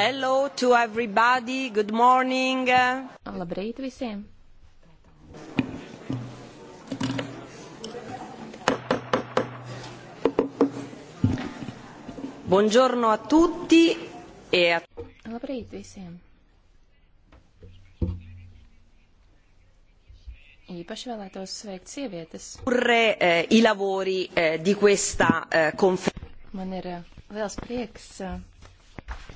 Hello to everybody, good morning. Labrīt visiem. Buongiorno a tutti e a... Labrīt visiem. Īpaši vēlētos sveikt sievietes. Pure eh, i lavori eh, di questa eh, conferenza. Man ir eh, liels prieks eh,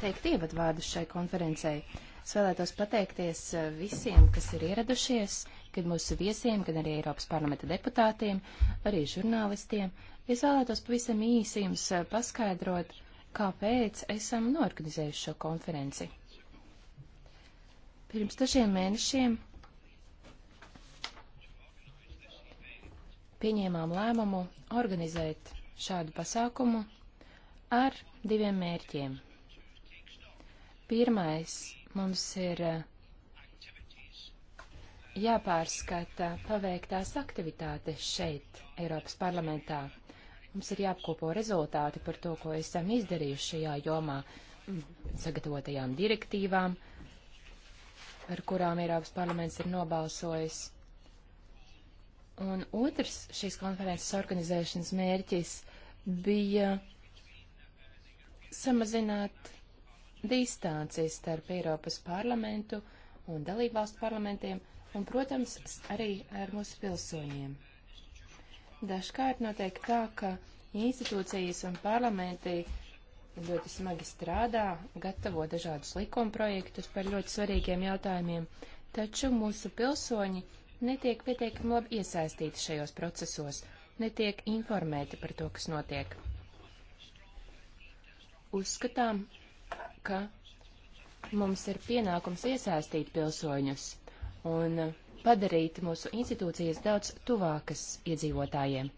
teikt ievadvārdus šai konferencei. Es vēlētos pateikties eh, visiem, kas ir ieradušies, gan mūsu viesiem, gan arī Eiropas parlamenta deputātiem, arī žurnālistiem. Es vēlētos pavisam īsi jums eh, paskaidrot, kāpēc esam norganizējuši šo konferenci. Pirms dažiem mēnešiem pieņēmām lēmumu organizēt šādu pasākumu ar diviem mērķiem. Pirmais, mums ir eh, jāpārskata paveiktās aktivitātes šeit, Eiropas parlamentā. Mums ir jāapkopo rezultāti par to, ko esam izdarījuši šajā jomā, sagatavotajām direktīvām, par kurām Eiropas parlaments ir nobalsojis. Un otrs šīs konferences organizēšanas mērķis bija samazināt distanci starp Eiropas parlamentu un dalībvalstu parlamentiem un, protams, arī ar mūsu pilsoņiem. Dažkārt notiek tā, ka institūcijas un parlamenti ļoti smagi strādā, gatavo dažādus likumprojektus par ļoti svarīgiem jautājumiem, taču mūsu pilsoņi netiek pietiekami labi iesaistīti šajos procesos, netiek informēti par to, kas notiek. Uzskatām, ka mums ir pienākums iesaistīt pilsoņus un padarīt mūsu institūcijas daudz tuvākas iedzīvotājiem.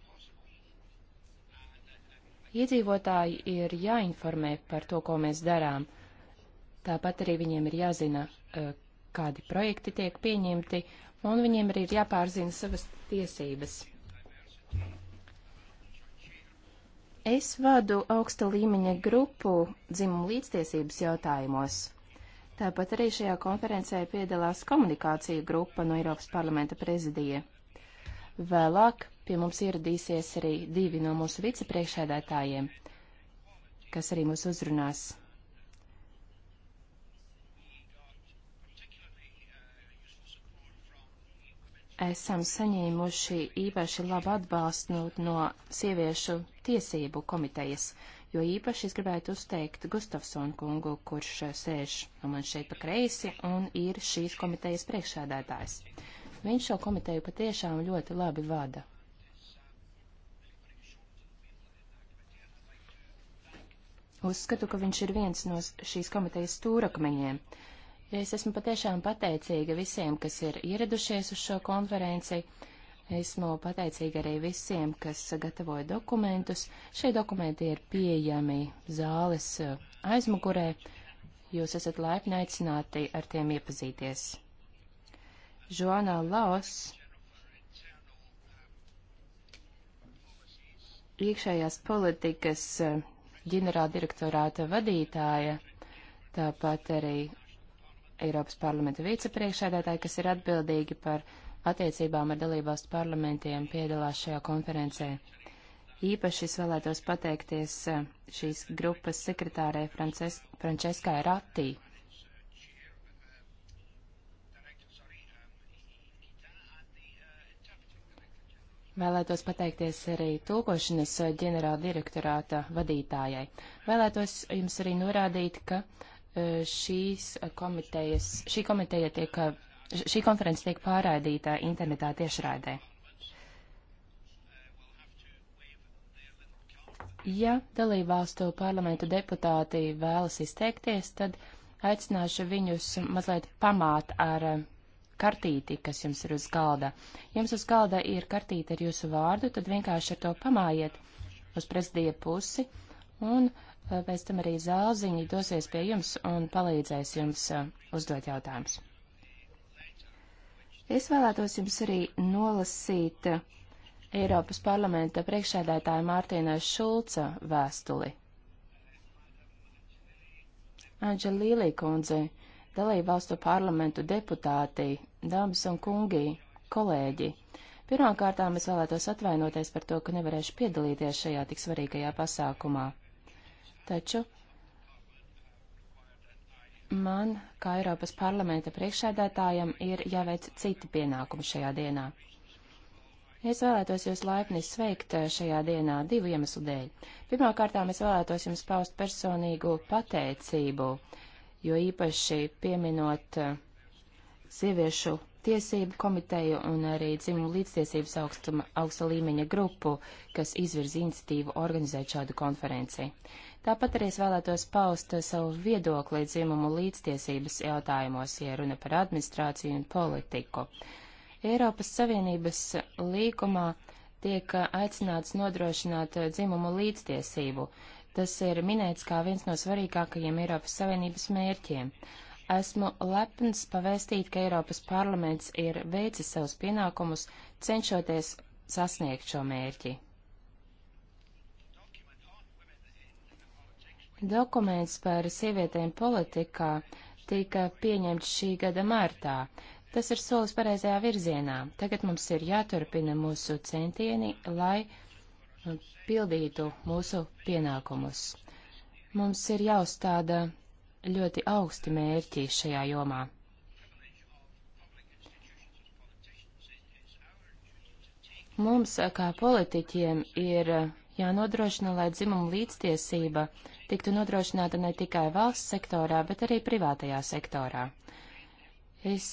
Iedzīvotāji ir jāinformē par to, ko mēs darām. Tāpat arī viņiem ir jāzina, e, kādi projekti tiek pieņemti, un viņiem arī ir jāpārzina savas tiesības. Es vadu augsta līmeņa grupu dzimumu līdztiesības jautājumos. Tāpat arī šajā konferencē piedalās komunikācija grupa no Eiropas parlamenta prezidija. Vēlāk pie mums ieradīsies arī divi no mūsu vicepriekšēdētājiem, kas arī mūs uzrunās. esam saņēmuši īpaši labu atbalstu no, no sieviešu tiesību komitejas, jo īpaši es gribētu uzteikt Gustafsonu kungu, kurš sēž no nu man šeit pa kreisi un ir šīs komitejas priekšsēdētājs. Viņš šo komiteju patiešām ļoti labi vada. Uzskatu, ka viņš ir viens no šīs komitejas stūrakmeņiem. Uh, Es esmu patiešām pateicīga visiem, kas ir ieradušies uz šo konferenci. Esmu pateicīga arī visiem, kas gatavoja dokumentus. Šie dokumenti ir pieejami zāles eh, aizmugurē. Jūs esat laipni aicināti ar tiem iepazīties. Joana Laos iekšējās politikas eh, ģenerāldirektorāta vadītāja, tāpat arī Eiropas parlamenta vicepriekšēdētāji, kas ir atbildīgi par attiecībām ar dalībvalstu parlamentiem, piedalās šajā konferencē. Īpaši es vēlētos pateikties eh, šīs grupas sekretārei Frances Franceskai Ratī. Vēlētos pateikties arī tulkošanas ģenerāla direktorāta vadītājai. Vēlētos jums arī norādīt, ka uh, šīs komitejas, šī komiteja tiek, šī konference tiek pārraidīta internetā tiešraidē. Ja dalībvalstu parlamentu deputāti vēlas izteikties, tad aicināšu viņus mazliet pamāt ar kartīti, kas jums ir uz galda. Jums uz galda ir kartīte ar jūsu vārdu, tad vienkārši ar to pamājiet uz prezidija pusi, un eh, pēc tam arī zālziņi dosies pie jums un palīdzēs jums eh, uzdot jautājumus. Es vēlētos jums arī nolasīt eh, Eiropas parlamenta priekšēdētāja Mārtīna Šulca vēstuli. Anģelīlī kundze, dalībvalstu parlamentu deputāti, dāmas un kungi, kolēģi. Pirmkārtām es vēlētos atvainoties par to, ka nevarēšu piedalīties šajā tik svarīgajā pasākumā. Taču man, kā Eiropas parlamenta priekšsēdētājam, ir jāveic citi pienākumi šajā dienā. Es vēlētos jūs laipni sveikt šajā dienā divu iemeslu dēļ. Pirmkārt, es vēlētos jums paust personīgu pateicību, jo īpaši pieminot eh, sieviešu tiesību komiteju un arī dzimumu līdztiesības augstuma, augsta līmeņa grupu, kas izvirza iniciatīvu organizēt šādu konferenci. Tāpat arī es vēlētos paust savu viedokli dzimumu līdztiesības jautājumos, ja runa par administrāciju un politiku. Eiropas Savienības līkumā tiek aicināts nodrošināt dzimumu līdztiesību. Tas ir minēts kā viens no svarīgākajiem Eiropas Savienības mērķiem. Esmu lepns pavēstīt, ka Eiropas parlaments ir veicis savus pienākumus, cenšoties sasniegt šo mērķi. Dokuments par sievietēm politikā tika pieņemts šī gada martā. Tas ir solis pareizajā virzienā. Tagad mums ir jāturpina mūsu centieni, lai uh, pildītu mūsu pienākumus. Mums ir jāuzstāda ļoti augsti mērķi šajā jomā. Mums, uh, kā politiķiem, ir uh, jānodrošina, lai dzimuma līdztiesība tiktu nodrošināta ne tikai valsts sektorā, bet arī privātajā sektorā. Es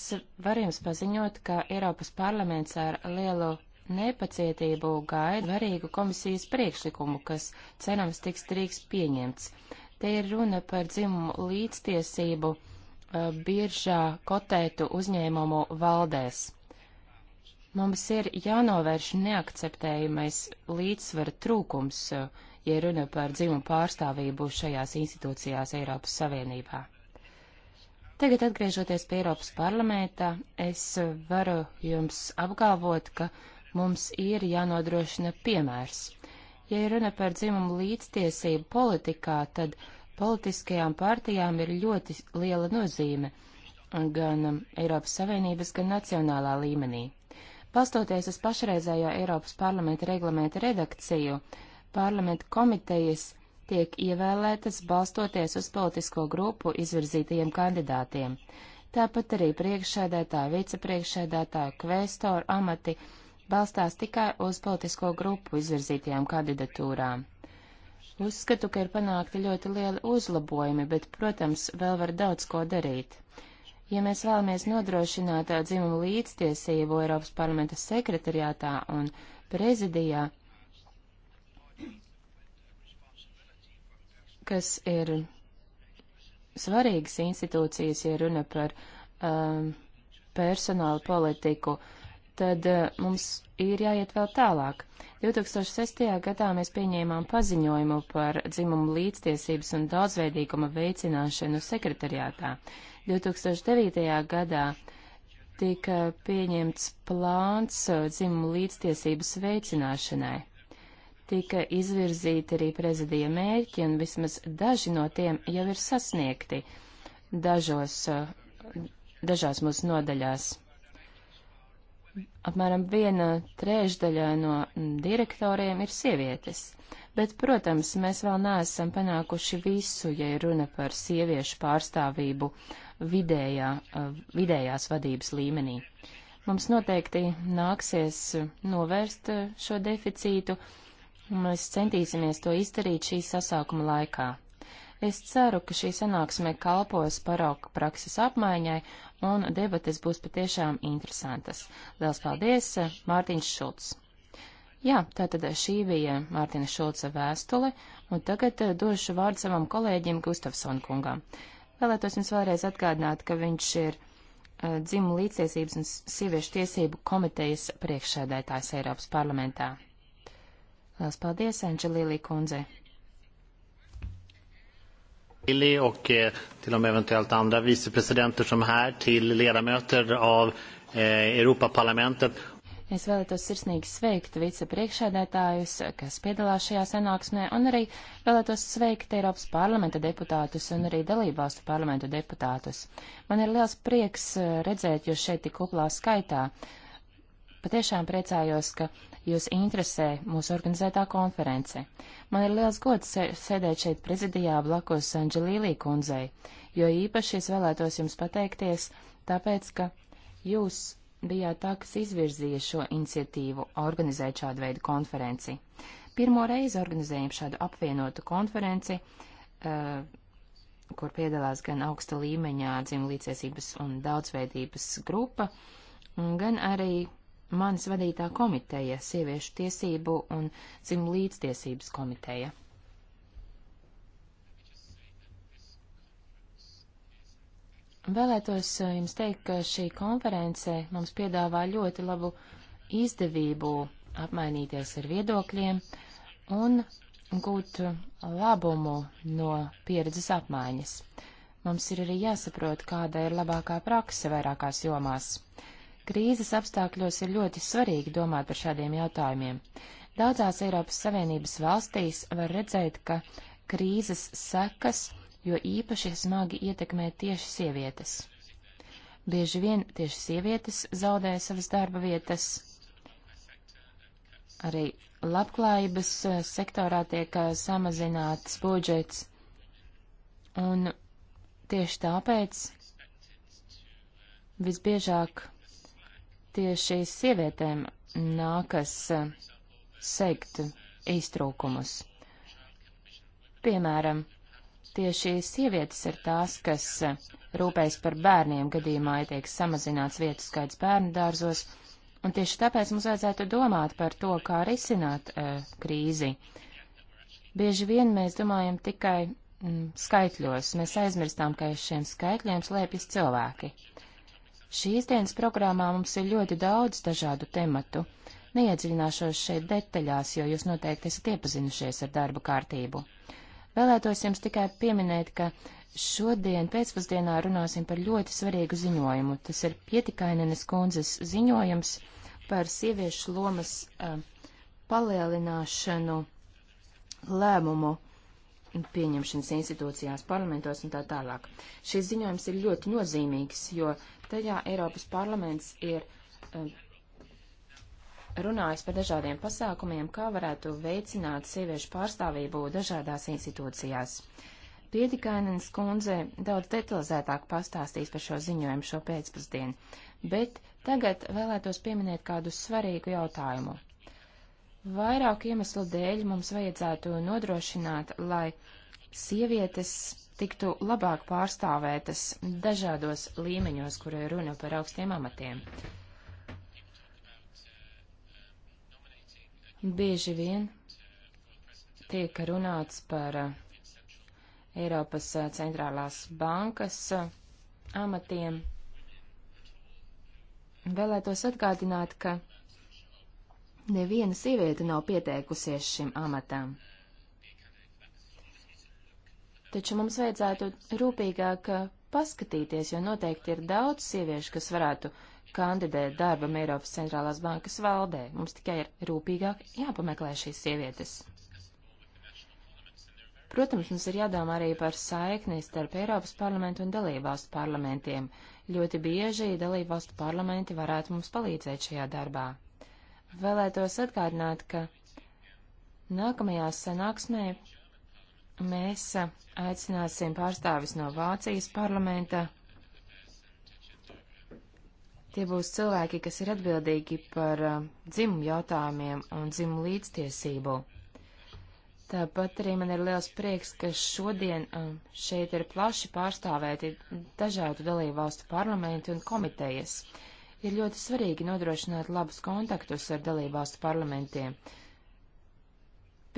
varu jums paziņot, ka Eiropas parlaments ar lielu nepacietību gaida varīgu komisijas priekšlikumu, kas cerams tiks drīz pieņemts. Te ir runa par dzimumu līdztiesību uh, biržā kotētu uzņēmumu valdēs. Mums ir jānovērš neakceptējamais līdzsvara trūkums, ja runa par dzimumu pārstāvību šajās institūcijās Eiropas Savienībā. Tagad atgriežoties pie Eiropas parlamenta, es varu jums apgalvot, ka mums ir jānodrošina piemērs. Ja runa par dzimumu līdztiesību politikā, tad politiskajām partijām ir ļoti liela nozīme gan Eiropas Savienības, gan nacionālā līmenī. Pastoties uz pašreizējo Eiropas parlamenta reglamenta redakciju, parlamenta komitejas tiek ievēlētas balstoties uz politisko grupu izvirzītajiem kandidātiem. Tāpat arī priekšsēdētāja, vicepriekšsēdētāja, kvēstora amati balstās tikai uz politisko grupu izvirzītajām kandidatūrām. Uzskatu, ka ir panākti ļoti lieli uzlabojumi, bet, protams, vēl var daudz ko darīt. Ja mēs vēlamies nodrošināt uh, dzimumu līdztiesību Eiropas parlamenta sekretariātā un prezidijā, kas ir svarīgas institūcijas, ja runa par um, personālu politiku, tad uh, mums ir jāiet vēl tālāk. 2006. gadā mēs pieņēmām paziņojumu par dzimumu līdztiesības un daudzveidīguma veicināšanu sekretariātā. Uh, 2009. gadā tika pieņemts plāns dzimumu līdztiesības veicināšanai. Tika izvirzīti arī prezidija mērķi, un vismaz daži no tiem jau ir sasniegti dažos, dažās mūsu nodaļās. Apmēram viena trešdaļa no direktoriem ir sievietes, bet, protams, mēs vēl neesam panākuši visu, ja runa par sieviešu pārstāvību uh, vidējā, eh, vidējās vadības līmenī. Mums noteikti nāksies novērst eh, šo deficītu, un mēs centīsimies to izdarīt šī sasākuma laikā. Es ceru, ka šī sanāksme kalpos parauga prakses apmaiņai un debates būs patiešām interesantas. Lielas paldies, eh, Mārtiņš Šulcs. Jā, tātad šī bija Mārtiņa Šulca vēstule, un tagad došu vārdu savam kolēģim Gustafson kungam. Vēlētos jums vēlreiz atgādināt, ka viņš ir uh, dzimu līdztiesības un sieviešu tiesību komitejas priekšsēdētājs Eiropas parlamentā. Lielas paldies, Anģelīlī kundze. Lilly och eh, till och med eventuellt andra vicepresidenter som här till ledamöter av eh, Europaparlamentet Es vēlētos sirsnīgi sveikt vicepriekšēdētājus, kas piedalās šajā sanāksmē, un arī vēlētos sveikt Eiropas parlamenta deputātus un arī dalībvalstu parlamentu deputātus. Man ir liels prieks eh, redzēt jūs šeit tik uplā skaitā. Patiešām priecājos, ka jūs interesē mūsu organizētā konference. Man ir liels gods sēdēt šeit prezidijā blakus Anģelīlī kundzei, jo īpaši es vēlētos jums pateikties, tāpēc, ka jūs bijāt tā, kas izvirzīja šo iniciatīvu organizēt šādu veidu konferenci. Pirmo reizi organizējam šādu apvienotu konferenci, uh, kur piedalās gan augsta līmeņā dzimlīdzēsības un daudzveidības grupa, gan arī manis vadītā komiteja, sieviešu tiesību un dzimlīdztiesības komiteja. Vēlētos eh, jums teikt, ka šī konference mums piedāvā ļoti labu izdevību apmainīties ar viedokļiem un gūt labumu no pieredzes apmaiņas. Mums ir arī jāsaprot, kāda ir labākā prakse vairākās jomās. Krīzes apstākļos ir ļoti svarīgi domāt par šādiem jautājumiem. Daudzās Eiropas Savienības valstīs var redzēt, ka krīzes sekas jo īpaši smagi ietekmē tieši sievietes. Bieži vien tieši sievietes zaudē savas darba vietas. Arī labklājības eh, sektorā tiek eh, samazināts budžets. Un tieši tāpēc visbiežāk tieši sievietēm nākas eh, sekt iztrūkumus. Piemēram, Tieši sievietes ir tās, kas eh, rūpējas par bērniem gadījumā, ja tiek samazināts vietu skaits bērnu dārzos, un tieši tāpēc mums vajadzētu domāt par to, kā risināt uh, krīzi. Bieži vien mēs domājam tikai mm, skaitļos, mēs aizmirstām, ka aiz šiem skaitļiem slēpjas cilvēki. Šīs dienas programmā mums ir ļoti daudz dažādu tematu. Neiedziļināšos šeit detaļās, jo jūs noteikti esat iepazinušies ar darba kārtību. Vēlētos jums tikai pieminēt, ka šodien pēcpusdienā runāsim par ļoti svarīgu ziņojumu. Tas ir Pietikainenes kundzes ziņojums par sieviešu lomas uh, palielināšanu lēmumu pieņemšanas institūcijās, parlamentos un tā tālāk. Šis ziņojums ir ļoti nozīmīgs, jo tajā Eiropas parlaments ir uh, runājis par dažādiem pasākumiem, kā varētu veicināt sieviešu pārstāvību dažādās institūcijās. Piedikainens kundze daudz detalizētāk pastāstīs par šo ziņojumu šo pēcpusdienu, bet tagad vēlētos pieminēt kādu svarīgu jautājumu. Vairāku iemeslu dēļ mums vajadzētu nodrošināt, lai sievietes tiktu labāk pārstāvētas dažādos līmeņos, kur ir runa par augstiem amatiem. Bieži vien tiek runāts par eh, Eiropas eh, centrālās bankas eh, amatiem. Vēlētos atgādināt, ka neviena sieviete nav pieteikusies šim amatam. Taču mums vajadzētu rūpīgāk paskatīties, jo noteikti ir daudz sieviešu, kas varētu kandidēt darbam Eiropas centrālās bankas valdē. Mums tikai ir rūpīgāk jāpameklē šīs sievietes. Protams, mums ir jādomā arī par saikni starp Eiropas parlamentu un dalībvalstu parlamentiem. Ļoti bieži dalībvalstu parlamenti varētu mums palīdzēt šajā darbā. Vēlētos atgādināt, ka nākamajā sanāksmē mēs aicināsim pārstāvis no Vācijas parlamenta, Tie būs cilvēki, kas ir atbildīgi par uh, dzimumu jautājumiem un dzimumu līdztiesību. Tāpat arī man ir liels prieks, ka šodien uh, šeit ir plaši pārstāvēti dažādu dalību valstu parlamenti un komitejas. Ir ļoti svarīgi nodrošināt labus kontaktus ar dalību valstu parlamentiem.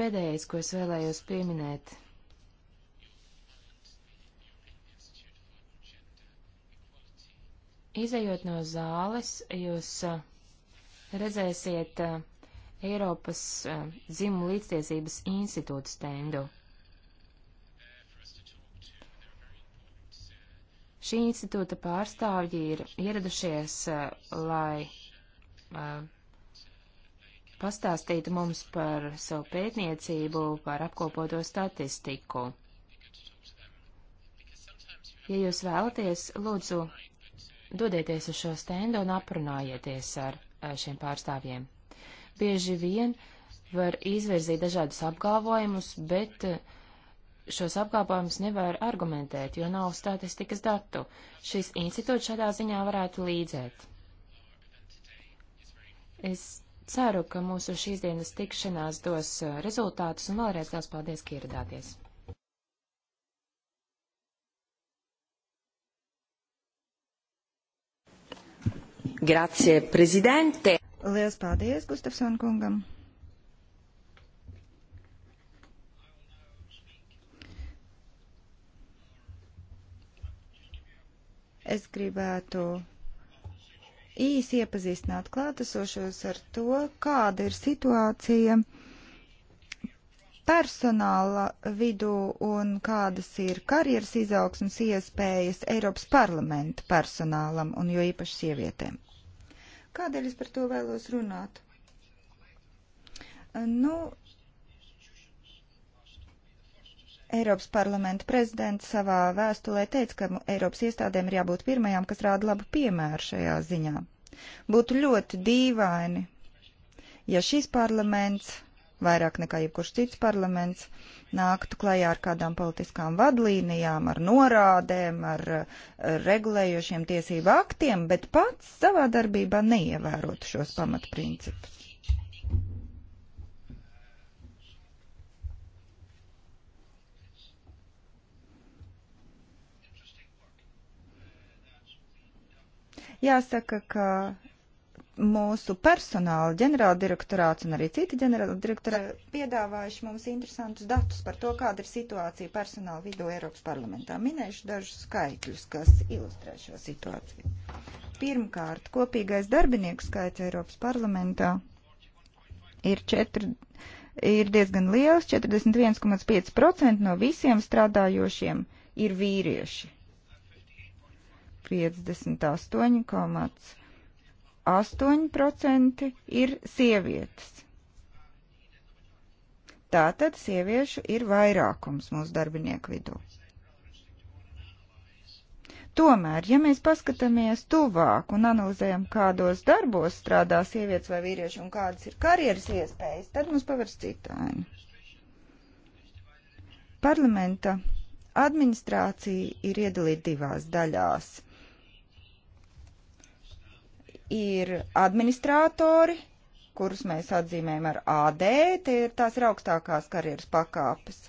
Pēdējais, ko es vēlējos pieminēt, Izejot no zāles, jūs eh, redzēsiet eh, Eiropas eh, dzimumu līdztiesības institūta stendu. Šī institūta pārstāvji ir ieradušies, lai pastāstītu mums par savu pētniecību, par apkopoto statistiku. Ja jūs vēlaties, lūdzu, dodieties uz šo stendu un aprunājieties ar, ar šiem pārstāvjiem. Bieži vien var izvirzīt dažādus apgalvojumus, bet eh, šos apgalvojumus nevar argumentēt, jo nav statistikas datu. Šis institūts šādā ziņā varētu līdzēt. Es ceru, ka mūsu šīs dienas tikšanās dos eh, rezultātus un vēlreiz liels paldies, ka ieradāties. Grazie, prezidente. Lielas paldies Gustafson kungam. Es gribētu īsi iepazīstināt klātesošos ar to, kāda ir situācija personāla vidū un kādas ir karjeras izaugsmas iespējas Eiropas parlamenta personālam un jo īpaši sievietēm. Kādēļ es par to vēlos runāt? Nu, Eiropas parlamenta prezidents savā vēstulē teica, ka Eiropas iestādēm ir jābūt pirmajām, kas rāda labu piemēru šajā ziņā. Būtu ļoti dīvaini, ja šis parlaments vairāk nekā jebkurš cits parlaments, nāktu klajā ar kādām politiskām vadlīnijām, ar norādēm, ar, ar regulējošiem tiesību aktiem, bet pats savā darbībā neievērotu šos pamatprincipus. jāsaka, ka mūsu personāla ģenerāldirektorāts un arī citi ģenerāldirektorāti piedāvājuši mums interesantus datus par to, kāda ir situācija personāla vidū Eiropas parlamentā. Minēšu dažus skaitļus, kas ilustrē šo situāciju. Pirmkārt, kopīgais darbinieku skaits Eiropas parlamentā ir 4 ir diezgan liels, 41,5% no visiem strādājošiem ir vīrieši. 58,5% 8% ir sievietes. Tātad sieviešu ir vairākums mūsu darbinieku vidū. Tomēr, ja mēs paskatāmies tuvāk un analizējam, kādos darbos strādā sievietes vai vīrieši un kādas ir karjeras iespējas, tad mums pavērs citādi. Parlamenta administrācija ir iedalīta divās daļās ir administratori, kurus mēs atzīmējam ar AD, tie ir tās ir augstākās karjeras pakāpes.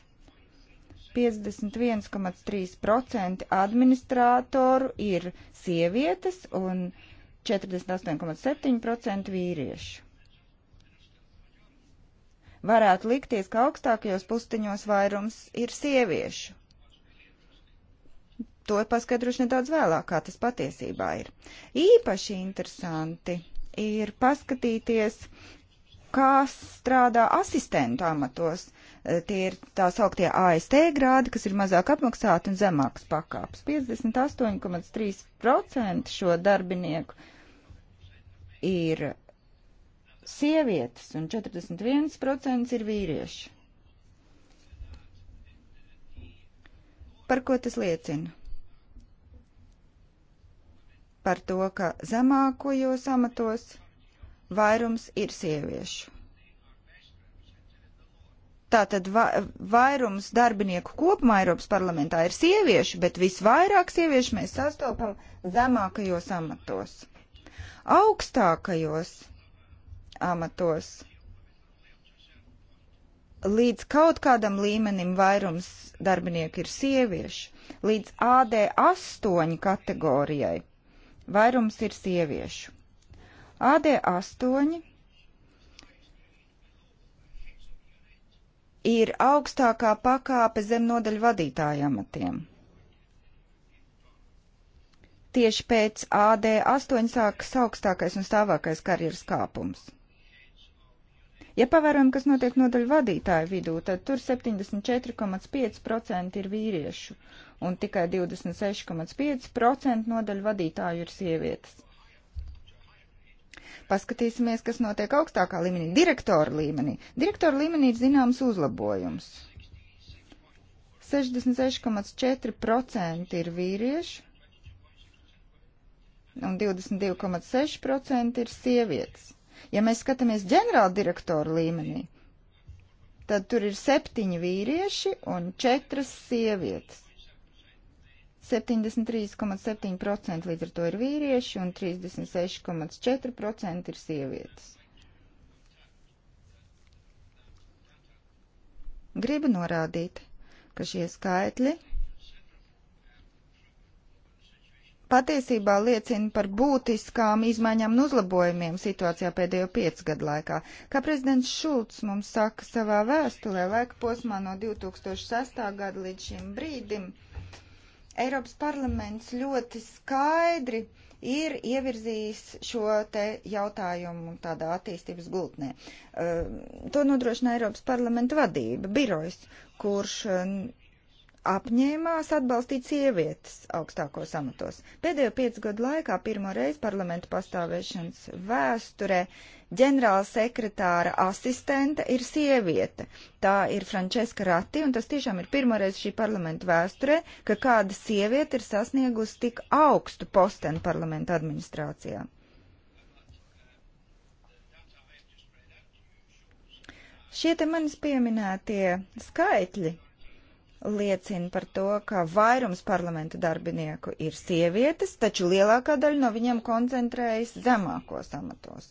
51,3% administratoru ir sievietes un 48,7% vīriešu. Varētu likties, ka augstākajos pustiņos vairums ir sieviešu to paskaidrošu nedaudz vēlāk, kā tas patiesībā ir. Īpaši interesanti ir paskatīties, kā strādā asistentu amatos. E, tie ir tā sauktie AST grādi, kas ir mazāk apmaksāti un zemāks pakāps. 58,3% šo darbinieku ir sievietes un 41% ir vīrieši. Par ko tas liecina? par to, ka zemākojos amatos vairums ir sieviešu. Tātad va vairums darbinieku kopumā Eiropas parlamentā ir sievieši, bet visvairāk sieviešu mēs sastopam zemākajos amatos. Augstākajos amatos līdz kaut kādam līmenim vairums darbinieku ir sievieši, līdz AD8 kategorijai Vairums ir sieviešu. AD8 ir augstākā pakāpe zem nodaļu vadītāja amatiem. Tieši pēc AD8 sākas augstākais un stāvākais karjeras kāpums. Ja pavērojam, kas notiek nodaļu vadītāju vidū, tad tur 74,5% ir vīriešu un tikai 26,5% nodaļu vadītāju ir sievietes. Paskatīsimies, kas notiek augstākā līmenī, direktora līmenī. Direktora līmenī ir zināms uzlabojums. 66,4% ir vīrieši un 22,6% ir sievietes. Ja mēs skatāmies ģenerāla direktora līmenī, tad tur ir septiņi vīrieši un četras sievietes. 73,7% līdz ar to ir vīrieši un 36,4% ir sievietes. Gribu norādīt, ka šie skaitļi patiesībā liecina par būtiskām izmaiņām un uzlabojumiem situācijā pēdējo piecu gadu laikā. Kā prezidents Šulcs mums saka savā vēstulē, laika posmā no 2006. gada līdz šim brīdim, Eiropas parlaments ļoti skaidri ir ievirzījis šo te jautājumu tādā attīstības gultnē. Uh, to nodrošina Eiropas parlamenta vadība, birojs, kurš uh, apņēmās atbalstīt sievietes augstākos amatos. Pēdējo piecu gadu laikā pirmo reizi parlamentu pastāvēšanas vēsturē ģenerāla sekretāra asistente ir sieviete. Tā ir Frančeska Rati, un tas tiešām ir pirmo reizi šī parlamentu vēsturē, ka kāda sieviete ir sasniegusi tik augstu posteni parlamentu administrācijā. Šie te manis pieminētie skaitļi liecina par to, ka vairums parlamentu darbinieku ir sievietes, taču lielākā daļa no viņiem koncentrējas zemākos amatos.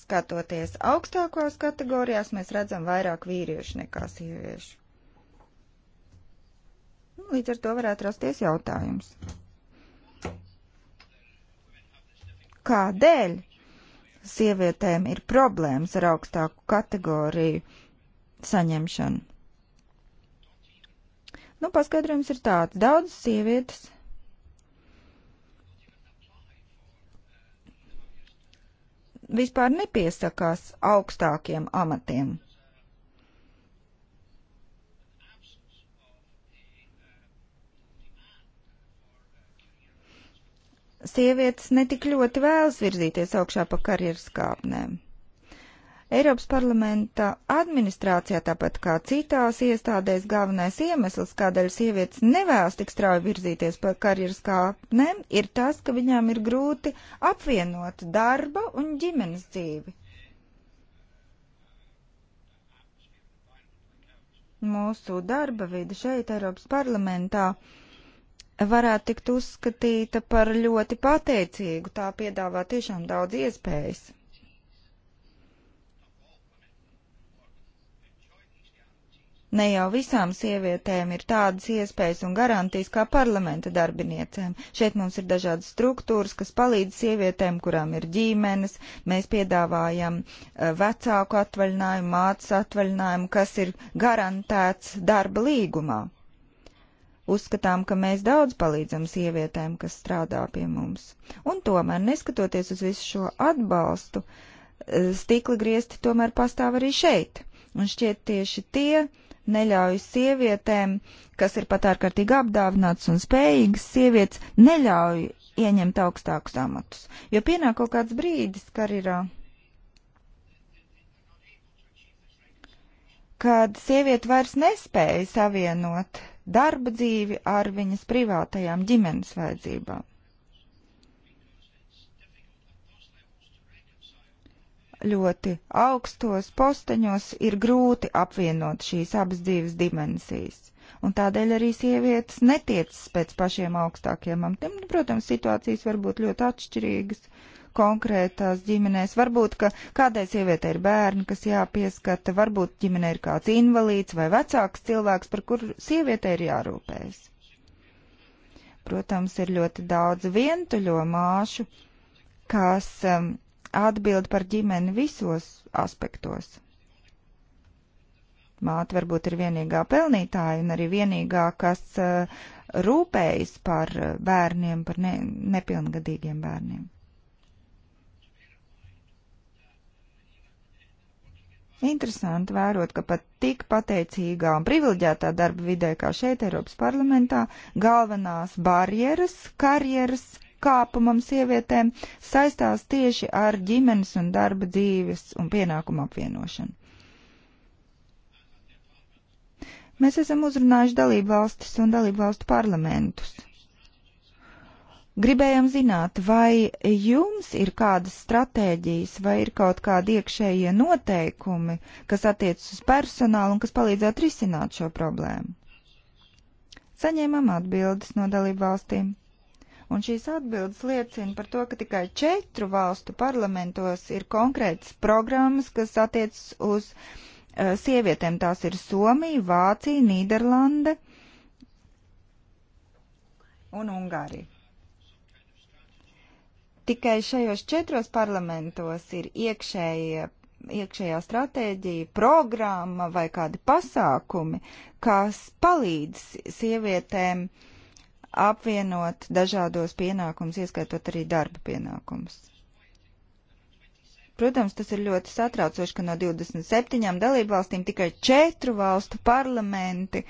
Skatoties augstākos kategorijās, mēs redzam vairāk vīriešu nekā sieviešu. Nu, līdz ar to varētu rasties jautājums. Kādēļ sievietēm ir problēmas ar augstāku kategoriju saņemšanu. Nu, paskaidrojums ir tāds. Daudzas sievietes vispār nepiesakās augstākiem amatiem. sievietes netik ļoti vēlas virzīties augšā pa karjeras kāpnēm. Eiropas parlamenta administrācijā, tāpat kā citās iestādēs, galvenais iemesls, kādēļ sievietes nevēlas tik strauji virzīties pa karjeras kāpnēm, ir tas, ka viņām ir grūti apvienot darba un ģimenes dzīvi. Mūsu darba vide šeit, Eiropas parlamentā, uh, varētu tikt uzskatīta par ļoti pateicīgu. Tā piedāvā tiešām daudz iespējas. Ne jau visām sievietēm ir tādas iespējas un garantijas kā parlamenta darbiniecēm. Šeit mums ir dažādas struktūras, kas palīdz sievietēm, kurām ir ģimenes. Mēs piedāvājam eh, vecāku atvaļinājumu, mātes atvaļinājumu, kas ir garantēts darba līgumā. Uzskatām, ka mēs daudz palīdzam sievietēm, kas strādā pie mums. Un tomēr, neskatoties uz visu šo atbalstu, eh, stikla griezti tomēr pastāv arī šeit. Un šķiet tieši tie neļauj sievietēm, kas ir pat ārkārtīgi apdāvināts un spējīgas sievietes, neļauj ieņemt augstākus amatus. Jo pienāk kaut kāds brīdis karjerā, kad sieviete vairs nespēja savienot darba dzīvi ar viņas privātajām ģimenes vajadzībām. Ļoti augstos posteņos ir grūti apvienot šīs abas dzīves dimensijas, un tādēļ arī sievietes netiecas pēc pašiem augstākiem amatiem. Nu, protams, situācijas var būt ļoti atšķirīgas. Uh, konkrētās ģimenēs. Varbūt, ka kādai sievietei ir bērni, kas jāpieskata, varbūt ģimenē ir kāds invalīds vai vecāks cilvēks, par kuru sievietei ir jārūpējas. Protams, ir ļoti daudz vientuļo māšu, kas um, atbild par ģimeni visos aspektos. Māte varbūt ir vienīgā pelnītāja un arī vienīgā, kas uh, rūpējas par uh, bērniem, par ne, nepilngadīgiem bērniem. Interesanti vērot, ka pat tik pateicīgā un privileģētā darba vidē kā šeit Eiropas parlamentā galvenās barjeras, karjeras kāpumam sievietēm saistās tieši ar ģimenes un darba dzīves un pienākumu apvienošanu. Mēs esam uzrunājuši dalību valstis un dalību valstu parlamentus Gribējām zināt, vai jums ir kādas stratēģijas vai ir kaut kādi iekšējie noteikumi, kas attiec uz personālu un kas palīdzētu risināt šo problēmu? Saņēmām atbildes no dalību valstīm. Un šīs atbildes liecina par to, ka tikai četru valstu parlamentos ir konkrētas programmas, kas attiec uz uh, sievietēm. Tās ir Somija, Vācija, Nīderlanda un Ungārija. Tikai šajos četros parlamentos ir iekšējie iekšējā stratēģija, programma vai kādi pasākumi, kas palīdz sievietēm apvienot dažādos pienākumus, ieskaitot arī darba pienākumus. Protams, tas ir ļoti satraucoši, ka no 27 dalībvalstīm tikai 4 valstu parlamenti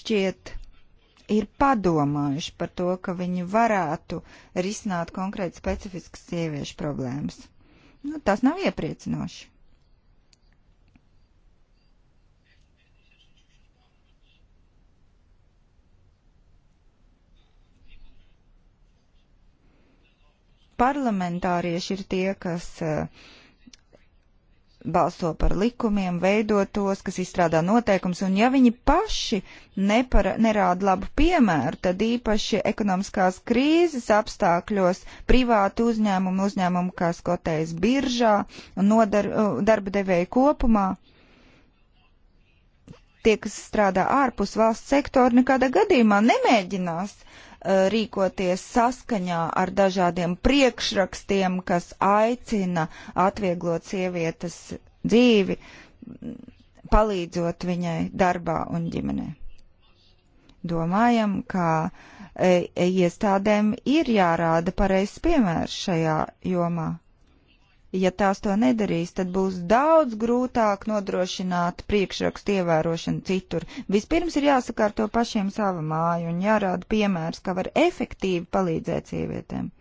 šķiet ir padomājuši par to, ka viņi varētu risināt konkrēti specifiskas sieviešu problēmas. Nu, tas nav iepriecinoši. Parlamentārieši ir tie, kas uh, balso par likumiem, veido tos, kas izstrādā noteikums, un ja viņi paši nepara, nerāda labu piemēru, tad īpaši ekonomiskās krīzes apstākļos privātu uzņēmumu, uzņēmumu, kas kotējas biržā un nodar, darba devēja kopumā, tie, kas strādā ārpus valsts sektora, nekādā gadījumā nemēģinās uh, Eh, rīkoties saskaņā ar dažādiem priekšrakstiem, kas aicina atvieglot sievietes dzīvi, palīdzot viņai darbā un ģimenē. Domājam, ka e, iestādēm ir jārāda pareizs piemērs šajā jomā Ja tās to nedarīs, tad būs daudz grūtāk nodrošināt priekšrakstu ievērošanu citur. Vispirms ir jāsakārto pašiem sava māja un jārāda piemērs, kā var efektīvi palīdzēt sievietēm.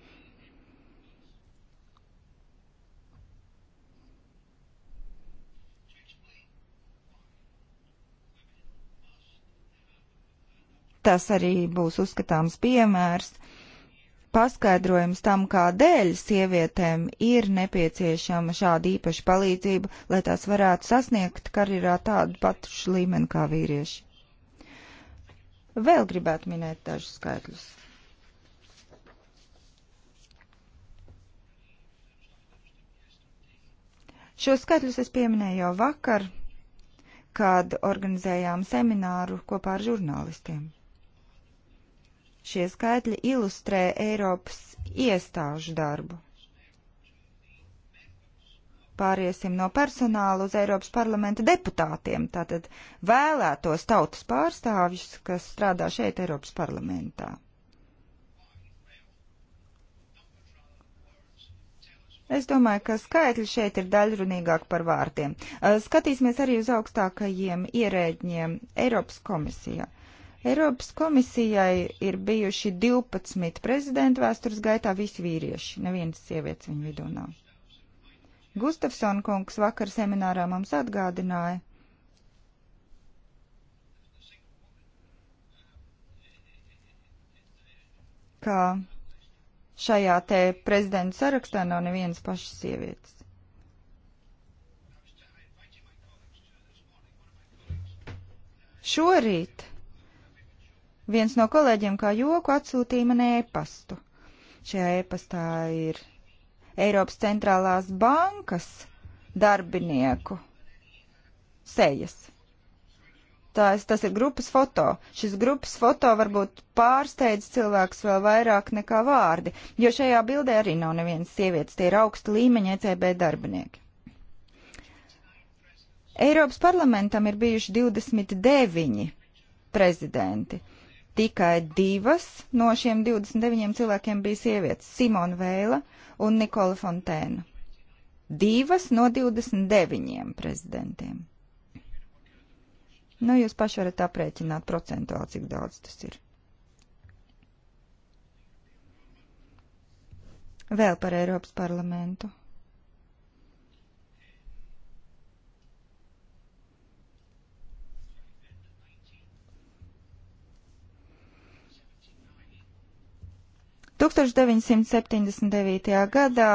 tas arī būs uzskatāms piemērs paskaidrojums tam, kādēļ sievietēm ir nepieciešama šāda īpaša palīdzība, lai tās varētu sasniegt karjerā tādu patušu līmeni kā vīrieši. Vēl gribētu minēt dažus skaitļus. Šo skaitļus es pieminēju jau vakar, kad organizējām semināru kopā ar žurnālistiem. Šie skaitļi ilustrē Eiropas iestāžu darbu. Pāriesim no personāla uz Eiropas parlamenta deputātiem, tātad vēlētos tautas pārstāvjus, kas strādā šeit Eiropas parlamentā. Es domāju, ka skaitļi šeit ir daļrunīgāk par vārtiem. Skatīsimies arī uz augstākajiem ierēģiem Eiropas komisijā. Eiropas komisijai ir bijuši 12 prezidenti vēstures gaitā visi vīrieši, nevienas sievietes viņu vidū nav. Gustafson kungs vakar seminārā mums atgādināja, ka šajā te prezidentu sarakstā nav nevienas pašas sievietes. Šorīt Viens no kolēģiem kā joku atsūtīja man ēpastu. Šajā ēpastā ir Eiropas centrālās bankas darbinieku sejas. Tās, tas ir grupas foto. Šis grupas foto varbūt pārsteidz cilvēks vēl vairāk nekā vārdi, jo šajā bildē arī nav nevienas sievietes, tie ir augsta līmeņa ECB darbinieki. Eiropas parlamentam ir bijuši 29 prezidenti. Tikai divas no šiem 29 cilvēkiem bija sievietes - Simona Veila un Nikola Fontēna. Divas no 29 prezidentiem. Nu, jūs paši varat aprēķināt procentuāli, cik daudz tas ir. Vēl par Eiropas parlamentu. 1979. gadā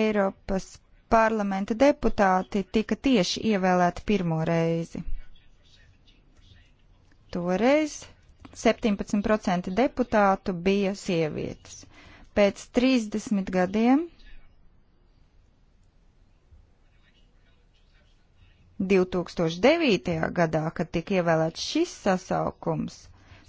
Eiropas parlamenta deputāti tika tieši ievēlēti pirmo reizi. Toreiz 17% deputātu bija sievietes. Pēc 30 gadiem 2009. gadā, kad tika ievēlēts šis sasaukums,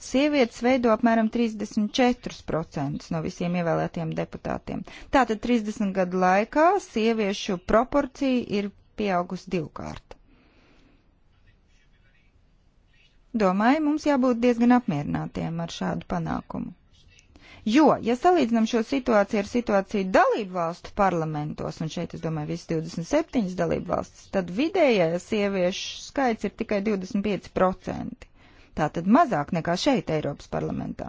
Sievietes veido apmēram 34% no visiem ievēlētiem deputātiem. Tātad 30 gadu laikā sieviešu proporcija ir pieaugusi divkārt. Domāju, mums jābūt diezgan apmierinātiem ar šādu panākumu. Jo, ja salīdzinām šo situāciju ar situāciju dalību valstu parlamentos, un šeit es domāju visas 27 dalību valstis, tad vidējais sieviešu skaits ir tikai 25% tātad mazāk nekā šeit Eiropas parlamentā.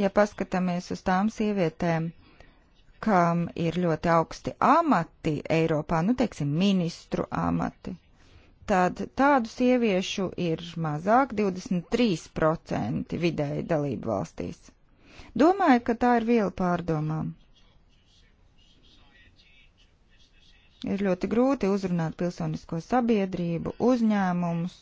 Ja paskatāmies uz tām sievietēm, kam ir ļoti augsti amati Eiropā, nu, teiksim, ministru amati, tad tādu sieviešu ir mazāk 23% vidēji dalību valstīs. Domāju, ka tā ir viela pārdomām. Ir ļoti grūti uzrunāt pilsonisko sabiedrību, uzņēmumus,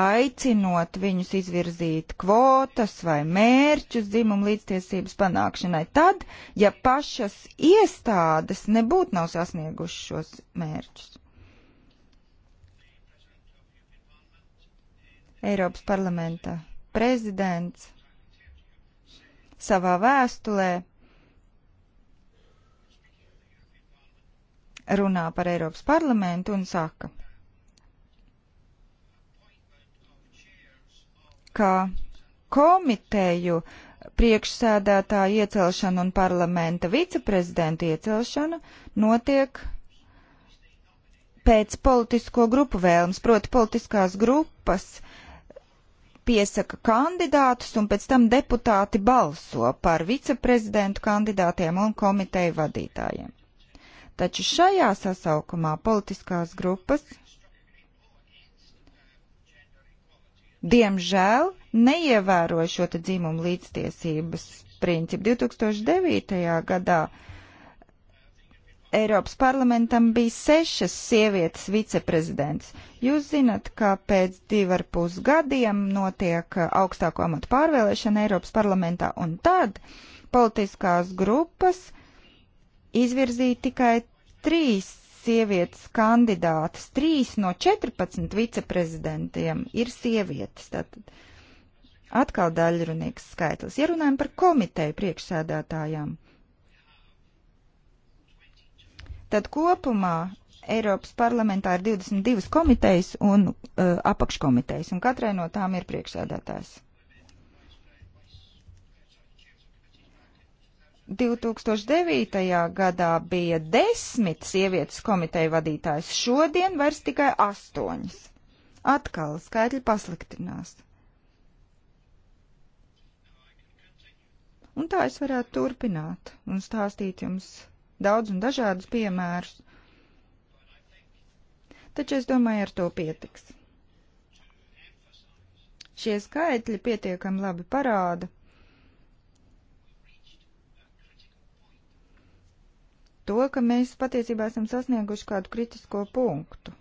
aicinot viņus izvirzīt kvotas vai mērķus dzimumu līdztiesības panākšanai, tad, ja pašas iestādes nebūtu nav sasniegušas šos mērķus. Eiropas parlamenta prezidents savā vēstulē runā par Eiropas parlamentu un saka, ka komiteju priekšsēdētāja iecelšana un parlamenta viceprezidenta iecelšana notiek pēc politisko grupu vēlmes, proti politiskās grupas piesaka kandidātus un pēc tam deputāti balso par viceprezidentu kandidātiem un komiteju vadītājiem. Taču šajā sasaukumā politiskās grupas diemžēl neievēroja šo te dzimumu līdztiesības principu. 2009. gadā Eiropas parlamentam bija sešas sievietes viceprezidents. Jūs zinat, ka pēc divi ar pus gadiem notiek uh, augstāko amatu pārvēlēšana Eiropas parlamentā, un tad politiskās grupas izvirzīja tikai trīs sievietes kandidātas. Trīs no 14 viceprezidentiem ir sievietes. Tātad atkal daļrunīgs skaitlis. Ja runājam par komiteju priekšsēdētājām, tad kopumā Eiropas parlamentā ir 22 komitejas un uh, apakškomitejas, un katrai no tām ir priekšsēdētājs. 2009. gadā bija desmit sievietes komiteja vadītājs, šodien vairs tikai astoņas. Atkal skaitļi pasliktinās. Un tā es varētu turpināt un stāstīt jums daudz un dažādus piemērus. Taču es domāju, ar to pietiks. Šie skaitļi pietiekami labi parāda, to, ka mēs patiesībā esam sasnieguši kādu kritisko punktu.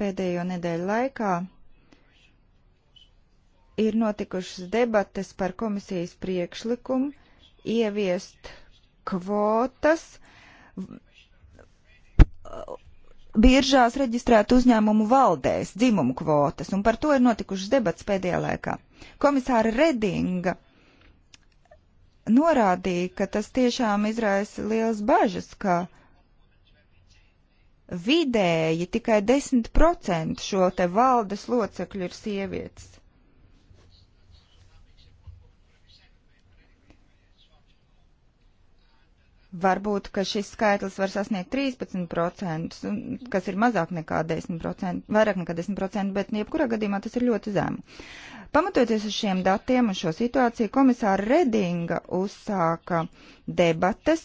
Pēdējo nedēļu laikā ir notikušas debates par komisijas priekšlikumu ieviest kvotas biržās reģistrētu uzņēmumu valdēs dzimumu kvotas, un par to ir notikušas debats pēdējā laikā. Komisāra Redinga norādīja, ka tas tiešām izraisa liels bažas, ka vidēji tikai 10% šo te valdes locekļu ir sievietes. Varbūt, ka šis skaitlis var sasniegt 13%, kas ir mazāk nekā 10%, vairāk nekā 10%, bet jebkurā gadījumā tas ir ļoti zemi. Pamatoties uz šiem datiem un šo situāciju, komisāra Redinga uzsāka debates,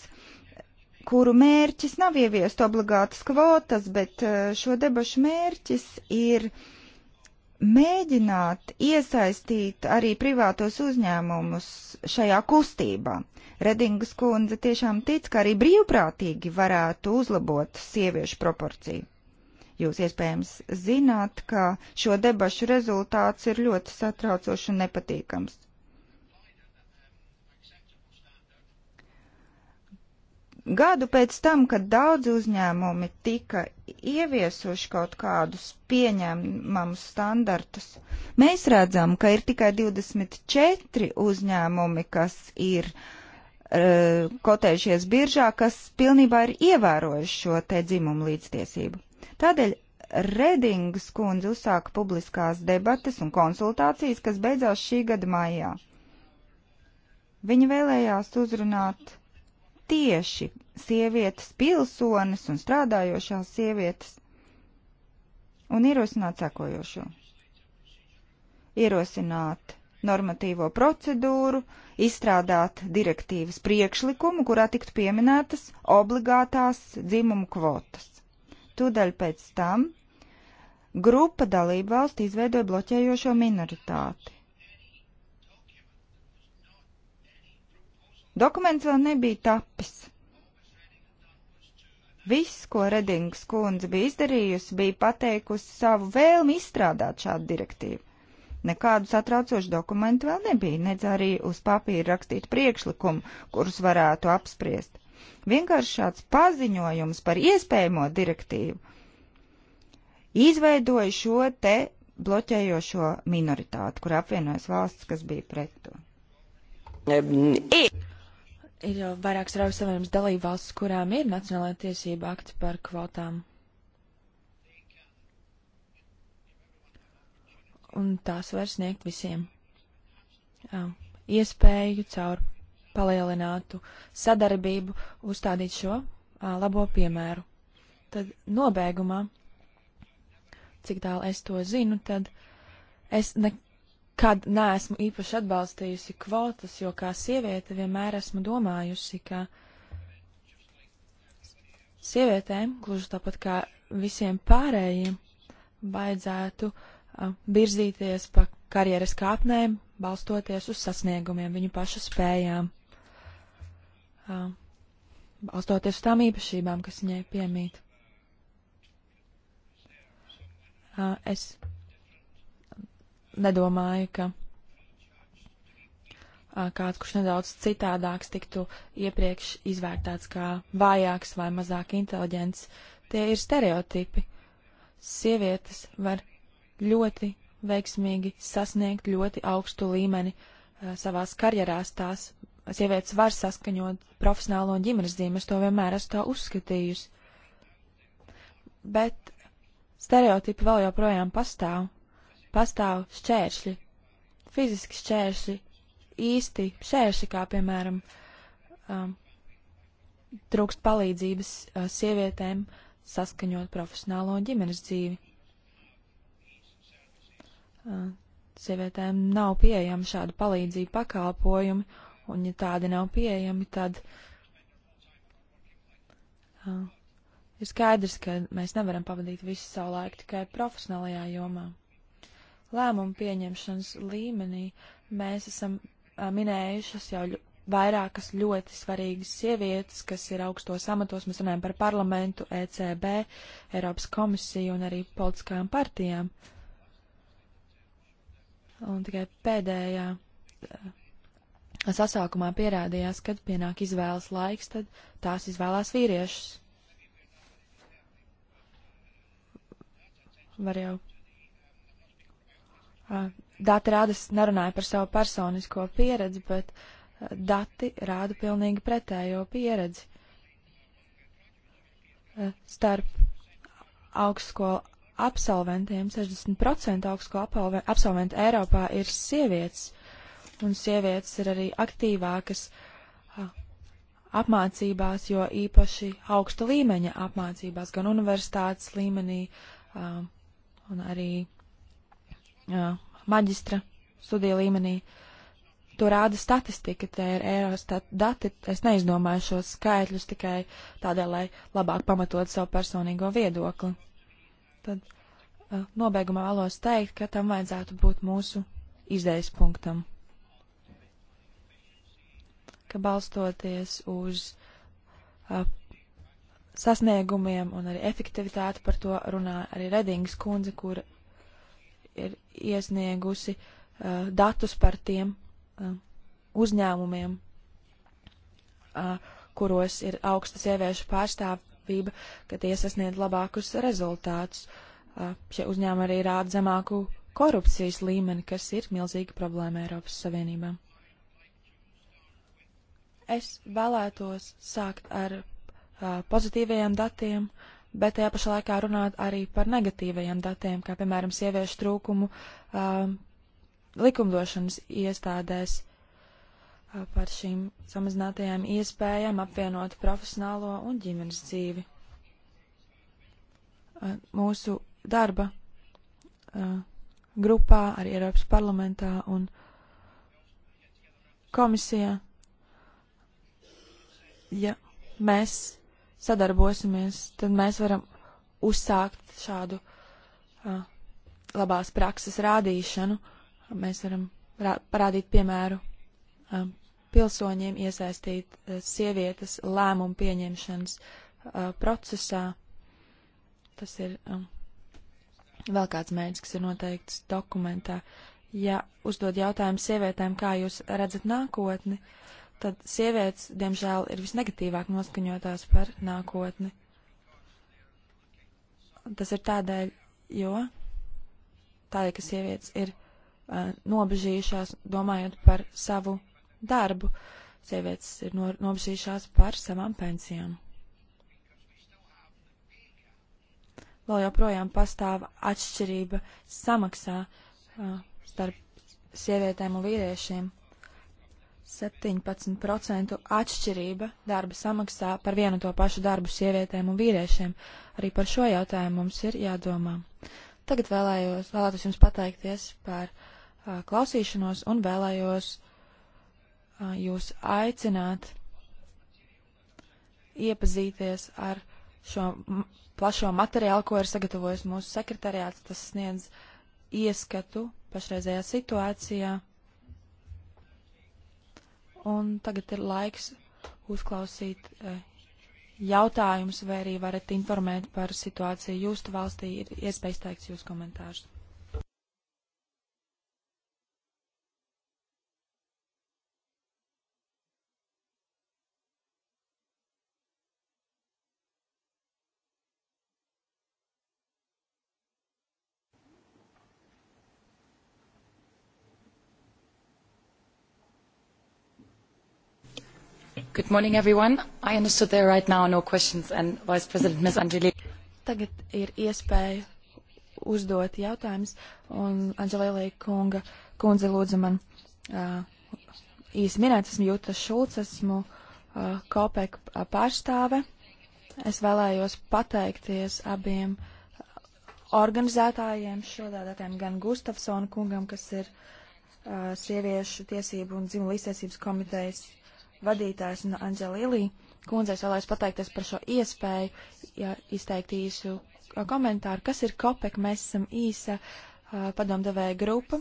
kuru mērķis nav ieviest obligātas kvotas, bet eh, šo debašu mērķis ir mēģināt iesaistīt arī privātos uzņēmumus šajā kustībā. Redingas kundze tiešām tic, ka arī brīvprātīgi varētu uzlabot sieviešu proporciju. Jūs iespējams zināt, ka šo debašu rezultāts ir ļoti satraucošs un nepatīkams. Gadu pēc tam, kad daudzi uzņēmumi tika ieviesuši kaut kādus pieņemamus standartus, mēs redzam, ka ir tikai 24 uzņēmumi, kas ir uh, kotējušies biržā, kas pilnībā ir ievērojuši šo te dzimumu līdztiesību. Tādēļ Redingas kundze uzsāka publiskās debates un konsultācijas, kas beidzās šī gada maijā. Viņa vēlējās uzrunāt tieši sievietes pilsones un strādājošās sievietes un ierosināt sekojošo. Ierosināt normatīvo procedūru, izstrādāt direktīvas priekšlikumu, kurā tiktu pieminētas obligātās dzimumu kvotas. Tūdaļ pēc tam grupa dalību valstu izveidoja bloķējošo minoritāti. Dokuments vēl nebija tapis. Viss, ko Redingas kundze bija izdarījusi, bija pateikusi savu vēlmi izstrādāt šādu direktīvu. Nekādu satraucošu dokumentu vēl nebija, nedz arī uz papīra rakstīt priekšlikumu, kurus varētu apspriest. Vienkārši šāds paziņojums par iespējamo direktīvu izveidoja šo te bloķējošo minoritāti, kur apvienojas valsts, kas bija pret to. Ir jau vairākas Eiropas Savienības dalība valsts, kurām ir nacionālajā tiesība akti par kvotām. Un tās var sniegt visiem. Jā, um, iespēju caur palielinātu sadarbību, uzstādīt šo a, labo piemēru. Tad nobeigumā, cik tālu es to zinu, tad es nekad neesmu īpaši atbalstījusi kvotas, jo kā sieviete vienmēr esmu domājusi, ka sievietēm, gluži tāpat kā visiem pārējiem, vajadzētu a, virzīties pa karjeras kāpnēm, balstoties uz sasniegumiem, viņu pašu spējām uh, balstoties uz tām īpašībām, kas viņai piemīt. Uh, es nedomāju, ka uh, kāds, kurš nedaudz citādāks, tiktu iepriekš izvērtēts kā vājāks vai mazāk inteliģents. Tie ir stereotipi. Sievietes var ļoti veiksmīgi sasniegt ļoti augstu līmeni uh, savās karjerās, tās sievietes var saskaņot profesionālo un ģimenes dzīvi, es to vienmēr esmu tā uzskatījusi. Bet stereotipi vēl joprojām pastāv. Pastāv šķēršļi, fiziski šķēršļi, īsti šķēršļi, kā piemēram um, trūkst palīdzības uh, sievietēm saskaņot profesionālo un ģimenes dzīvi. Uh, sievietēm nav pieejama šāda palīdzība pakalpojumi Un ja tādi nav pieejami, tad uh, ir skaidrs, ka mēs nevaram pavadīt visu savu laiku tikai profesionālajā jomā. Lēmumu pieņemšanas līmenī mēs esam uh, minējušas jau ļu, vairākas ļoti svarīgas sievietes, kas ir augstos amatos. Mēs runājam par parlamentu, ECB, Eiropas komisiju un arī politiskajām partijām. Un tikai pēdējā uh, Sasākumā pierādījās, kad pienāk izvēles laiks, tad tās izvēlās vīriešus. Var jau. Dati rāda, es nerunāju par savu personisko pieredzi, bet dati rāda pilnīgi pretējo pieredzi. Starp augstskolu absolventiem 60% augstskolu absolventu Eiropā ir sievietes un sievietes ir arī aktīvākas a, apmācībās, jo īpaši augsta līmeņa apmācībās, gan universitātes līmenī a, un arī a, maģistra studija līmenī. To rāda statistika, tie ir Eurostat dati, es neizdomāju šos skaitļus tikai tādēļ, lai labāk pamatot savu personīgo viedokli. Tad nobeigumā vēlos teikt, ka tam vajadzētu būt mūsu izējas punktam ka balstoties uz uh, sasniegumiem un arī efektivitāti par to runā arī Redingas kundze, kur ir iesniegusi uh, datus par tiem uh, uzņēmumiem, uh, kuros ir augsta sieviešu pārstāvība, ka tie sasniedz labākus rezultātus. Uh, šie uzņēmumi arī rāda zemāku korupcijas līmeni, kas ir milzīga problēma Eiropas Savienībā. Es vēlētos sākt ar uh, pozitīvajiem datiem, bet tajā pašā laikā runāt arī par negatīvajiem datiem, kā piemēram sieviešu trūkumu uh, likumdošanas iestādēs uh, par šīm samazinātajām iespējām apvienot profesionālo un ģimenes dzīvi. Uh, mūsu darba uh, grupā, arī Eiropas parlamentā un komisijā ja mēs sadarbosimies, tad mēs varam uzsākt šādu uh, labās prakses rādīšanu. Mēs varam rā parādīt piemēru um, pilsoņiem, iesaistīt uh, sievietes lēmumu pieņemšanas uh, procesā. Tas ir um, vēl kāds mērķis, kas ir noteikts dokumentā. Ja uzdod jautājumu sievietēm, kā jūs redzat nākotni, uh, tad sievietes, diemžēl, ir visnegatīvāk noskaņotās par nākotni. Tas ir tādēļ, jo tādēļ, ka sievietes ir uh, nobežījušās domājot par savu darbu, sievietes ir no, nobežījušās par savām pensijām. Vēl joprojām pastāv atšķirība samaksā uh, starp sievietēm un vīriešiem 17% atšķirība darba samaksā par vienu to pašu darbu sievietēm un vīriešiem. Arī par šo jautājumu mums ir jādomā. Tagad vēlējos, vēlētos jums pateikties par uh, klausīšanos un vēlējos uh, jūs aicināt iepazīties ar šo plašo materiālu, ko ir sagatavojis mūsu sekretariāts. Tas sniedz ieskatu pašreizējā situācijā. Un tagad ir laiks uzklausīt eh, jautājumus, vai arī varat informēt par situāciju jūsu valstī. Ir iespējas teikt jūs komentārus. Good morning, everyone. I understood there right now no questions, and Vice President Ms. Angelili. Tagad ir iespēja uzdot jautājumus, un Anģelīlī kunga, kundze lūdzu man uh, īsi minēt, esmu Jūta Šulc, esmu uh, Kopek pārstāve. Es vēlējos pateikties abiem organizētājiem šodien, gan Gustafsona kungam, kas ir uh, sieviešu tiesību un dzimumu līdztiesības komitejas vadītājs un Anģelīlī kundzei vēlēs pateikties par šo iespēju, ja izteikt īsu uh, komentāru, kas ir COPEC. Mēs esam īsa uh, padomdevēja grupa.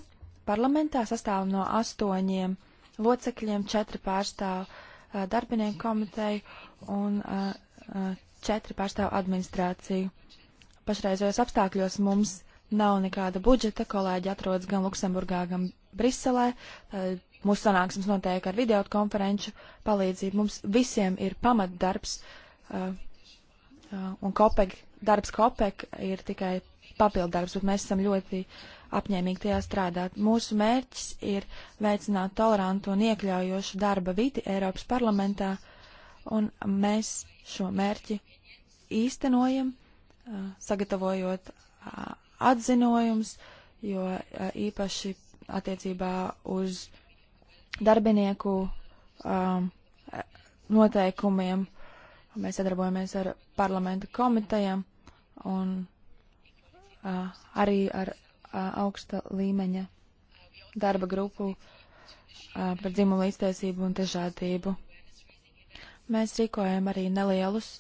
Parlamentā sastāv no astoņiem locekļiem, četri pārstāv uh, darbinieku komiteju un uh, uh četri pārstāv administrāciju. Pašreizējos apstākļos mums nav nekāda budžeta, kolēģi atrodas gan Luksemburgā, gan Briselē. Tad uh, mūsu sanāksmes notiek ar video konferenču palīdzību. Mums visiem ir pamatdarbs, uh, uh, un kopek, darbs kopek ir tikai papildarbs, bet mēs esam ļoti apņēmīgi tajā strādāt. Mūsu mērķis ir veicināt tolerantu un iekļaujošu darba vidi Eiropas parlamentā, un mēs šo mērķi īstenojam, uh, sagatavojot uh, atzinojums, jo uh, īpaši attiecībā uz uh, darbinieku um, noteikumiem. Mēs sadarbojamies ar parlamenta komitejām un uh, arī ar uh, augsta līmeņa darba grupu uh, par dzimumu līdztiesību un dažādību. Mēs rīkojam arī nelielus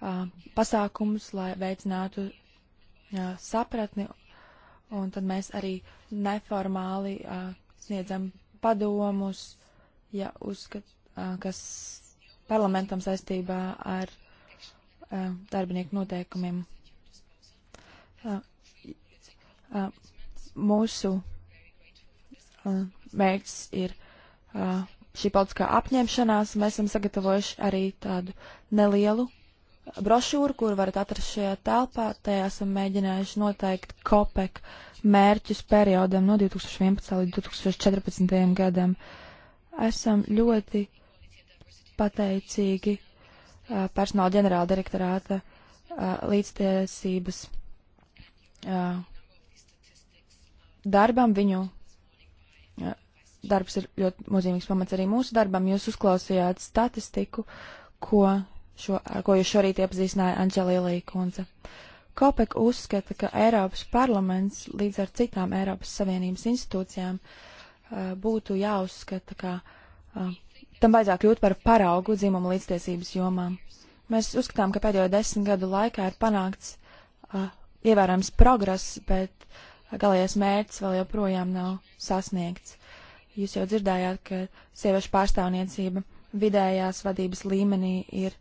uh, pasākumus, lai veicinātu uh, sapratni, un tad mēs arī neformāli uh, sniedzam padomus, ja uzskat, kas parlamentam saistībā ar darbinieku noteikumiem. Mūsu mērķis ir šī politiskā apņemšanās. Mēs esam sagatavojuši arī tādu nelielu brošūru, kuru varat atrast šajā telpā. Tajā esam mēģinājuši noteikt kopek uh, mērķus periodam no 2011. līdz 2014. gadam. Esam ļoti pateicīgi uh, personāla ģenerāla direktorāta uh, līdztiesības uh, darbam. Viņu darbs ir ļoti nozīmīgs pamats arī mūsu darbam. Jūs uzklausījāt statistiku, ko, šo, ko jūs šorīt iepazīstināja Anģelīlī kundze. Uh, Kopek uzskata, ka Eiropas parlaments līdz ar citām Eiropas Savienības institūcijām eh, būtu jāuzskata, ka eh, tam vajadzētu kļūt par paraugu dzimumu līdztiesības jomām. Mēs uzskatām, ka pēdējo desmit gadu laikā ir panākts eh, ievērams progress, bet galējais mērķis vēl joprojām nav sasniegts. Jūs jau dzirdējāt, ka sieviešu pārstāvniecība vidējās vadības līmenī ir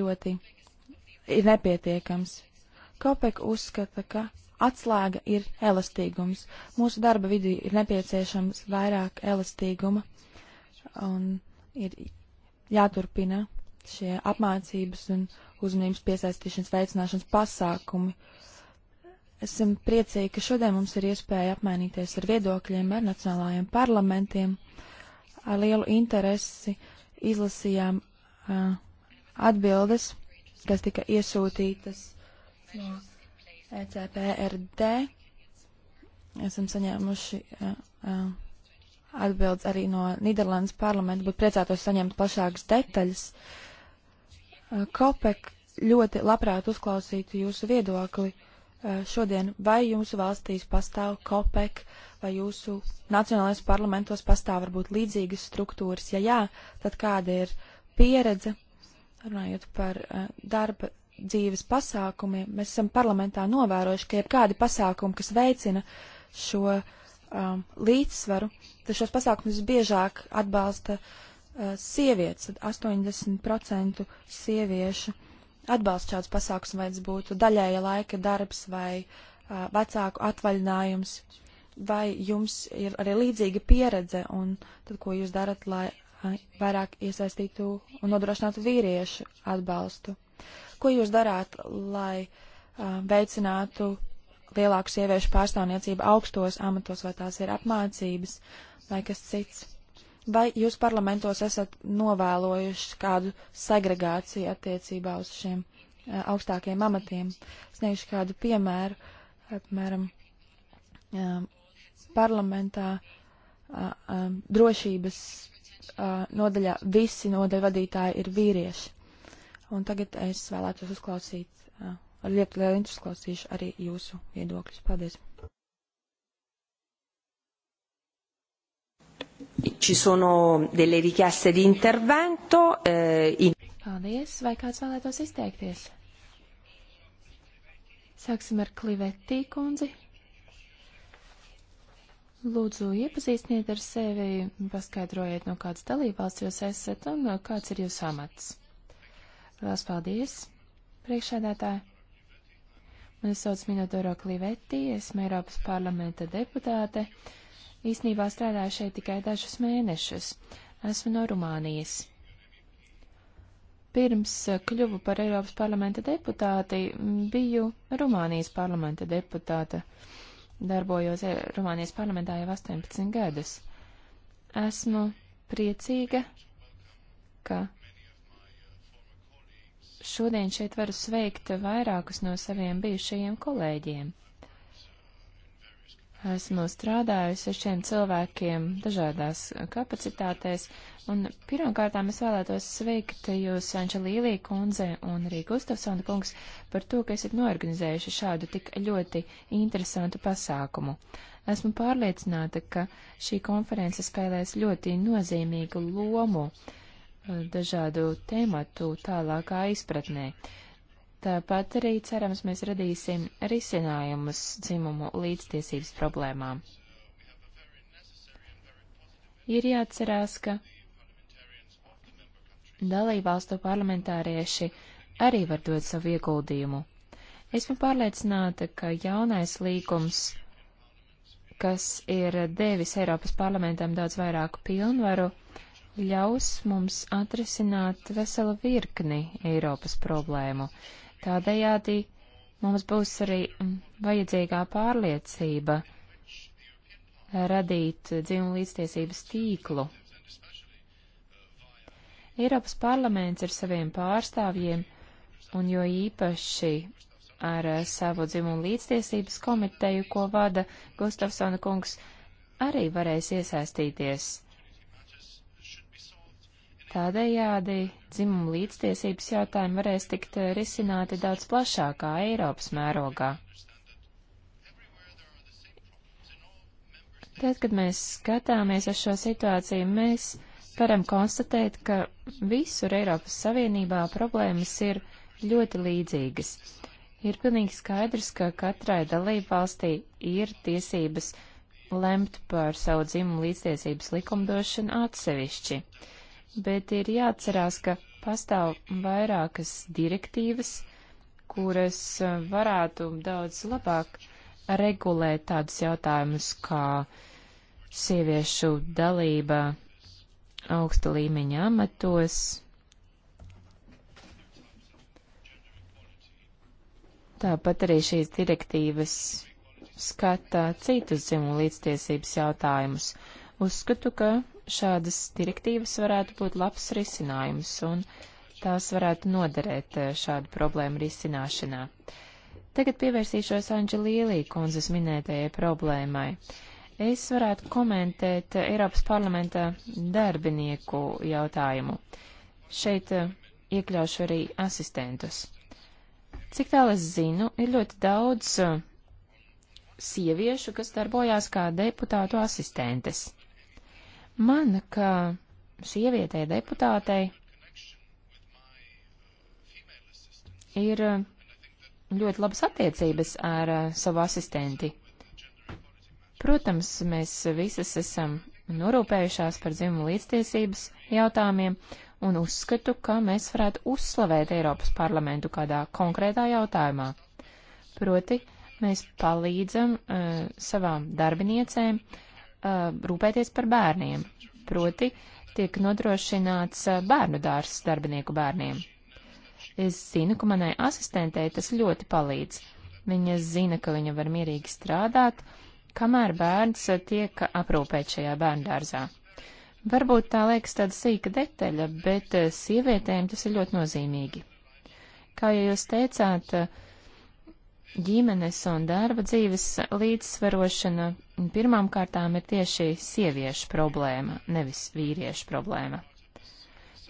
ļoti ir nepietiekams. Kopek uzskata, ka atslēga ir elastīgums. Mūsu darba vidī ir nepieciešams vairāk elastīguma un ir jāturpina šie apmācības un uzmanības piesaistīšanas veicināšanas pasākumi. Esam priecīgi, ka šodien mums ir iespēja apmainīties ar viedokļiem ar nacionālajiem parlamentiem. Ar lielu interesi izlasījām uh, atbildes, kas tika iesūtītas no ECPRD. Esam saņēmuši uh, uh, atbildes arī no Nīderlandes parlamenta, bet priecātos saņemt plašākas detaļas. Uh, Kopek ļoti labprāt uzklausītu jūsu viedokli šodien, vai jūsu valstīs pastāv COPEC, vai jūsu nacionālais parlamentos pastāv varbūt līdzīgas struktūras, ja jā, tad kāda ir pieredze, runājot par darba ikdzīves pasākumi, mēs esam parlamentā novērojuši, ka jebkādi pasākumi, kas veicina šo um, līdzsvaru, tad šos pasākumus biežāk atbalsta uh, sievietes. 80% sieviešu atbalsta šādus pasākumus, vai tas būtu daļēja laika darbs vai uh, vecāku atvaļinājums. Vai jums ir arī līdzīga pieredze, un tad, ko jūs darat, lai uh, vairāk iesaistītu un nodrošinātu vīriešu atbalstu. Ko jūs darāt, lai uh, veicinātu lielāku sieviešu pārstāvniecību augstos amatos, vai tās ir apmācības vai kas cits? Vai jūs parlamentos esat novēlojuši kādu segregāciju attiecībā uz šiem uh, augstākiem amatiem? Sniegšu kādu piemēru, piemēram, um, uh, parlamentā um, drošības uh, nodaļā visi nodaļvadītāji ir vīrieši Un tagad es vēlētos uzklausīt, ar lietu lielu interesu klausīšu arī jūsu viedokļus. Paldies! Ci sono delle richieste di intervento. Eh, in... Paldies, vai kāds vēlētos izteikties? Sāksim ar Klivetī kundzi. Lūdzu, iepazīstiniet ar sevi, paskaidrojiet, no kādas dalībvalsts jūs esat un kāds ir jūsu amats. Lielas paldies, priekšsēdētāji! Mani sauc Minodoro Klivetti, esmu Eiropas parlamenta deputāte. Īsnībā strādāju šeit tikai dažus mēnešus. Esmu no Rumānijas. Pirms kļuvu par Eiropas parlamenta deputāti, biju Rumānijas parlamenta deputāta. Darbojos Rumānijas parlamentā jau 18 gadus. Esmu priecīga, ka šodien šeit varu sveikt vairākus no saviem bijušajiem kolēģiem. Esmu strādājusi ar šiem cilvēkiem dažādās kapacitātēs, un pirmkārtām es vēlētos sveikt jūs, Anča Līlī kundze un arī Gustafsona kungs, par to, ka esat norganizējuši šādu tik ļoti interesantu pasākumu. Esmu pārliecināta, ka šī konference spēlēs ļoti nozīmīgu lomu uh, dažādu tēmatu tālākā izpratnē. Tāpat arī cerams mēs radīsim risinājumus dzimumu līdztiesības problēmām. Ir jāatcerās, ka dalībvalstu parlamentārieši arī var dot savu ieguldījumu. Esmu pārliecināta, ka jaunais līgums, kas ir devis Eiropas parlamentam daudz vairāku pilnvaru, uh, ļaus mums atrisināt veselu virkni Eiropas problēmu. Tādējādi mums būs arī mm, vajadzīgā pārliecība radīt dzimumu līdztiesības tīklu. Eiropas parlaments ar saviem pārstāvjiem un jo īpaši ar savu dzimumu līdztiesības komiteju, ko vada Gustafsona kungs, arī varēs iesaistīties Tādējādi dzimumu līdztiesības jautājumi varēs tikt eh, risināti daudz plašākā Eiropas mērogā. Tad, kad mēs skatāmies uz šo situāciju, mēs varam konstatēt, ka visur Eiropas Savienībā problēmas ir ļoti līdzīgas. Ir pilnīgi skaidrs, ka katrai dalību valstī ir tiesības lemt par savu dzimumu līdztiesības likumdošanu atsevišķi bet ir jāatcerās, ka pastāv vairākas direktīvas, kuras eh, varētu daudz labāk regulēt tādus jautājumus kā sieviešu dalība augsta līmeņa amatos, Tāpat arī šīs direktīvas skata citus dzimumu līdztiesības jautājumus. Uzskatu, ka šādas direktīvas varētu būt labs risinājums un tās varētu noderēt eh, šādu problēmu risināšanā. Tagad pievērsīšos Anģelīlī kundzes minētajai problēmai. Es varētu komentēt eh, Eiropas parlamenta darbinieku jautājumu. Šeit eh, iekļaušu arī asistentus. Cik tālu es zinu, ir ļoti daudz sieviešu, kas darbojās kā deputātu asistentes. Man, kā sievietei deputātei, ir uh, ļoti labas attiecības ar uh, savu asistenti. Protams, mēs visas esam norūpējušās par dzimumu līdztiesības jautājumiem un uzskatu, ka mēs varētu uzslavēt Eiropas parlamentu kādā konkrētā jautājumā. Proti, mēs palīdzam uh, savām darbiniecēm uh, Uh, rūpēties par bērniem. Proti, tiek nodrošināts uh, bērnu dārsts darbinieku bērniem. Es zinu, ka manai asistentei tas ļoti palīdz. Viņa zina, ka viņa var mierīgi strādāt, kamēr bērns uh, tiek aprūpēt šajā bērndārzā. Varbūt tā liekas tāda sīka detaļa, bet sievietēm tas ir ļoti nozīmīgi. Kā jau jūs teicāt, uh, ģimenes un darba dzīves līdzsvarošana pirmām kārtām ir tieši sieviešu problēma, nevis vīriešu problēma.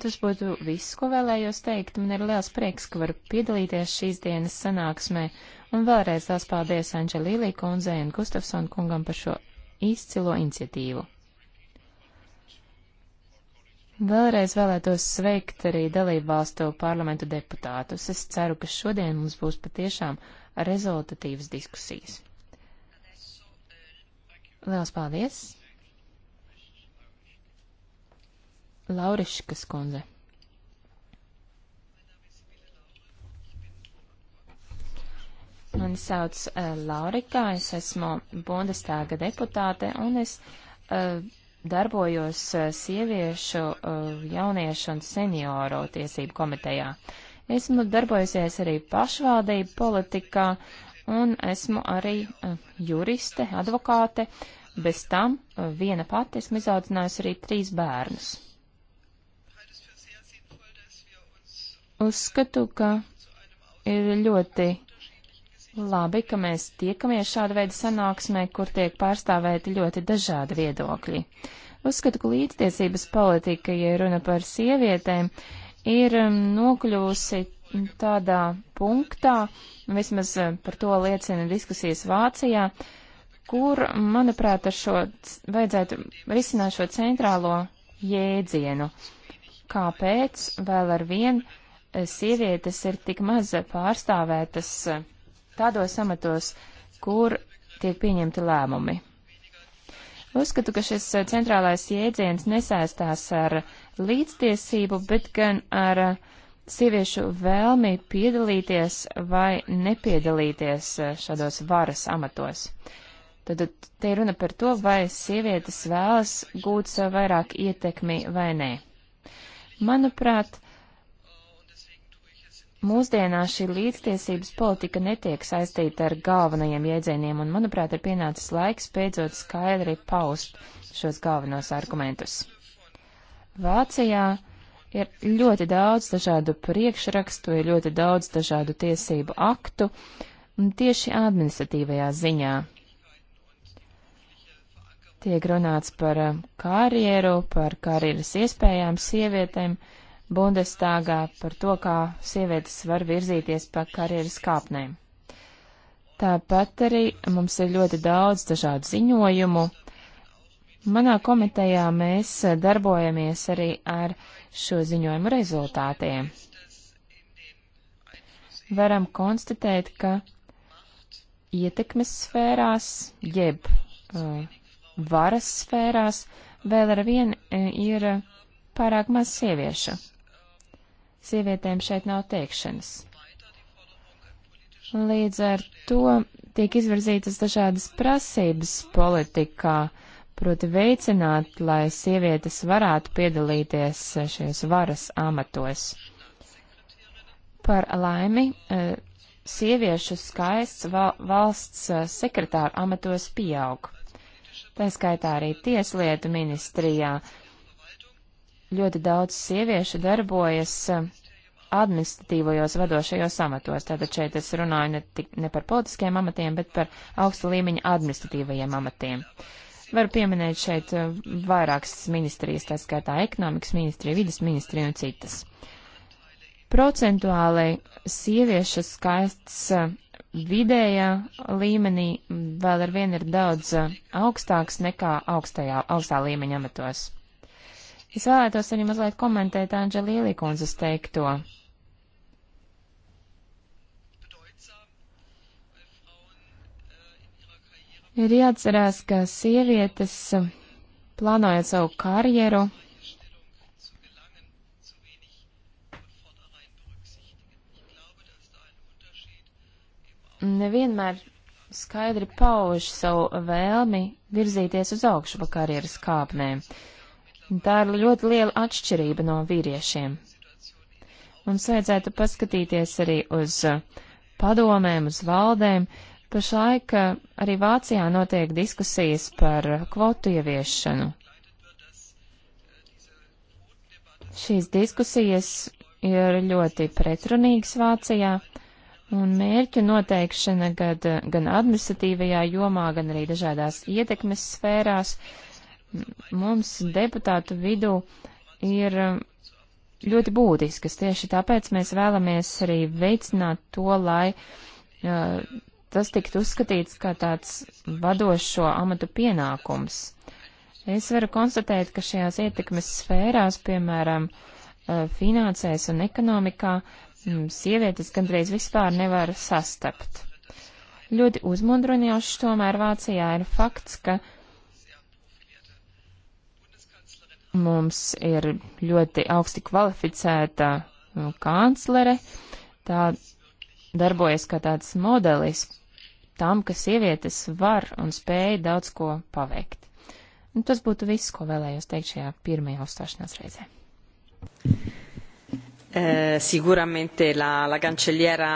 Tas būtu viss, ko vēlējos teikt. Man ir liels prieks, ka varu piedalīties šīs dienas sanāksmē, un vēlreiz liels paldies Anģelīlī kundzei un Gustafson kungam par šo izcilo iniciatīvu. Vēlreiz vēlētos sveikt arī dalību valstu parlamentu deputātus. Es ceru, ka šodien mums būs patiešām rezultatīvas diskusijas. Lielas paldies! Lauriškas kundze. Mani sauc uh, Laurika, es esmu Bundestāga deputāte un es uh, darbojos uh, sieviešu, uh, jauniešu un senioru tiesību komitejā. Uh, Esmu darbojusies arī pašvaldību politikā un esmu arī eh, juriste, advokāte. Bez tam eh, viena pati esmu izaudzinājusi arī trīs bērnus. Uzskatu, ka ir ļoti Labi, ka mēs tiekamies šāda veida sanāksmē, kur tiek pārstāvēti ļoti dažādi viedokļi. Uzskatu, ka līdztiesības politika, ja runa par sievietēm, ir um, nokļuvusi tādā punktā, vismaz uh, par to liecina diskusijas Vācijā, kur, manuprāt, ar šo vajadzētu risināt šo centrālo jēdzienu. Kāpēc vēl ar vien uh, sievietes ir tik maz pārstāvētas uh, tādos amatos, kur tiek pieņemti lēmumi? Uzskatu, ka šis centrālais jēdziens nesaistās ar uh, līdztiesību, bet gan ar eh, sieviešu vēlmi piedalīties vai nepiedalīties eh, šādos varas amatos. Tad te ir runa par to, vai sievietes vēlas gūt sev vairāk ietekmi vai nē. Manuprāt, mūsdienās šī līdztiesības politika netiek saistīta ar galvenajiem jēdzieniem, un, manuprāt, ir pienācis laiks beidzot skaidri paust šos galvenos argumentus. Vācijā ir ļoti daudz dažādu priekšrakstu, ir ļoti daudz dažādu tiesību aktu, un tieši administratīvajā ziņā tiek runāts par um, karjeru, par karjeras iespējām sievietēm Bundestāgā, par to, kā sievietes var virzīties pa karjeras kāpnēm. Tāpat arī mums ir ļoti daudz dažādu ziņojumu, Manā komitejā mēs darbojamies arī ar šo ziņojumu rezultātiem. Varam konstatēt, ka ietekmes sfērās, jeb uh, varas sfērās, vēl ar vien uh, ir pārāk maz sieviešu. Sievietēm šeit nav teikšanas. Līdz ar to tiek izvirzītas dažādas prasības politikā, uh, proti veicināt, lai sievietes varētu piedalīties šajos varas amatos. Par laimi, e, sieviešu skaists valsts e, sekretāru amatos pieaug. Tā skaitā arī tieslietu ministrijā. Ļoti daudz sieviešu darbojas e, administratīvajos vadošajos amatos. Tātad šeit es runāju ne, tik, ne par politiskiem amatiem, bet par augsta līmeņa administratīvajiem amatiem. Uh, Varu pieminēt šeit eh, vairākas ministrijas, tā skaitā ekonomikas ministrija, vidas ministrija un citas. Procentuāli sieviešu skaists eh, vidējā līmenī vēl ar vienu ir daudz eh, augstāks nekā augstajā, augstā līmeņa amatos. Es vēlētos arī mazliet komentēt Anģelīli kundzes teikto Ir jāatcerās, ka sievietes, eh, plānojot savu karjeru, nevienmēr skaidri pauž savu vēlmi virzīties uz augšu pa karjeras kāpnēm. Tā ir ļoti liela atšķirība no vīriešiem. Mums vajadzētu paskatīties arī uz eh, padomēm, uz valdēm, uh, Pašlaik eh, arī Vācijā notiek diskusijas par kvotu ieviešanu. Šīs diskusijas ir ļoti pretrunīgas Vācijā, un mērķu noteikšana gad, gan administratīvajā jomā, gan arī dažādās ietekmes sfērās mums deputātu vidū ir ļoti būtiskas. Tieši tāpēc mēs vēlamies arī veicināt to, lai uh, tas tiktu uzskatīts kā tāds vadošo amatu pienākums. Es varu konstatēt, ka šajās ietekmes sfērās, piemēram, eh, finansēs un ekonomikā, mm, sievietes gandrīz vispār nevar sastapt. Ļoti uzmundrinošs tomēr Vācijā ir fakts, ka mums ir ļoti augsti kvalificēta mm, kanclere, tā darbojas kā tāds modelis tam, ka sievietes var un spēja daudz ko paveikt. Un tas būtu viss, ko vēlējos teikt šajā pirmajā uzstāšanās reizē. E, sicuramente la, la cancelliera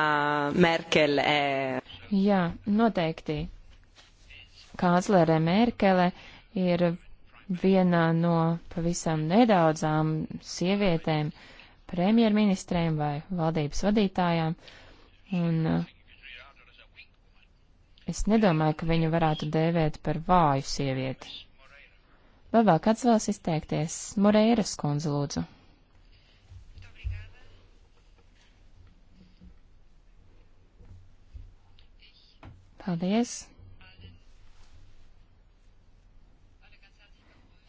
Merkel è... E... Jā, noteikti. Kanclere Merkele ir viena no pavisam nedaudzām sievietēm premjerministrēm vai valdības vadītājām. Un uh, Es nedomāju, ka viņu varētu dēvēt par vāju sievieti. Vai vēl kāds vēlas izteikties? Moreiras kundze lūdzu. Paldies!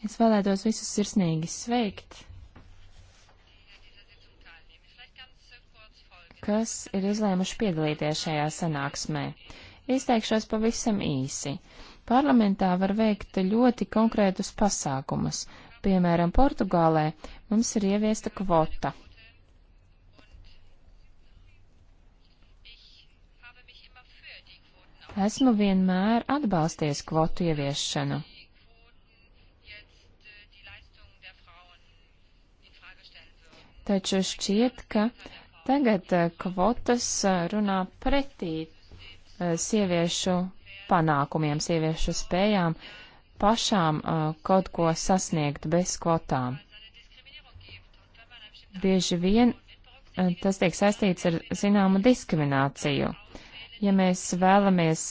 Es vēlētos visus sirsnīgi sveikt, kas ir izlēmuši piedalīties šajā sanāksmē. Izteikšos pavisam īsi. Parlamentā var veikt ļoti konkrētus pasākumus. Piemēram, Portugālē mums ir ieviesta kvota. Esmu vienmēr atbalsties kvotu ieviešanu. Taču šķiet, ka tagad kvotas runā pretī sieviešu panākumiem, sieviešu spējām pašām kaut ko sasniegt bez kvotām. Bieži vien tas tiek saistīts ar zināmu diskrimināciju. Ja mēs vēlamies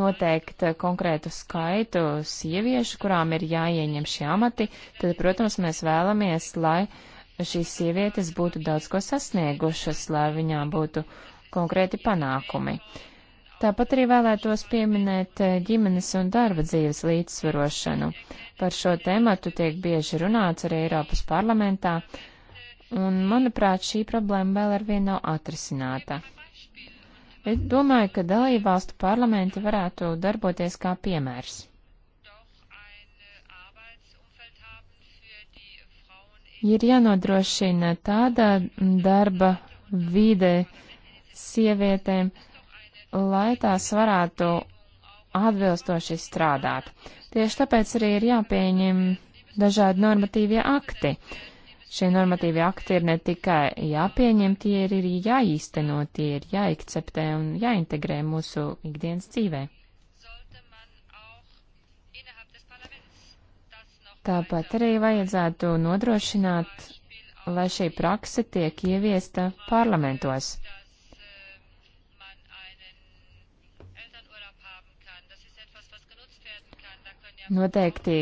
noteikt konkrētu skaitu sieviešu, kurām ir jāieņem šie amati, tad, protams, mēs vēlamies, lai šīs sievietes būtu daudz ko sasniegušas, lai viņām būtu uh, konkrēti panākumi. Tāpat arī vēlētos pieminēt eh, ģimenes un darba dzīves līdzsvarošanu. Par šo tēmatu tiek bieži runāts arī Eiropas parlamentā, un, manuprāt, šī problēma vēl ar vienu nav atrisināta. Es domāju, ka dalībvalstu parlamenti varētu darboties kā piemērs. Ir jānodrošina tāda darba vide, uh, sievietēm, lai tās varētu atbilstoši strādāt. Tieši tāpēc arī ir jāpieņem dažādi normatīvie akti. Šie normatīvie akti ir ne tikai jāpieņem, tie ir arī jāīsteno, tie ir jāakceptē un jāintegrē mūsu ikdienas dzīvē. Tāpat arī vajadzētu nodrošināt, lai šī prakse tiek ieviesta parlamentos. Noteikti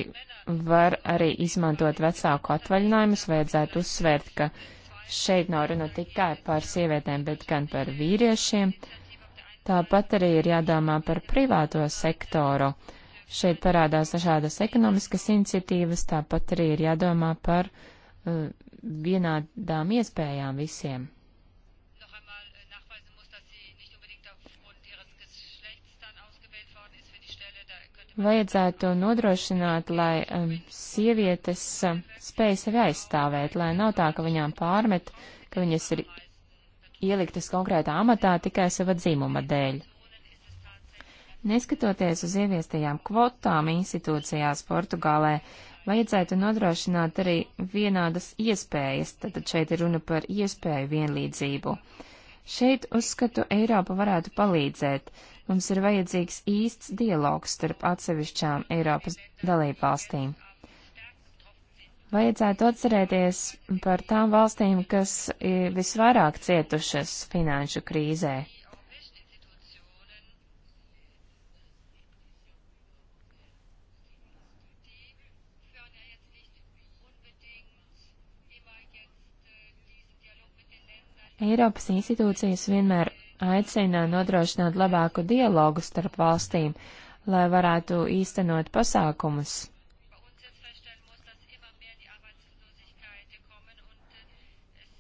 var arī izmantot vecāku atvaļinājumus, vajadzētu uzsvērt, ka šeit nav runa tikai par sievietēm, bet gan par vīriešiem. Tāpat arī ir jādomā par privāto sektoru. Šeit parādās dažādas ekonomiskas iniciatīvas, tāpat arī ir jādomā par uh, vienādām iespējām visiem. vajadzētu nodrošināt, lai um, sievietes um, spēj sevi aizstāvēt, lai nav tā, ka viņām pārmet, ka viņas ir ieliktas konkrētā amatā tikai sava dzimuma dēļ. Neskatoties uz ieviestajām kvotām institūcijās Portugālē, vajadzētu nodrošināt arī vienādas iespējas, tad šeit ir runa par iespēju vienlīdzību. Uh, Šeit uzskatu Eiropa varētu palīdzēt. Mums ir vajadzīgs īsts dialogs starp atsevišķām Eiropas dalībvalstīm. Vajadzētu atcerēties par tām valstīm, kas visvairāk cietušas finanšu krīzē. Eiropas institūcijas vienmēr aicina nodrošināt labāku dialogu starp valstīm, lai varētu īstenot pasākumus.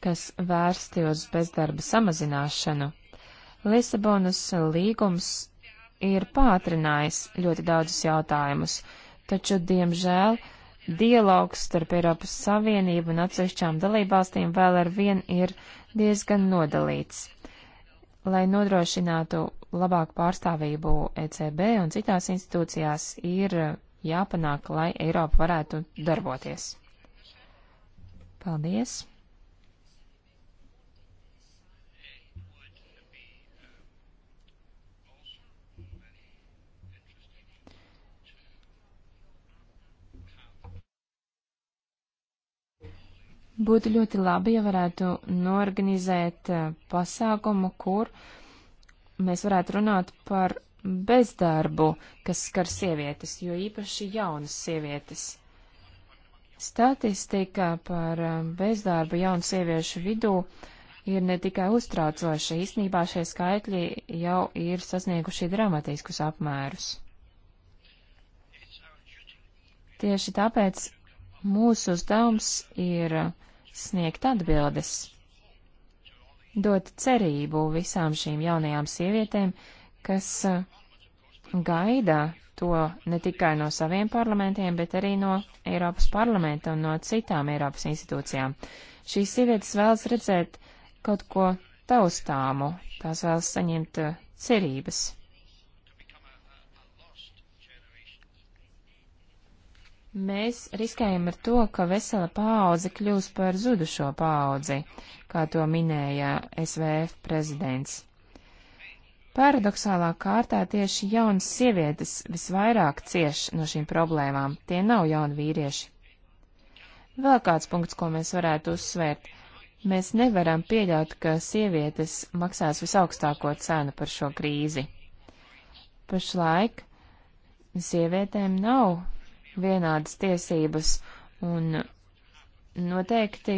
kas vērsti uz bezdarba samazināšanu. Lisabonas līgums ir pātrinājis ļoti daudzus jautājumus, taču, diemžēl, dialogs starp Eiropas Savienību un atsevišķām dalībvalstīm vēl ar vien ir diezgan nodalīts. Lai nodrošinātu labāku pārstāvību ECB un citās institūcijās, ir jāpanāk, lai Eiropa varētu darboties. Paldies! Būtu ļoti labi, ja varētu norganizēt eh, pasākumu, kur mēs varētu runāt par bezdarbu, kas skar sievietes, jo īpaši jaunas sievietes. Statistika par eh, bezdarbu jaunu sieviešu vidū ir ne tikai uztraucoša, īsnībā šie skaitļi jau ir sasnieguši dramatiskus apmērus. Tieši tāpēc mūsu uzdevums ir sniegt atbildes, dot cerību visām šīm jaunajām sievietēm, kas uh, gaida to ne tikai no saviem parlamentiem, bet arī no Eiropas parlamenta un no citām Eiropas institūcijām. Šīs sievietes vēlas redzēt kaut ko taustāmu, tās vēlas saņemt uh, cerības. Mēs riskējam ar to, ka vesela paudze kļūs par zudušo paudzi, kā to minēja SVF prezidents. Paradoxālā kārtā tieši jaunas sievietes visvairāk cieš no šīm problēmām, tie nav jauni vīrieši. Vēl kāds punkts, ko mēs varētu uzsvērt. Mēs nevaram pieļaut, ka sievietes maksās visaugstāko cenu par šo krīzi. Pašlaik sievietēm nav vienādas tiesības, un noteikti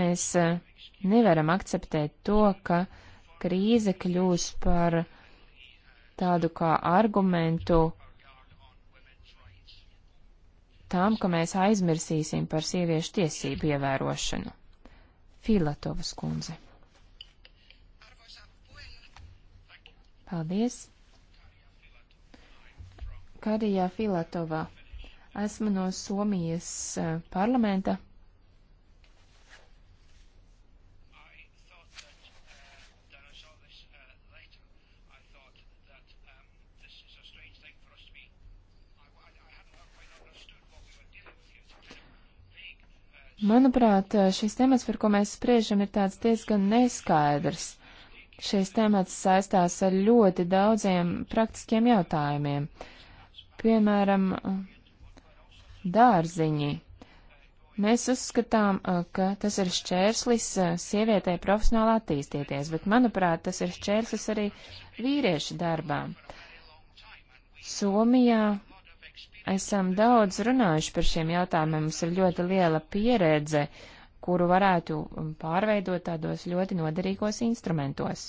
mēs eh, nevaram akceptēt to, ka krīze kļūs par tādu kā argumentu tam, ka mēs aizmirsīsim par sieviešu tiesību ievērošanu. Filatovas kundze. Paldies! Karija Filatova. Esmu no Somijas eh, parlamenta. Manuprāt, eh, šis temats, par ko mēs spriežam, ir tāds diezgan neskaidrs. Šis temats saistās ar ļoti daudziem praktiskiem jautājumiem. Uh, Piemēram, dārziņi. Mēs uzskatām, eh, ka tas ir šķērslis eh, sievietei profesionāli attīstīties, bet, manuprāt, tas ir šķērslis arī vīriešu darbā. Somijā esam daudz runājuši par šiem jautājumiem, mums ir ļoti liela pieredze, kuru varētu eh, pārveidot tādos ļoti noderīgos instrumentos.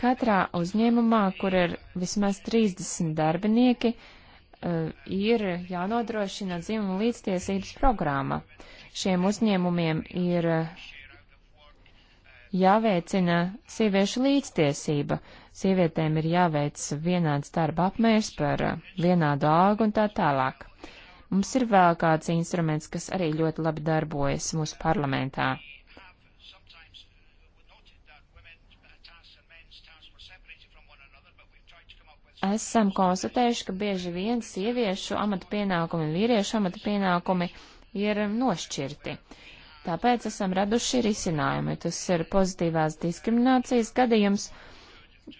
Katrā uzņēmumā, kur ir vismaz 30 darbinieki, eh, ir jānodrošina dzimuma līdztiesības programma. Šiem uzņēmumiem ir jāveicina sieviešu līdztiesība. Sievietēm ir jāveic vienāds darba apmērs par vienādu algu un tā tālāk. Mums ir vēl kāds instruments, kas arī ļoti labi darbojas mūsu parlamentā. Esam konstatējuši, ka bieži vien sieviešu amata pienākumi un vīriešu amata pienākumi ir nošķirti. Tāpēc esam raduši risinājumi. Tas ir pozitīvās diskriminācijas gadījums,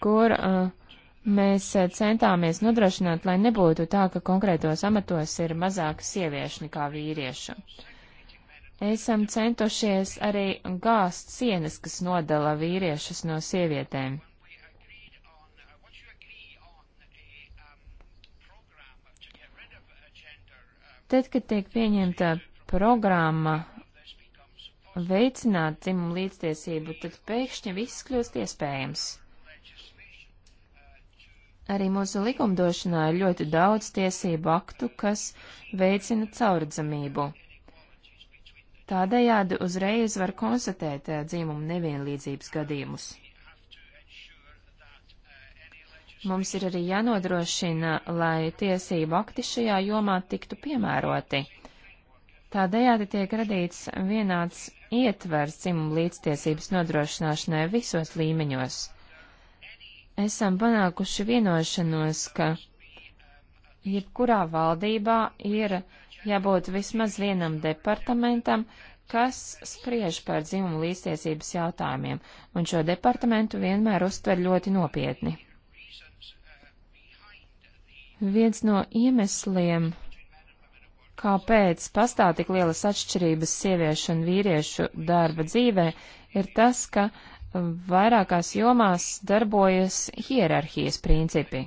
kur uh, mēs uh, centāmies nodrošināt, lai nebūtu tā, ka konkrētos amatos ir mazāk sieviešu nekā vīriešu. Esam centušies arī gāzt sienas, kas nodala vīriešus no sievietēm. Tad, kad tiek pieņemta programma veicināt dzimumu līdztiesību, tad pēkšņi viss kļūst iespējams. Arī mūsu likumdošanā ir ļoti daudz tiesību aktu, kas veicina caurdzamību. Tādējādi uzreiz var konstatēt eh, dzimumu nevienlīdzības gadījumus. Mums ir arī jānodrošina, lai tiesību akti šajā jomā tiktu piemēroti. Tādējādi tiek radīts vienāds ietvers dzimumu līdztiesības nodrošināšanai visos līmeņos. Esam panākuši vienošanos, ka jebkurā valdībā ir jābūt vismaz vienam departamentam, kas spriež par dzimumu līdztiesības jautājumiem, un šo departamentu vienmēr uztver ļoti nopietni. Viens no iemesliem, kāpēc pastāv tik lielas atšķirības sieviešu un vīriešu darba dzīvē, ir tas, ka uh, vairākās jomās darbojas hierarhijas principi.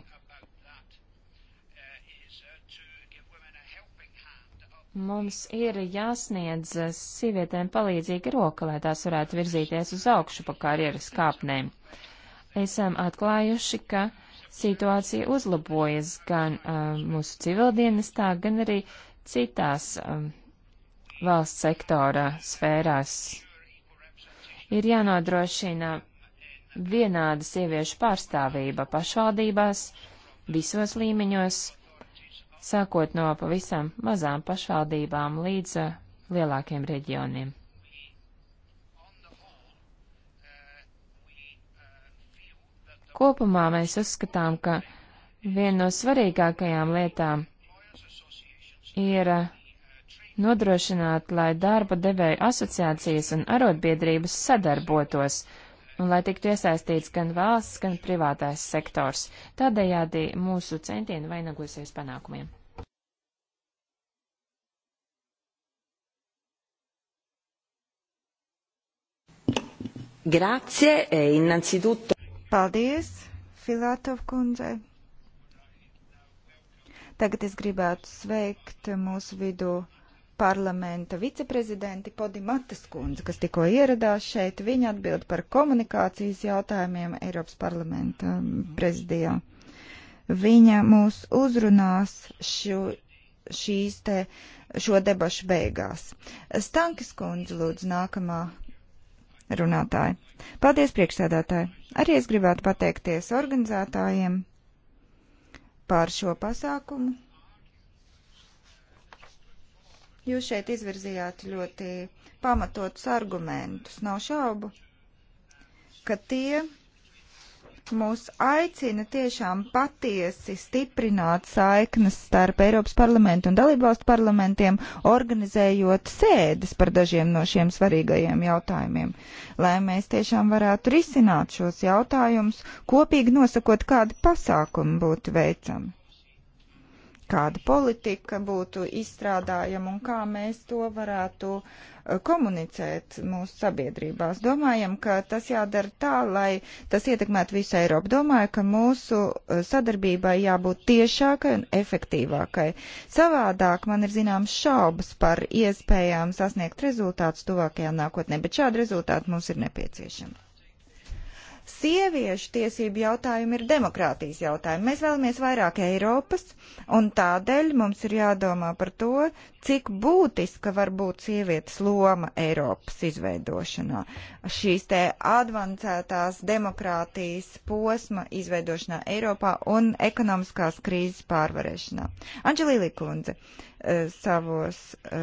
Mums ir jāsniedz sievietēm palīdzīga roka, lai tās varētu virzīties uz augšu pa karjeras kāpnēm. Esam atklājuši, ka uh, situācija uzlabojas gan uh, mūsu civildienestā, gan arī citās um, valsts sektora sfērās. Ir jānodrošina vienāda sieviešu pārstāvība pašvaldībās, visos līmeņos, sākot no pavisam mazām pašvaldībām līdz uh, lielākiem reģioniem. Kopumā mēs uzskatām, ka viena no svarīgākajām lietām ir eh, nodrošināt, lai darba devēju asociācijas un arotbiedrības sadarbotos un lai tiktu iesaistīts gan valsts, gan privātais sektors. Tādējādi mūsu centieni vainagosies panākumiem. Grazie, e innanzitutto. Paldies, Filatov kundzei. Tagad es gribētu sveikt mūsu vidū parlamenta viceprezidenti Podimatas kundze, kas tikko ieradās šeit. Viņa atbild par komunikācijas jautājumiem Eiropas parlamenta prezidijā. Viņa mūs uzrunās šo, šīs te, šo debašu beigās. Stankis kundze lūdzu nākamā runātāji. Paldies, priekšsēdētāji! Arī es gribētu pateikties organizētājiem par šo pasākumu. Jūs šeit izvirzījāt ļoti pamatotus argumentus. Nav šaubu, ka tie, mūs aicina tiešām patiesi stiprināt saiknes starp Eiropas parlamentu un dalībvalstu parlamentiem, organizējot sēdes par dažiem no šiem svarīgajiem jautājumiem, lai mēs tiešām varētu risināt šos jautājumus, kopīgi nosakot, kādi pasākumi būtu veicami kāda politika būtu izstrādājama un kā mēs to varētu eh, komunicēt mūsu sabiedrībās. Domājam, ka tas jādara tā, lai tas ietekmētu visu Eiropu. Domāju, ka mūsu eh, sadarbībai jābūt tiešākai un efektīvākai. Savādāk man ir zināms šaubas par iespējām sasniegt rezultātus tuvākajā nākotnē, bet šādi rezultāti mums ir nepieciešami. Sieviešu tiesību jautājumi ir demokrātijas jautājumi. Mēs vēlamies vairāk Eiropas, un tādēļ mums ir jādomā par to, cik būtiska var būt sievietes loma Eiropas izveidošanā. Šīs te advancētās demokrātijas posma izveidošanā Eiropā un ekonomiskās krīzes pārvarēšanā. Anģelīli Kundze, E, savos e,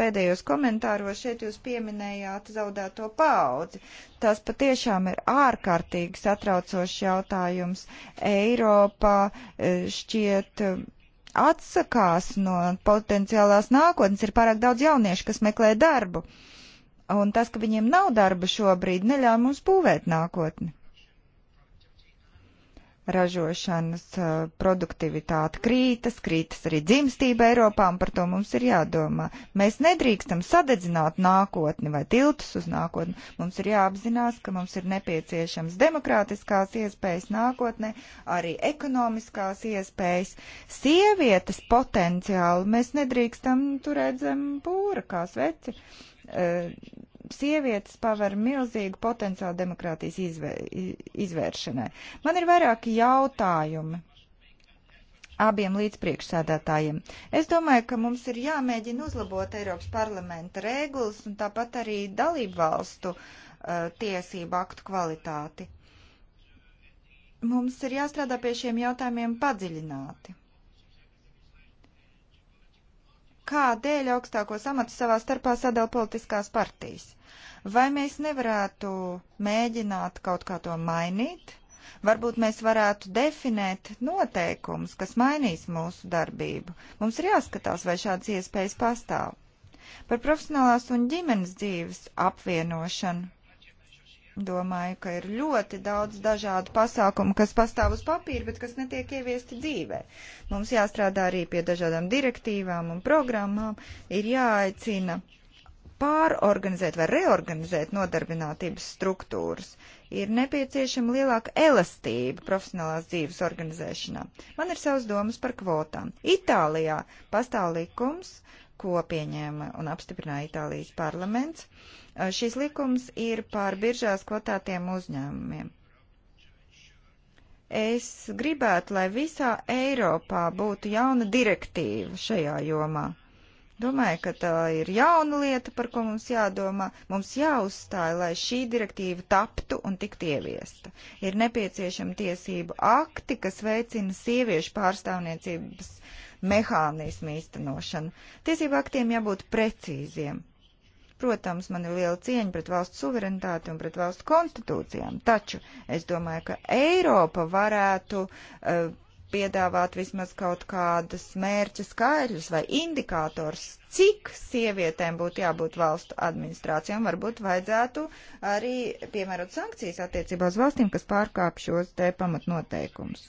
pēdējos komentāros. Šeit jūs pieminējāt zaudēto paudzi. Tas patiešām ir ārkārtīgi satraucošs jautājums. Eiropā e, šķiet atsakās no potenciālās nākotnes. Ir pārāk daudz jauniešu, kas meklē darbu. Un tas, ka viņiem nav darba šobrīd, neļauj mums būvēt nākotni ražošanas produktivitāte krītas, krītas arī dzimstība Eiropā, un par to mums ir jādomā. Mēs nedrīkstam sadedzināt nākotni vai tiltus uz nākotni. Mums ir jāapzinās, ka mums ir nepieciešams demokrātiskās iespējas nākotnē, arī ekonomiskās iespējas. Sievietes potenciāli mēs nedrīkstam turēt zem pūra kā sveci. Uh, sievietes paver milzīgu potenciālu demokrātijas izvē, izvēršanai. Man ir vairāki jautājumi abiem līdzpriekšsēdētājiem. Es domāju, ka mums ir jāmēģina uzlabot Eiropas parlamenta regulas un tāpat arī dalību valstu uh, tiesību aktu kvalitāti. Mums ir jāstrādā pie šiem jautājumiem padziļināti. kādēļ augstākos amatus savā starpā sadala politiskās partijas. Vai mēs nevarētu mēģināt kaut kā to mainīt? Varbūt mēs varētu definēt noteikumus, kas mainīs mūsu darbību. Mums ir jāskatās, vai šādas iespējas pastāv. Par profesionālās un ģimenes dzīves apvienošanu Domāju, ka ir ļoti daudz dažādu pasākumu, kas pastāv uz papīra, bet kas netiek ieviesti dzīvē. Mums jāstrādā arī pie dažādām direktīvām un programmām. Ir jāaicina pārorganizēt vai reorganizēt nodarbinātības struktūras. Ir nepieciešama lielāka elastība profesionālās dzīves organizēšanā. Man ir savas domas par kvotām. Itālijā pastāv likums, ko pieņēma un apstiprināja Itālijas parlaments, Šis likums ir par biržās kvotātiem uzņēmumiem. Es gribētu, lai visā Eiropā būtu jauna direktīva šajā jomā. Domāju, ka tā ir jauna lieta, par ko mums jādomā. Mums jāuzstāja, lai šī direktīva taptu un tiktu ieviesta. Ir nepieciešama tiesību akti, kas veicina sieviešu pārstāvniecības mehānismu īstenošanu. Tiesību aktiem jābūt precīziem. Protams, man ir liela cieņa pret valsts suverenitāti un pret valsts konstitūcijām, taču es domāju, ka Eiropa varētu uh, piedāvāt vismaz kaut kādas mērķa skaidrs vai indikators, cik sievietēm būtu jābūt valstu administrācijām, varbūt vajadzētu arī piemērot sankcijas attiecībā uz valstīm, kas pārkāp šos te pamatnoteikumus.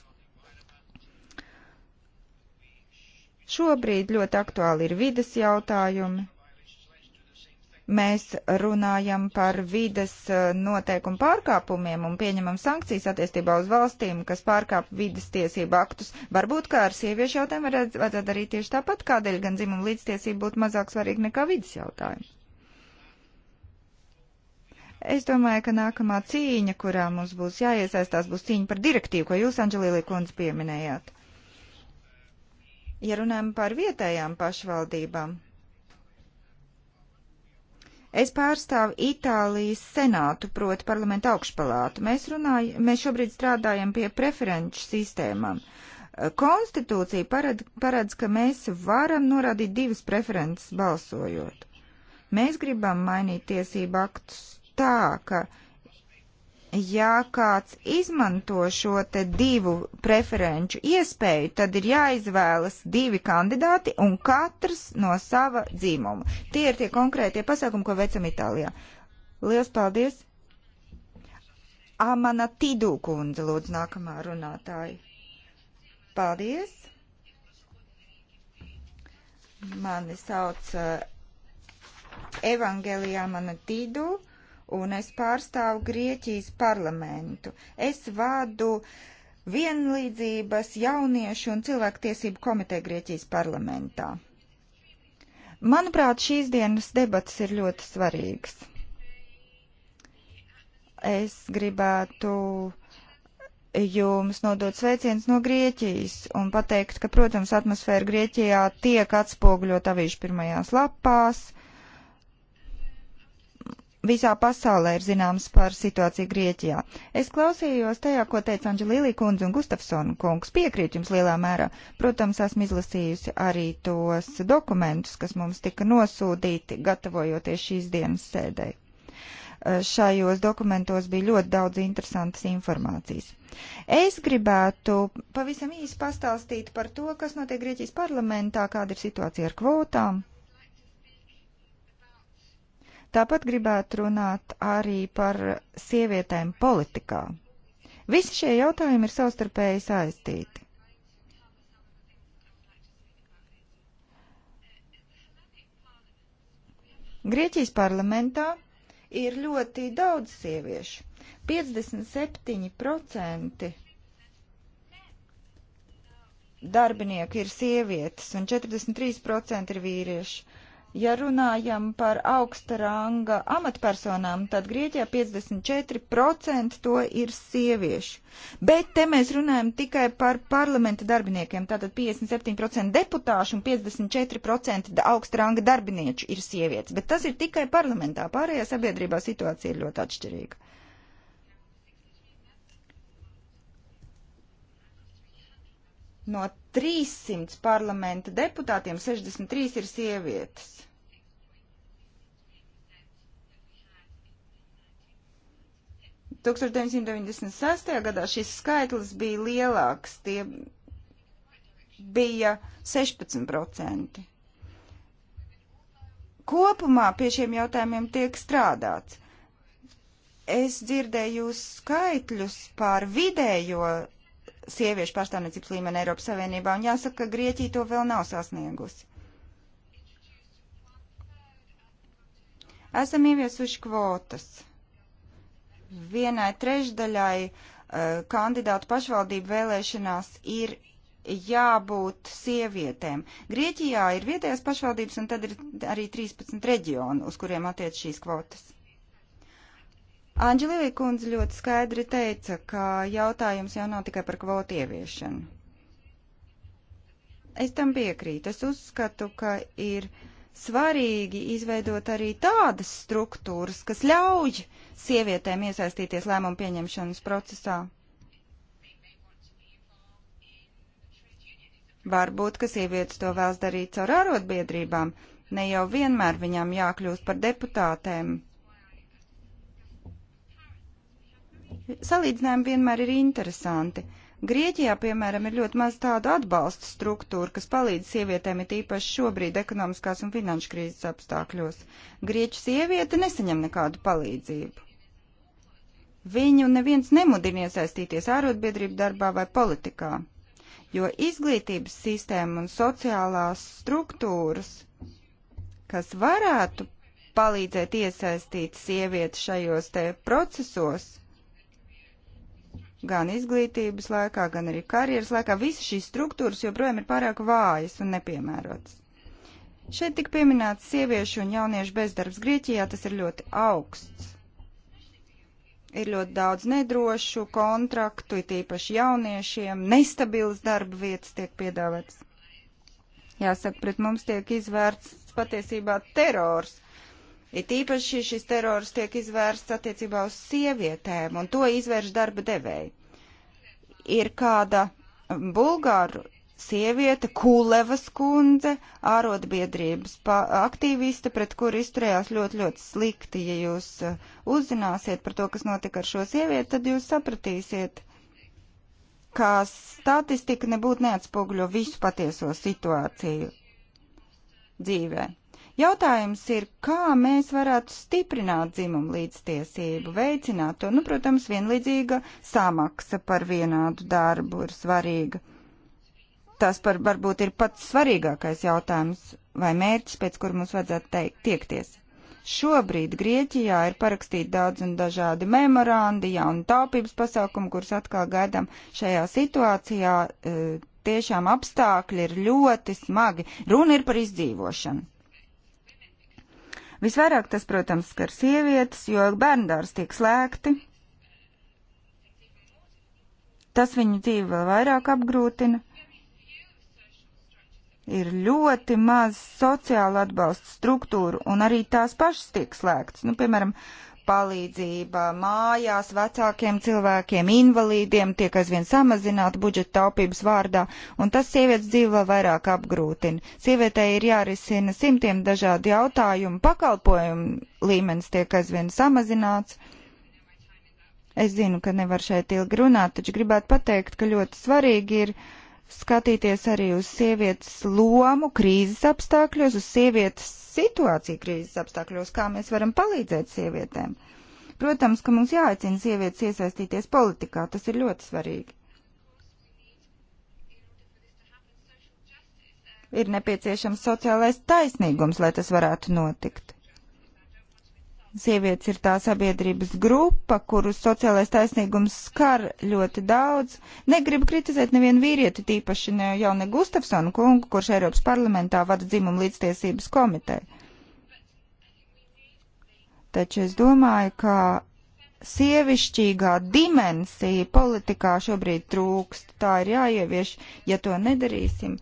Šobrīd ļoti aktuāli ir vides jautājumi, mēs runājam par vides eh, noteikumu pārkāpumiem un pieņemam sankcijas attiecībā uz valstīm, kas pārkāp vides tiesību aktus. Varbūt, kā ar sieviešu jautājumu vajadzētu darīt tieši tāpat, kādēļ gan dzimuma līdztiesība būtu mazāk svarīga nekā vides jautājumi. Es domāju, ka nākamā cīņa, kurā mums būs jāiesaistās, būs cīņa par direktīvu, ko jūs, Anģelīlī Kundze, pieminējāt. Ja runājam par vietējām pašvaldībām, Es pārstāvu Itālijas senātu, proti parlamentu augšpalātu. Mēs, runāj, mēs šobrīd strādājam pie preferenču sistēmām. Konstitūcija paredz, paredz, ka mēs varam norādīt divas preferences balsojot. Mēs gribam mainīt tiesību aktus tā, ka uh, ja kāds izmanto šo te divu preferenču iespēju, tad ir jāizvēlas divi kandidāti un katrs no sava dzimuma. Tie ir tie konkrētie pasākumi, ko veicam Itālijā. Lielas paldies! Amana Tidū kundze, lūdzu, nākamā runātāja. Paldies! Mani sauc uh, eh, Evangelijā Mana Tidū. Uh, un es pārstāvu Grieķijas parlamentu. Es vādu vienlīdzības jauniešu un cilvēktiesību komiteju Grieķijas parlamentā. Manuprāt, šīs dienas debatas ir ļoti svarīgas. Es gribētu jums nodot sveicienus no Grieķijas un pateikt, ka, protams, atmosfēra Grieķijā tiek atspoguļot avīžu pirmajās lapās visā pasaulē ir zināms par situāciju Grieķijā. Es klausījos tajā, ko teica Anģelīlī kundze un Gustafsona kungs. Piekrīt jums lielā mērā. Protams, esmu izlasījusi arī tos dokumentus, kas mums tika nosūtīti, gatavojoties šīs dienas sēdēji. Eh, šajos dokumentos bija ļoti daudz interesantas informācijas. Es gribētu pavisam īsi pastāstīt par to, kas notiek Grieķijas parlamentā, kāda ir situācija ar kvotām Tāpat gribētu runāt arī par sievietēm politikā. Visi šie jautājumi ir savstarpēji saistīti. Grieķijas parlamentā ir ļoti daudz sieviešu. 57% darbinieku ir sievietes un 43% ir vīrieši. Ja runājam par augsta ranga amatpersonām, tad Grieķijā 54% to ir sieviešu. Bet te mēs runājam tikai par parlamenta darbiniekiem. Tātad 57% deputāšu un 54% augsta ranga darbinieču ir sievietes. Bet tas ir tikai parlamentā. Pārējā sabiedrībā situācija ir ļoti atšķirīga. No 300 parlamenta deputātiem 63 ir sievietes. Tūkstoš 1996. gadā šis skaitlis bija lielāks, tie bija 16% kopumā pie šiem jautājumiem tiek strādāts. Es dzirdēju jūs skaitļus par vidējo sieviešu pārstāvniecības līmeni Eiropas Savienībā, un jāsaka, ka Grieķija to vēl nav sasniegusi. Esam ieviesuši kvotas. Vienai trešdaļai uh, kandidātu pašvaldību vēlēšanās ir jābūt sievietēm. Grieķijā ir vietējās pašvaldības, un tad ir arī 13 reģionu, uz kuriem attiec šīs kvotas. Anģelīja kundze ļoti skaidri teica, ka jautājums jau nav tikai par kvotu ieviešanu. Es tam piekrītu. Es uzskatu, ka ir svarīgi izveidot arī tādas struktūras, kas ļauj sievietēm iesaistīties lēmumu pieņemšanas procesā. Varbūt, ka sievietes to vēlas darīt caur arotbiedrībām, ne jau vienmēr viņām jākļūst par deputātēm Salīdzinājumi vienmēr ir interesanti. Grieķijā, piemēram, ir ļoti maz tādu atbalstu struktūru, kas palīdz sievietēm, it īpaši šobrīd ekonomiskās un finanšu krīzes apstākļos. Grieķu sieviete nesaņem nekādu palīdzību. Viņu neviens nemudina iesaistīties ārotbiedrību darbā vai politikā, jo izglītības sistēma un sociālās struktūras, kas varētu palīdzēt iesaistīt sievietes šajos te procesos, gan izglītības laikā, gan arī karjeras laikā, visas šīs struktūras joprojām ir pārāk vājas un nepiemērotas. Šeit tik pieminēts sieviešu un jauniešu bezdarbs Grieķijā, tas ir ļoti augsts. Ir ļoti daudz nedrošu kontraktu, it īpaši jauniešiem, nestabilas darba vietas tiek piedāvātas. Jāsaka, pret mums tiek izvērts patiesībā terors It īpaši šis terors tiek izvērsts attiecībā uz sievietēm, un to izvērš darba devēji. Ir kāda bulgāru sieviete, Kulevas kundze, ārotbiedrības aktīviste, pret kuru izturējās ļoti, ļoti slikti. Ja jūs uh, uzzināsiet par to, kas notika ar šo sievieti, tad jūs sapratīsiet, ka statistika nebūtu neatspoguļo visu patieso situāciju dzīvē. Jautājums ir, kā mēs varētu stiprināt dzimumu līdztiesību, veicināt to. Nu, protams, vienlīdzīga samaksa par vienādu darbu ir svarīga. Tas par, varbūt ir pats svarīgākais jautājums vai mērķis, pēc kur mums vajadzētu teikt, tiekties. Šobrīd Grieķijā ir parakstīti daudz un dažādi memorandi, jauni taupības pasākumi, kurus atkal gaidām šajā situācijā. E, tiešām apstākļi ir ļoti smagi. Runa ir par izdzīvošanu. Visvairāk tas, protams, skar sievietes, jo bērndārs tiek slēgti. Tas viņu dzīvi vēl vairāk apgrūtina. Ir ļoti maz sociāla atbalsta struktūru, un arī tās pašas tiek slēgtas. Nu, piemēram, uh, palīdzība mājās vecākiem cilvēkiem, invalīdiem tiek aizvien samazināta budžeta taupības vārdā, un tas sievietes dzīvi vēl vairāk apgrūtina. Sievietei ir jārisina simtiem dažādu jautājumu, pakalpojumu līmenis tiek aizvien samazināts. Es zinu, ka nevar šeit ilgi runāt, taču gribētu pateikt, ka ļoti svarīgi ir skatīties arī uz sievietes lomu krīzes apstākļos, uz sievietes situāciju krīzes apstākļos, kā mēs varam palīdzēt sievietēm. Protams, ka mums jāaicina sievietes iesaistīties politikā, tas ir ļoti svarīgi. Ir nepieciešams sociālais taisnīgums, lai tas varētu notikt. Sievietes ir tā sabiedrības grupa, kurus sociālais taisnīgums skar ļoti daudz. Negribu kritizēt nevienu vīrieti, tīpaši ne jau ne Gustafsonu kungu, kurš Eiropas parlamentā vada dzimumu līdztiesības komiteju. Taču es domāju, ka sievišķīgā dimensija politikā šobrīd trūkst. Tā ir jāievieš, ja to nedarīsim,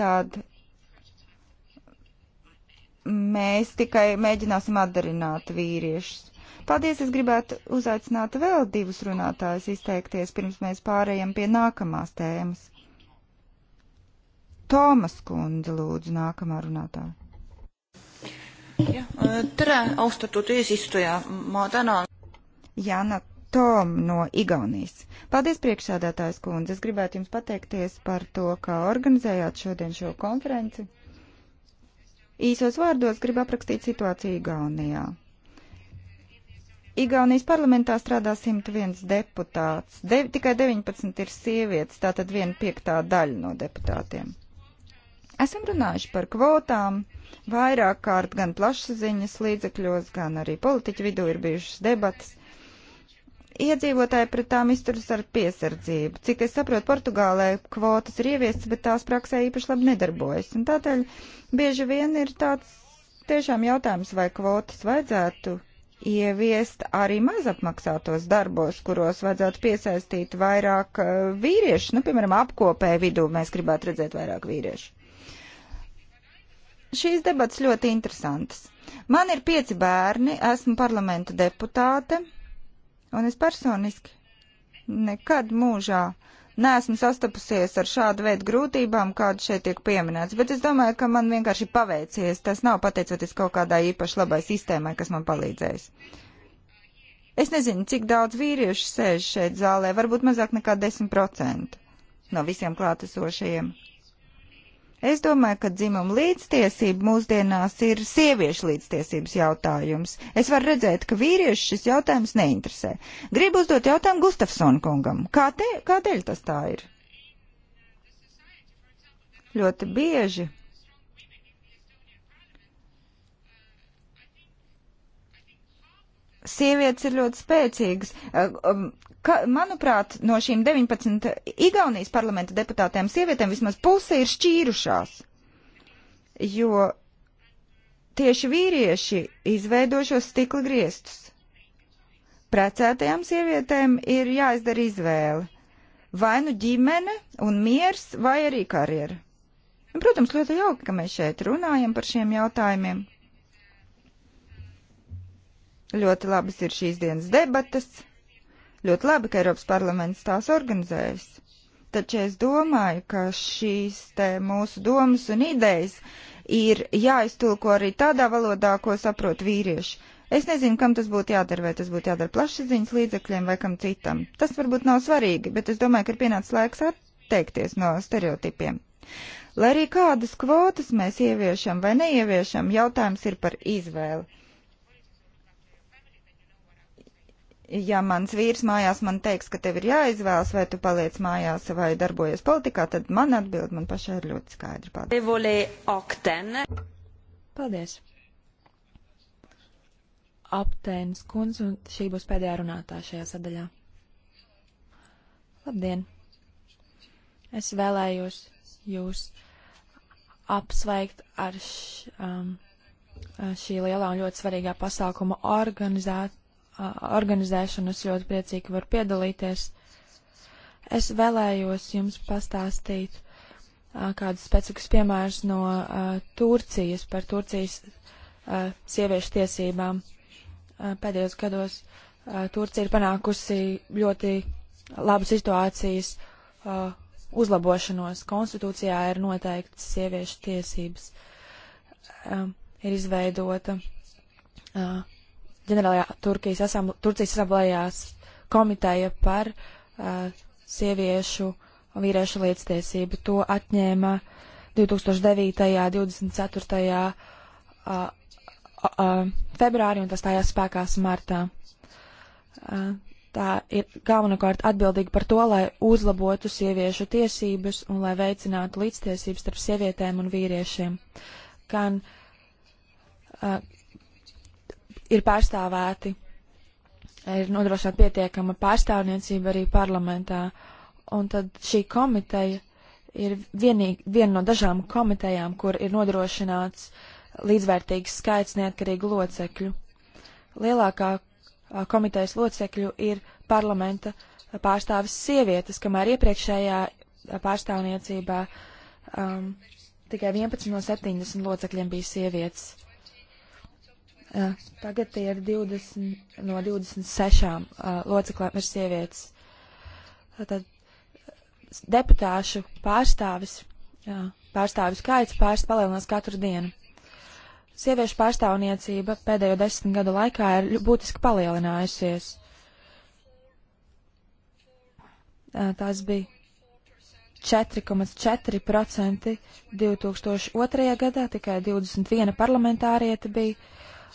tad mēs tikai mēģināsim atdarināt vīriešus. Paldies, es gribētu uzaicināt vēl divus runātājus izteikties, pirms mēs pārējām pie nākamās tēmas. Tomas kundze, lūdzu, nākamā runātāja. Ja, tere, austatud eesistuja, ma tänan. Jana Tom no Igaunijas. Paldies, priekšsādātājs kundze. Es gribētu jums pateikties par to, kā organizējāt šodien šo konferenci. Īsos vārdos gribu aprakstīt situāciju Igaunijā. Igaunijas parlamentā strādā 101 deputāts, De tikai 19 ir sievietes, tātad 1 piektā daļa no deputātiem. Esam runājuši par kvotām. Vairāk kārt gan plašsaziņas līdzekļos, gan arī politiķu vidū ir bijušas debatas. Iedzīvotāji pret tām izturas ar piesardzību. Cik es saprotu, Portugālē kvotas ir ieviestas, bet tās praksē īpaši labi nedarbojas. Un tādēļ bieži vien ir tāds tiešām jautājums, vai kvotas vajadzētu ieviest arī mazapmaksātos darbos, kuros vajadzētu piesaistīt vairāk uh, vīriešu. Nu, piemēram, apkopē vidū mēs gribētu redzēt vairāk vīriešu. Šīs debats ļoti interesantas. Man ir pieci bērni, esmu parlamenta deputāte. Un es personiski nekad mūžā neesmu sastapusies ar šādu veidu grūtībām, kādu šeit tiek pieminēts, bet es domāju, ka man vienkārši paveicies. Tas nav pateicoties kaut kādai īpaši labai sistēmai, kas man palīdzēs. Es nezinu, cik daudz vīriešu sēž šeit zālē, varbūt mazāk nekā 10% no visiem klātesošajiem. Es domāju, ka dzimuma līdztiesība mūsdienās ir sieviešu līdztiesības jautājums. Es varu redzēt, ka vīrieši šis jautājums neinteresē. Gribu uzdot jautājumu Gustafson kungam. Kā te, kādēļ tas tā ir? Ļoti bieži sievietes ir ļoti spēcīgas. Um, ka, manuprāt, no šīm 19 Igaunijas parlamenta deputātēm sievietēm vismaz puse ir šķīrušās, jo tieši vīrieši izveido šos stikla griestus. Precētajām sievietēm ir jāizdara izvēle - vai nu ģimene un miers, vai arī karjera. Un, protams, ļoti jauki, ka mēs šeit runājam par šiem jautājumiem. Ļoti labas ir šīs dienas debatas. Ļoti labi, ka Eiropas parlaments tās organizējas. Taču es domāju, ka šīs te mūsu domas un idejas ir jāiztulko arī tādā valodā, ko saprot vīrieši. Es nezinu, kam tas būtu jādara, vai tas būtu jādara plašsaziņas līdzekļiem vai kam citam. Tas varbūt nav svarīgi, bet es domāju, ka ir pienācis laiks atteikties no stereotipiem. Lai arī kādas kvotas mēs ieviešam vai neieviešam, jautājums ir par izvēli. ja mans vīrs mājās man teiks, ka tev ir jāizvēlas, vai tu paliec mājās vai darbojies politikā, tad man atbild man pašai ir ļoti skaidri. Paldies. Paldies. Aptēnas kundze, un šī būs pēdējā runātāja šajā sadaļā. Labdien! Es vēlējos jūs apsveikt ar š, um, šī lielā un ļoti svarīgā pasākuma organizāciju organizēšanas ļoti priecīgi var piedalīties. Es vēlējos jums pastāstīt kādus specifiskus piemērus no Turcijas par Turcijas sieviešu tiesībām. Pēdējos gados Turcija ir panākusi ļoti labu situācijas uzlabošanos. Konstitūcijā ir noteikts sieviešu tiesības. Um, ir izveidota uh, ģenerālajā Turkijas asambl Turcijas asamblējās komiteja par uh, sieviešu un vīriešu līdztiesību. To atņēma 2009. 24. Uh, uh, februārī un tas stājās spēkās martā. Uh, tā ir galvenokārt atbildīga par to, lai uzlabotu sieviešu tiesības un lai veicinātu līdztiesības starp sievietēm un vīriešiem. Gan uh, ir pārstāvēti, ir nodrošināta pietiekama pārstāvniecība arī parlamentā. Un tad šī komiteja ir vienīgi, viena no dažām komitejām, kur ir nodrošināts līdzvērtīgs skaits neatkarīgu locekļu. Lielākā komitejas locekļu ir parlamenta pārstāvis sievietes, kamēr iepriekšējā pārstāvniecībā um, tikai 11 no 70 locekļiem bija sievietes. Eh, tagad tie ir 20, no 26 eh, loceklēm ir sievietes. Tad eh, deputāšu pārstāvis, pārstāvis skaits pārst palielinās katru dienu. Sieviešu pārstāvniecība pēdējo desmit gadu laikā ir būtiski palielinājusies. Tās bija 4,4% 2002. gadā, tikai 21 parlamentārieti bija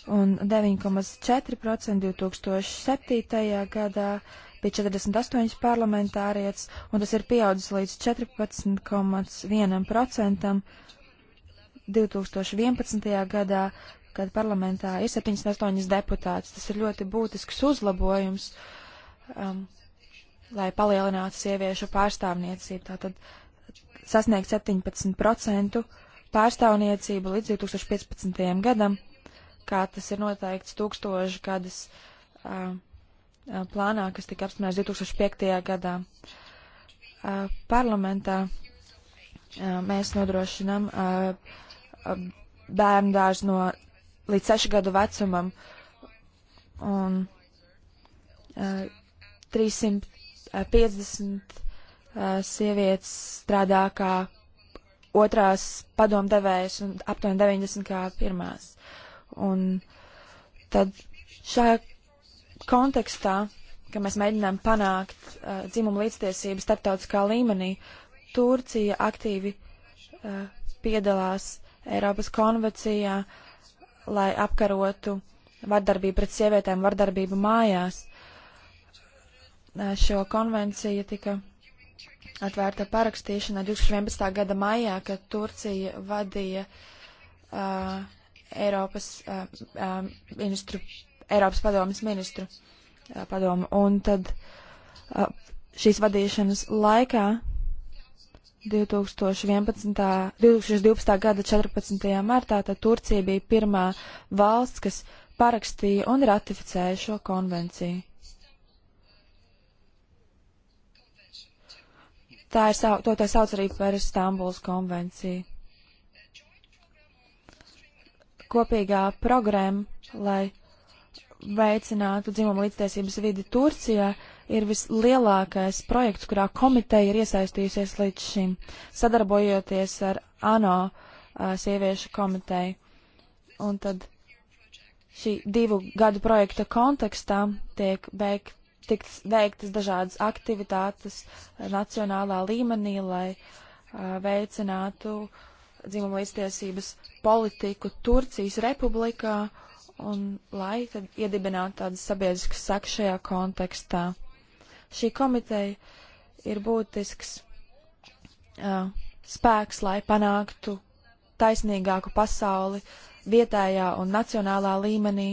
un 9,4% 2007. gadā bija 48 parlamentārietis, un tas ir pieaudzis līdz 14,1% 2011. gadā, kad parlamentā ir 78 deputāts. Tas ir ļoti būtisks uzlabojums, um, lai palielinātu sieviešu pārstāvniecību. Tātad sasniegt 17% pārstāvniecību līdz 2015. gadam kā tas ir noteikts tūkstoši gadas uh, plānā, kas tika apspriests 2005. gadā. Uh, parlamentā uh, mēs nodrošinām uh, bērnu dārzu no līdz sešu gadu vecumam un 350 sievietes strādā kā otrās padomdevējas un aptuveni 90 kā pirmās. Uh, un tad šajā kontekstā, ka mēs mēģinām panākt uh, dzimumu līdztiesību starptautiskā līmenī, Turcija aktīvi uh, piedalās Eiropas konvencijā, lai apkarotu vardarbību pret sievietēm, vardarbību mājās. Uh, šo konvenciju tika atvērta parakstīšana 2011. gada maijā, kad Turcija vadīja uh, Eiropas, uh, uh, ministru, Eiropas padomas ministru uh, padomu. Un tad uh, šīs vadīšanas laikā 2011, 2012. gada 14. martā Turcija bija pirmā valsts, kas parakstīja un ratificēja šo konvenciju. Tā ir, to tā sauc arī par Stambuls konvenciju kopīgā programma, lai veicinātu dzimumu līdztiesības vidi Turcijā, ir vislielākais projekts, kurā komiteja ir iesaistījusies līdz šim, sadarbojoties ar ANO a, sieviešu komiteju. Un tad šī divu gadu projekta kontekstā tiek beigt, tiks veiktas dažādas aktivitātes nacionālā līmenī, lai a, veicinātu uh, dzimuma līdztiesības politiku Turcijas republikā un lai tad iedibinātu tādas sabiedriskas sakas šajā kontekstā. Šī komiteja ir būtisks uh, spēks, lai panāktu taisnīgāku pasauli vietējā un nacionālā līmenī,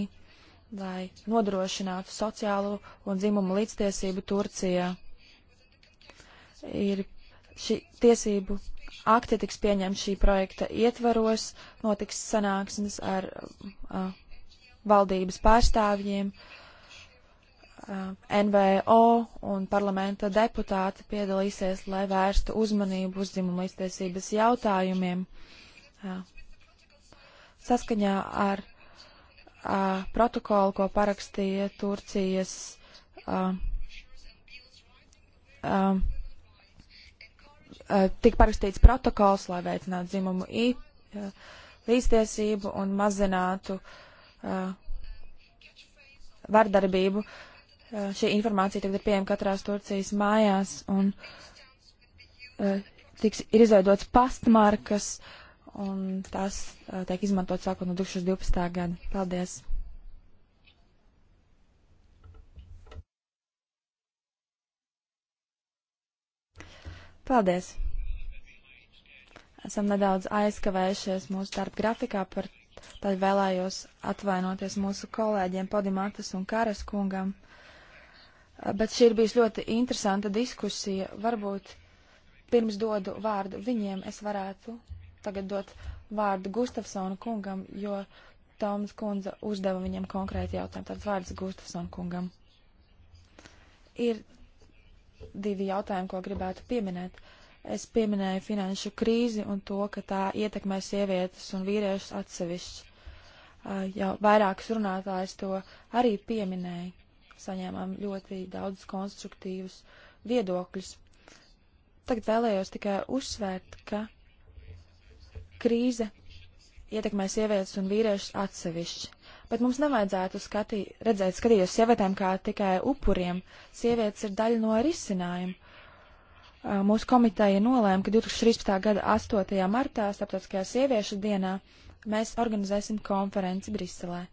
lai nodrošinātu sociālo un dzimumu līdztiesību Turcijā. Ir šī tiesību akti tiks pieņemti šī projekta ietvaros, notiks sanāksmes ar uh, valdības pārstāvjiem, uh, NVO un parlamenta deputāti piedalīsies, lai vērstu uzmanību uz dzimumu līdztiesības jautājumiem. Uh, saskaņā ar uh, protokolu, ko parakstīja Turcijas uh, uh, Eh, tika parakstīts protokols, lai veicinātu dzimumu eh, līdztiesību un mazinātu eh, vardarbību. Šī informācija tagad ir pieejama katrās Turcijas mājās un tiks, ir izveidots pastmarkas un tas tiek izmantot sākot no 2012. gada. Paldies! Paldies! Esam nedaudz aizkavējušies mūsu darba grafikā, par tad vēlējos atvainoties mūsu kolēģiem Podimatas un Karas kungam. Eh, bet šī ir bijusi ļoti interesanta diskusija. Varbūt pirms dodu vārdu viņiem es varētu tagad dot vārdu Gustafsonu kungam, jo Toms kundze uzdeva viņam konkrēti jautājumu. Tāds vārds Gustafsonu kungam. Ir divi jautājumi, ko gribētu pieminēt. Es pieminēju finanšu krīzi un to, ka tā ietekmē sievietes un vīriešus atsevišķi. Jau vairākas runātājas to arī pieminēja. Saņēmām ļoti daudz konstruktīvus viedokļus. Tagad vēlējos tikai uzsvērt, ka krīze ietekmē sievietes un vīriešus atsevišķi. Bet mums nevajadzētu skatī, redzēt, skatīties uz sievietēm kā tikai upuriem. Sievietes ir daļa no risinājuma. Mūsu komiteja nolēma, ka 2013. gada 8. martā, starptautiskajā sieviešu dienā, mēs organizēsim konferenci Briselē.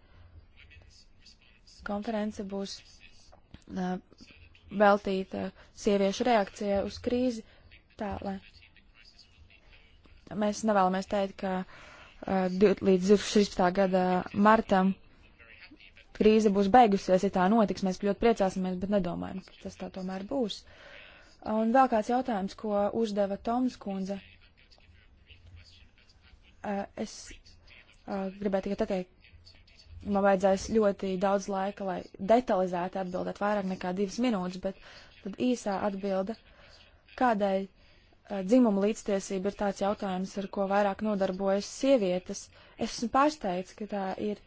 Konference būs uh, veltīta sieviešu reakcijai uz krīzi, tā lai mēs nevēlamies teikt, ka uh, līdz 2016. gada martam krīze būs beigusies, ja tā notiks, mēs ļoti priecāsimies, bet nedomājam, ka tas tā tomēr būs. Un vēl kāds jautājums, ko uzdeva Toms kundze. Eh, es eh, gribēju tikai pateikt, man vajadzēs ļoti daudz laika, lai detalizēti atbildētu vairāk nekā divas minūtes, bet tad īsā atbilde, kādēļ eh, dzimuma līdztiesība ir tāds jautājums, ar ko vairāk nodarbojas sievietes. Es esmu pārsteigts, ka tā ir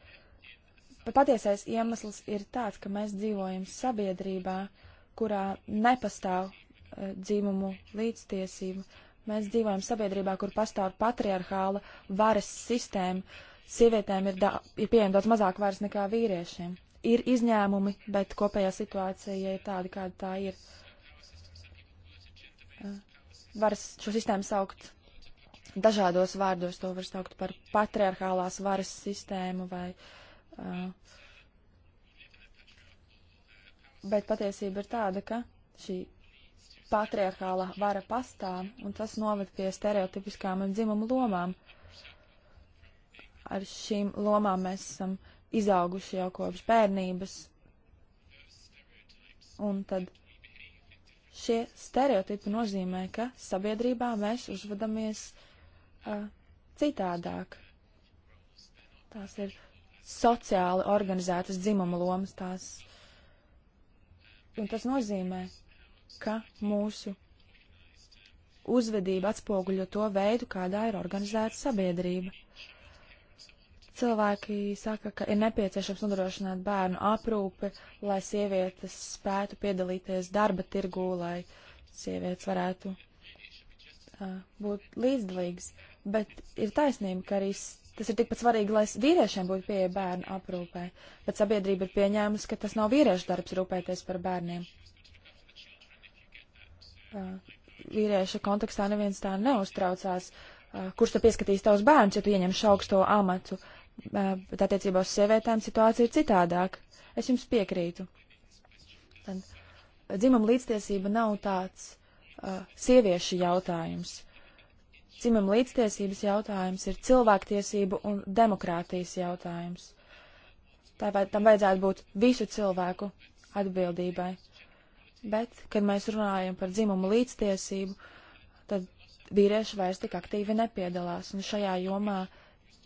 Bet patiesais iemesls ir tāds, ka mēs dzīvojam sabiedrībā, kurā nepastāv uh, e, dzīvumu līdztiesību. Mēs dzīvojam sabiedrībā, kur pastāv patriarchāla varas sistēma. Sievietēm ir, ir pieejama daudz mazāk varas nekā vīriešiem. Ir izņēmumi, bet kopējā situācija ir tāda, kāda tā ir. Uh, varas šo sistēmu saukt dažādos vārdos, to var saukt par patriarchālās varas sistēmu vai uh, Bet patiesība ir tāda, ka šī patriarchāla vara pastāv, un tas noved pie stereotipiskām un dzimumu lomām. Ar šīm lomām mēs esam izauguši jau kopš bērnības. Un tad šie stereotipi nozīmē, ka sabiedrībā mēs uzvedamies uh, citādāk. Tās ir sociāli organizētas dzimuma lomas. Tās. Un tas nozīmē, ka mūsu uzvedība atspoguļo to veidu, kādā ir organizēta sabiedrība. Cilvēki saka, ka ir nepieciešams nodrošināt bērnu aprūpi, lai sievietes spētu piedalīties darba tirgū, lai sievietes varētu uh, būt līdzdalīgas. Bet ir taisnība, ka arī Tas ir tikpat svarīgi, lai vīriešiem būtu pieeja bērnu aprūpē, bet sabiedrība ir pieņēmusi, ka tas nav vīriešu darbs rūpēties par bērniem. Uh, vīrieša kontekstā neviens tā neuztraucās, uh, kurš te pieskatīs tavus bērnus, ja tu ieņem augsto amatu, uh, bet attiecībā uz sievietēm situācija ir citādāk. Es jums piekrītu. Tad, dzimuma līdztiesība nav tāds uh, sieviešu jautājums. Cimam līdztiesības jautājums ir cilvēktiesību un demokrātijas jautājums. Tā vai, tam vajadzētu būt visu cilvēku atbildībai. Bet, kad mēs runājam par dzimumu līdztiesību, tad vīrieši vairs tik aktīvi nepiedalās, un šajā jomā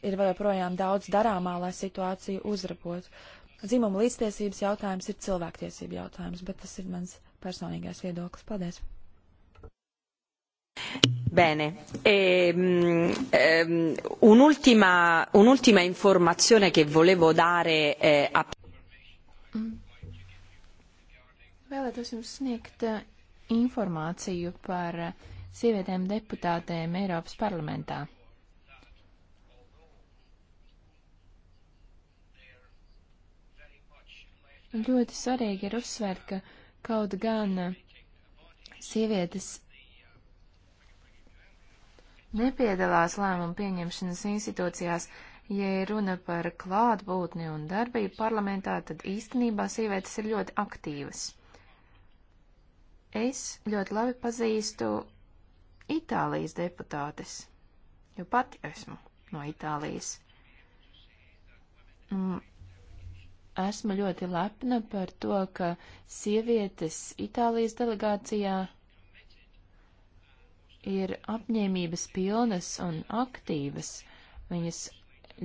ir vēl joprojām daudz darāmā, lai situāciju uzrabotu. Dzimuma līdztiesības jautājums ir cilvēktiesība jautājums, bet tas ir mans personīgais viedoklis. Paldies! Bene, e, um, um, un'ultima, un'ultima informazione che volevo dare eh, a. Mm. Vēlētos jums sniegt eh, informāciju par sievietēm deputātēm Eiropas parlamentā. Ļoti svarīgi ir uzsvērt, ka kaut gan sievietes nepiedalās lēmumu pieņemšanas institūcijās, ja ir runa par klātbūtni un darbību parlamentā, tad īstenībā sievietes ir ļoti aktīvas. Es ļoti labi pazīstu Itālijas deputātes, jo pati esmu no Itālijas. Mm, esmu ļoti lepna par to, ka sievietes Itālijas delegācijā ir apņēmības pilnas un aktīvas. Viņas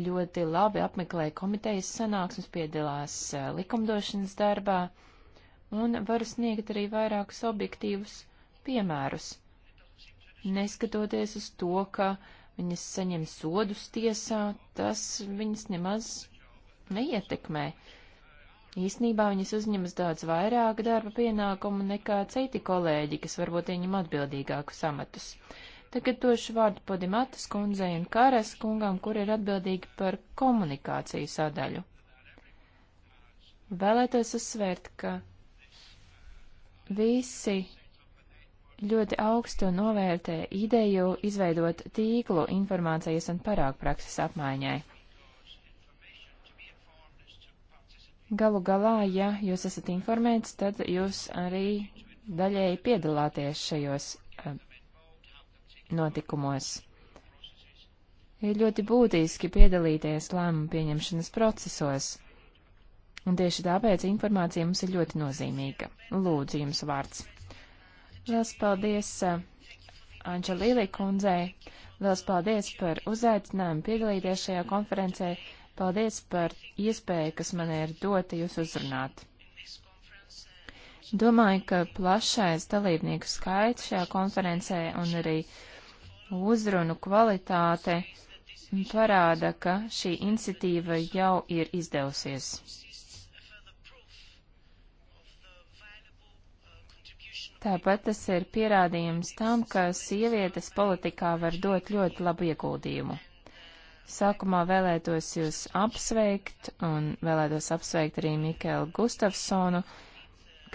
ļoti labi apmeklē komitejas sanāksmes, piedalās eh, likumdošanas darbā un var sniegt arī vairākus objektīvus piemērus. Neskatoties uz to, ka viņas saņem sodus tiesā, tas viņas nemaz neietekmē. Uh, Īsnībā viņas uzņemas daudz vairāk darba pienākumu nekā citi kolēģi, kas varbūt ieņem atbildīgākus amatus. Tagad došu vārdu Podimatas kundzei un Kāras kungam, kur ir atbildīgi par komunikāciju sadaļu. Vēlētos uzsvērt, ka visi ļoti augstu novērtē ideju izveidot tīklu informācijas un parākprakses apmaiņai. Galu galā, ja jūs esat informēts, tad jūs arī daļēji piedalāties šajos uh, notikumos. Ir ļoti būtiski piedalīties lēmumu pieņemšanas procesos, un tieši tāpēc informācija mums ir ļoti nozīmīga. Lūdzu, jums vārds. Lielas paldies uh, Anģelīlī kundzei, liels paldies par uzaicinājumu piedalīties šajā konferencē. Paldies par iespēju, kas man ir dota jūs uzrunāt. Domāju, ka plašais dalībnieku skaits šajā konferencē un arī uzrunu kvalitāte parāda, ka šī iniciatīva jau ir izdevusies. Tāpat tas ir pierādījums tam, ka sievietes politikā var dot ļoti labu ieguldījumu. Sākumā vēlētos jūs apsveikt un vēlētos apsveikt arī Mikēlu Gustafsonu,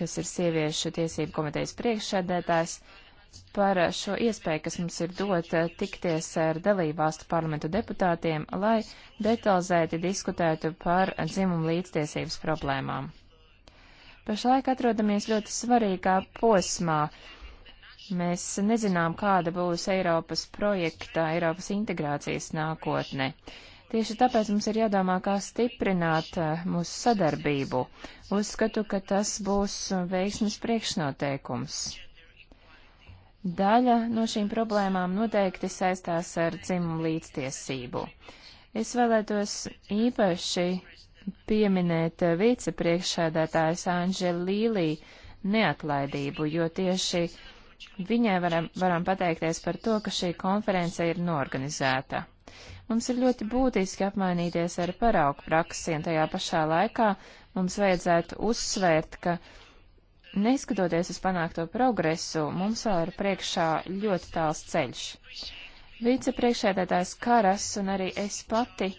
kas ir sieviešu tiesību komitejas priekšsēdētājs, par šo iespēju, kas mums ir dota eh, tikties ar dalībvalstu parlamentu deputātiem, lai detalizēti diskutētu par dzimumu līdztiesības problēmām. Pašlaik atrodamies ļoti svarīgā posmā Mēs nezinām, kāda būs Eiropas projekta, Eiropas integrācijas nākotne. Tieši tāpēc mums ir jādomā, kā stiprināt eh, mūsu sadarbību. Uzskatu, ka tas būs veiksmes priekšnoteikums. Daļa no šīm problēmām noteikti saistās ar dzimumu līdztiesību. Es vēlētos īpaši pieminēt eh, vicepriekšsēdētājas Anžela Līlī neatlaidību, jo tieši uh, Viņai varam, varam pateikties par to, ka šī konference ir norganizēta. Mums ir ļoti būtiski apmainīties ar paraugu praksi, un tajā pašā laikā mums vajadzētu uzsvērt, ka neskatoties uz panākto progresu, mums vēl ir priekšā ļoti tāls ceļš. Vicepriekšēdētājs Karas un arī es pati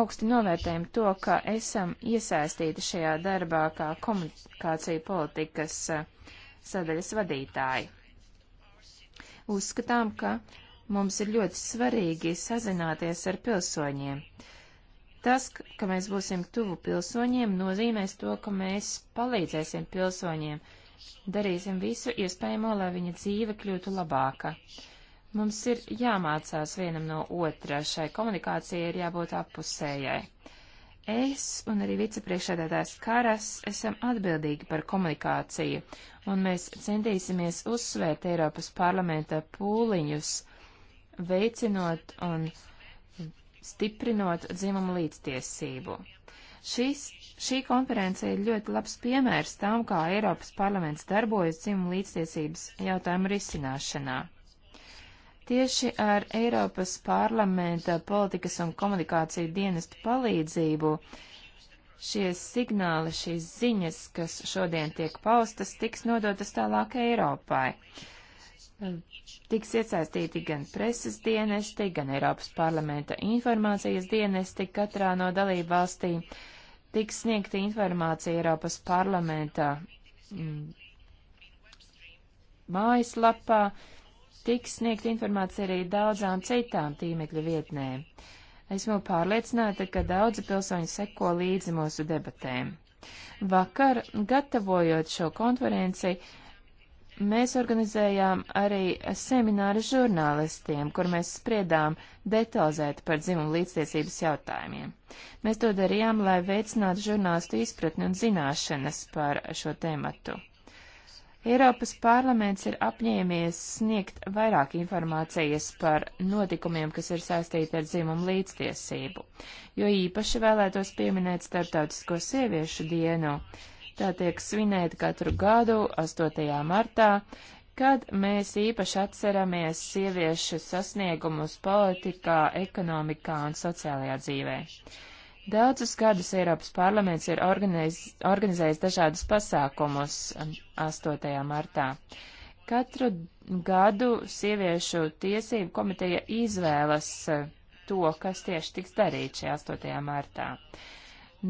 augsti novērtējam to, ka esam iesaistīti šajā darbā kā komunikāciju politikas eh, sadaļas vadītāji. Uzskatām, ka mums ir ļoti svarīgi sazināties ar pilsoņiem. Tas, ka mēs būsim tuvu pilsoņiem, nozīmēs to, ka mēs palīdzēsim pilsoņiem, darīsim visu iespējamo, lai viņa dzīve kļūtu labāka. Mums ir jāmācās vienam no otra, šai komunikācijai ir jābūt appusējai. Es un arī vicepriekšādātājs Karas esam atbildīgi par komunikāciju, un mēs centīsimies uzsvērt Eiropas parlamenta pūliņus, veicinot un stiprinot dzimumu līdztiesību. Šis, šī konference ir ļoti labs piemērs tam, kā Eiropas parlaments darbojas dzimumu līdztiesības jautājumu risināšanā. Tieši ar Eiropas parlamenta politikas un komunikāciju dienestu palīdzību šie signāli, šīs ziņas, kas šodien tiek paustas, tiks nodotas tālāk Eiropai. Tiks iesaistīti gan preses dienesti, gan Eiropas parlamenta informācijas dienesti katrā no dalību valstīm. Tiks sniegta informācija Eiropas parlamenta mm, mājaslapā. Mm, tiks sniegt informācija arī daudzām citām tīmekļa vietnēm. Esmu pārliecināta, ka daudzi pilsoņi seko līdzi mūsu debatēm. Vakar, gatavojot šo konferenci, mēs organizējām arī semināru žurnālistiem, kur mēs spriedām detalizēti par dzimumu līdztiesības jautājumiem. Mēs to darījām, lai veicinātu žurnālistu izpratni un zināšanas par šo tēmatu. Eiropas parlaments ir apņēmies sniegt vairāk informācijas par notikumiem, kas ir saistīti ar dzimumu līdztiesību, jo īpaši vēlētos pieminēt Startautisko sieviešu dienu. Tā tiek svinēta katru gadu 8. martā, kad mēs īpaši atceramies sieviešu sasniegumus politikā, ekonomikā un sociālajā dzīvē. Daudzus gadus Eiropas parlaments ir organiz, organizējis dažādus pasākumus 8. Um, martā. Katru gadu sieviešu tiesību komiteja izvēlas uh, to, kas tieši tiks darīt šajā 8. martā.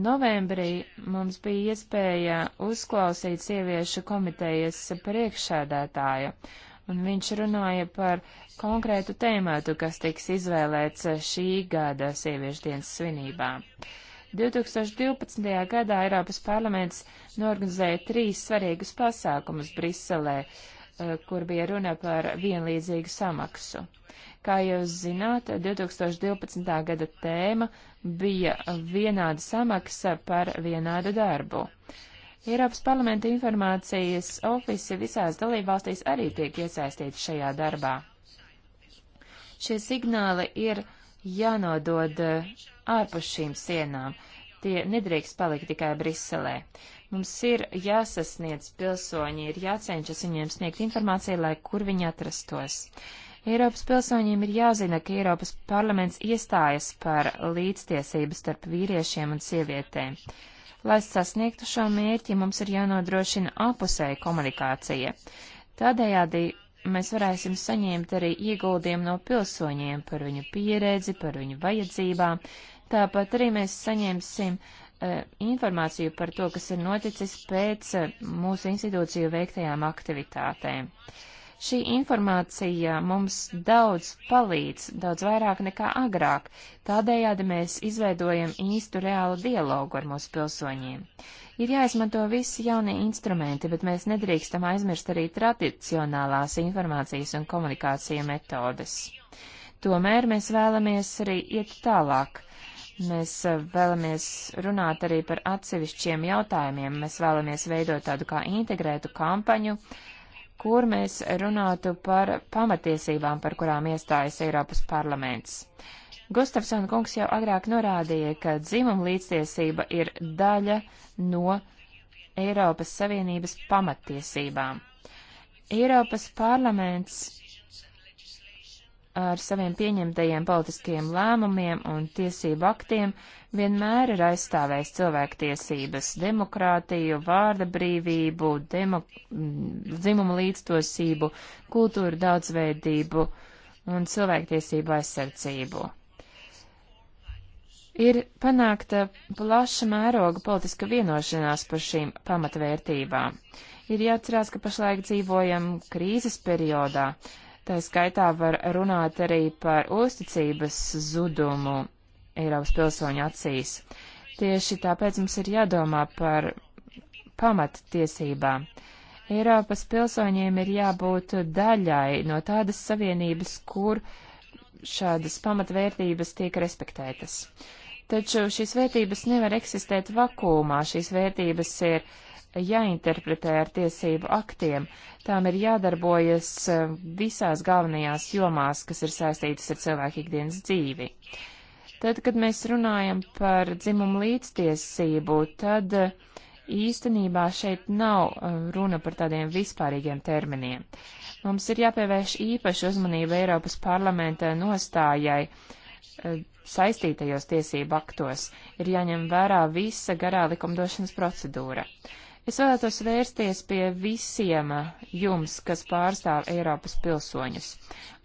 Novembrī mums bija iespēja uzklausīt sieviešu komitejas priekšsēdētāju, un viņš runāja par konkrētu tēmātu, kas tiks izvēlēts šī gada sieviešu dienas svinībām. 2012. gadā Eiropas parlaments norganizēja trīs svarīgus pasākumus Briselē, eh, kur bija runa par vienlīdzīgu samaksu. Kā jūs zināt, 2012. gada tēma bija vienāda samaksa par vienādu darbu. Eiropas parlamenta informācijas ofisi visās dalībvalstīs arī tiek iesaistīti šajā darbā. Šie signāli ir jānodod eh, ārpus šīm sienām. Tie nedrīkst palikt tikai Briselē. Mums ir jāsasniedz pilsoņi, ir jācenšas viņiem sniegt informāciju, lai kur viņi atrastos. Eiropas pilsoņiem ir jāzina, ka Eiropas parlaments iestājas par līdztiesību starp vīriešiem un sievietēm. Lai sasniegtu šo mērķi, mums ir jānodrošina apusēja komunikācija. Tādējādi mēs varēsim saņemt arī ieguldījumu no pilsoņiem par viņu pieredzi, par viņu vajadzībām. Tāpat arī mēs saņemsim e, informāciju par to, kas ir noticis pēc e, mūsu institūciju veiktajām aktivitātēm. Uh, Šī informācija mums daudz palīdz, daudz vairāk nekā agrāk. Tādējādi mēs izveidojam īstu reālu dialogu ar mūsu pilsoņiem. Ir jāizmanto visi jaunie instrumenti, bet mēs nedrīkstam aizmirst arī tradicionālās informācijas un komunikācija metodes. Tomēr mēs vēlamies arī iet tālāk. Mēs eh, vēlamies runāt arī par atsevišķiem jautājumiem. Mēs vēlamies veidot tādu kā integrētu kampaņu, uh, kur mēs runātu par pamatiesībām, par kurām iestājas Eiropas parlaments. Gustafsson kungs jau agrāk norādīja, ka dzimuma līdztiesība ir daļa no Eiropas Savienības pamatiesībām. Eiropas parlaments ar saviem pieņemtajiem politiskajiem lēmumiem un tiesību aktiem vienmēr ir aizstāvējis cilvēktiesības, demokrātiju, vārda brīvību, demo, mm, dzimumu līdztosību, kultūru daudzveidību un cilvēktiesību aizsardzību. Ir panākta plaša mēroga politiska vienošanās par šīm pamatvērtībām. Ir jāatcerās, ka pašlaik dzīvojam krīzes periodā, Tā skaitā var runāt arī par uzticības zudumu Eiropas pilsoņu acīs. Tieši tāpēc mums ir jādomā par pamattiesībām. Eiropas pilsoņiem ir jābūt daļai no tādas savienības, kur šādas pamatvērtības tiek respektētas. Taču šīs vērtības nevar eksistēt vakumā, šīs vērtības ir uh, jāinterpretē ar tiesību aktiem, tām ir jādarbojas e, visās galvenajās jomās, kas ir saistītas ar cilvēku ikdienas dzīvi. Tad, kad mēs runājam par dzimumu līdztiesību, tad e, īstenībā šeit nav e, runa par tādiem vispārīgiem terminiem. Mums ir jāpievērš īpaša uzmanība Eiropas parlamenta nostājai saistītajos tiesību aktos, ir jāņem vērā visa garā likumdošanas procedūra. Es vēlētos vērsties pie visiem eh, jums, kas pārstāv Eiropas pilsoņus.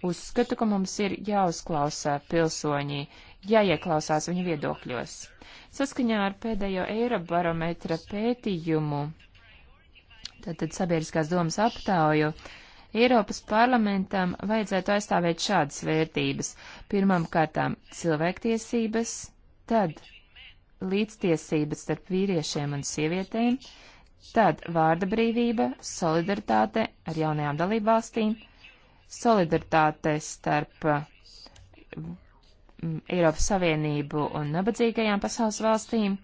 Uzskatu, ka mums ir jāuzklausa pilsoņi, jāieklausās viņu viedokļos. Saskaņā ar pēdējo Eirobarometra pētījumu, tātad sabiedriskās domas aptauju, Eiropas parlamentam vajadzētu aizstāvēt šādas vērtības. Pirmam kārtām cilvēktiesības, tad līdztiesības starp vīriešiem un sievietēm, Tad vārda brīvība, solidaritāte ar jaunajām dalībvalstīm, solidaritāte starp mm, Eiropas Savienību un nabadzīgajām pasaules valstīm,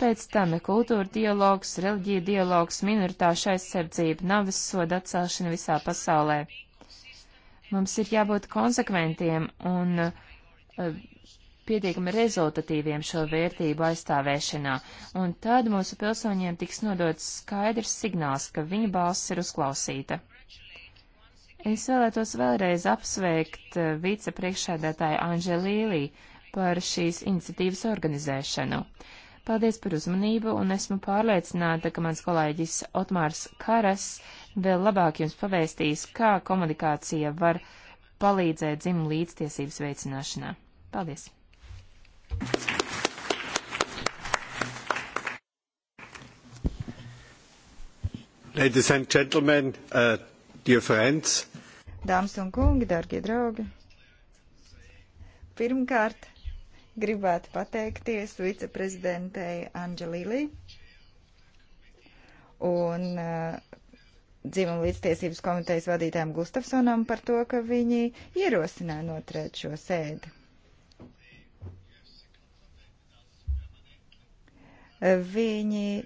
pēc tam ir kultūra dialogs, reliģija dialogs, minoritāšu aizsardzība, navas soda atcelšana visā pasaulē. Mums ir jābūt konsekventiem un uh, pietiekami rezultatīviem šo vērtību aizstāvēšanā, un tad mūsu pilsoņiem tiks nodots skaidrs signāls, ka viņu balss ir uzklausīta. Es vēlētos vēlreiz apsveikt eh, vicepriekšēdētāju Anželīlī par šīs iniciatīvas organizēšanu. Paldies par uzmanību, un esmu pārliecināta, ka mans kolēģis Otmārs Karas vēl labāk jums pavēstīs, kā komunikācija var palīdzēt dzimumu līdztiesības veicināšanā. Paldies! Ladies and gentlemen, uh, dear friends. Dāmas un kungi, darbie draugi. Pirmkārt, gribētu pateikties viceprezidentei Anģelīlī un uh, dzimuma līdztiesības komitejas vadītājiem Gustafsonam par to, ka viņi ierosināja noturēt šo sēdi. Viņi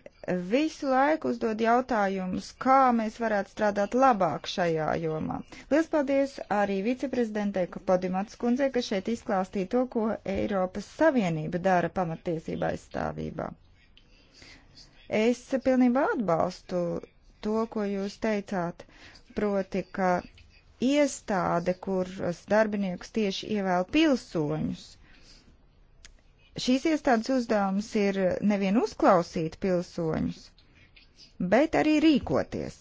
visu laiku uzdod jautājumus, kā mēs varētu strādāt labāk šajā jomā. Lielas paldies arī viceprezidentei Podimats kundzei, kas šeit izklāstīja to, ko Eiropas Savienība dara pamatiesībā aizstāvībā. Es pilnībā atbalstu to, ko jūs teicāt, proti, ka iestāde, kuras darbiniekus tieši ievēl pilsoņus, Šīs iestādes uzdevums ir nevien uzklausīt pilsoņus, bet arī rīkoties.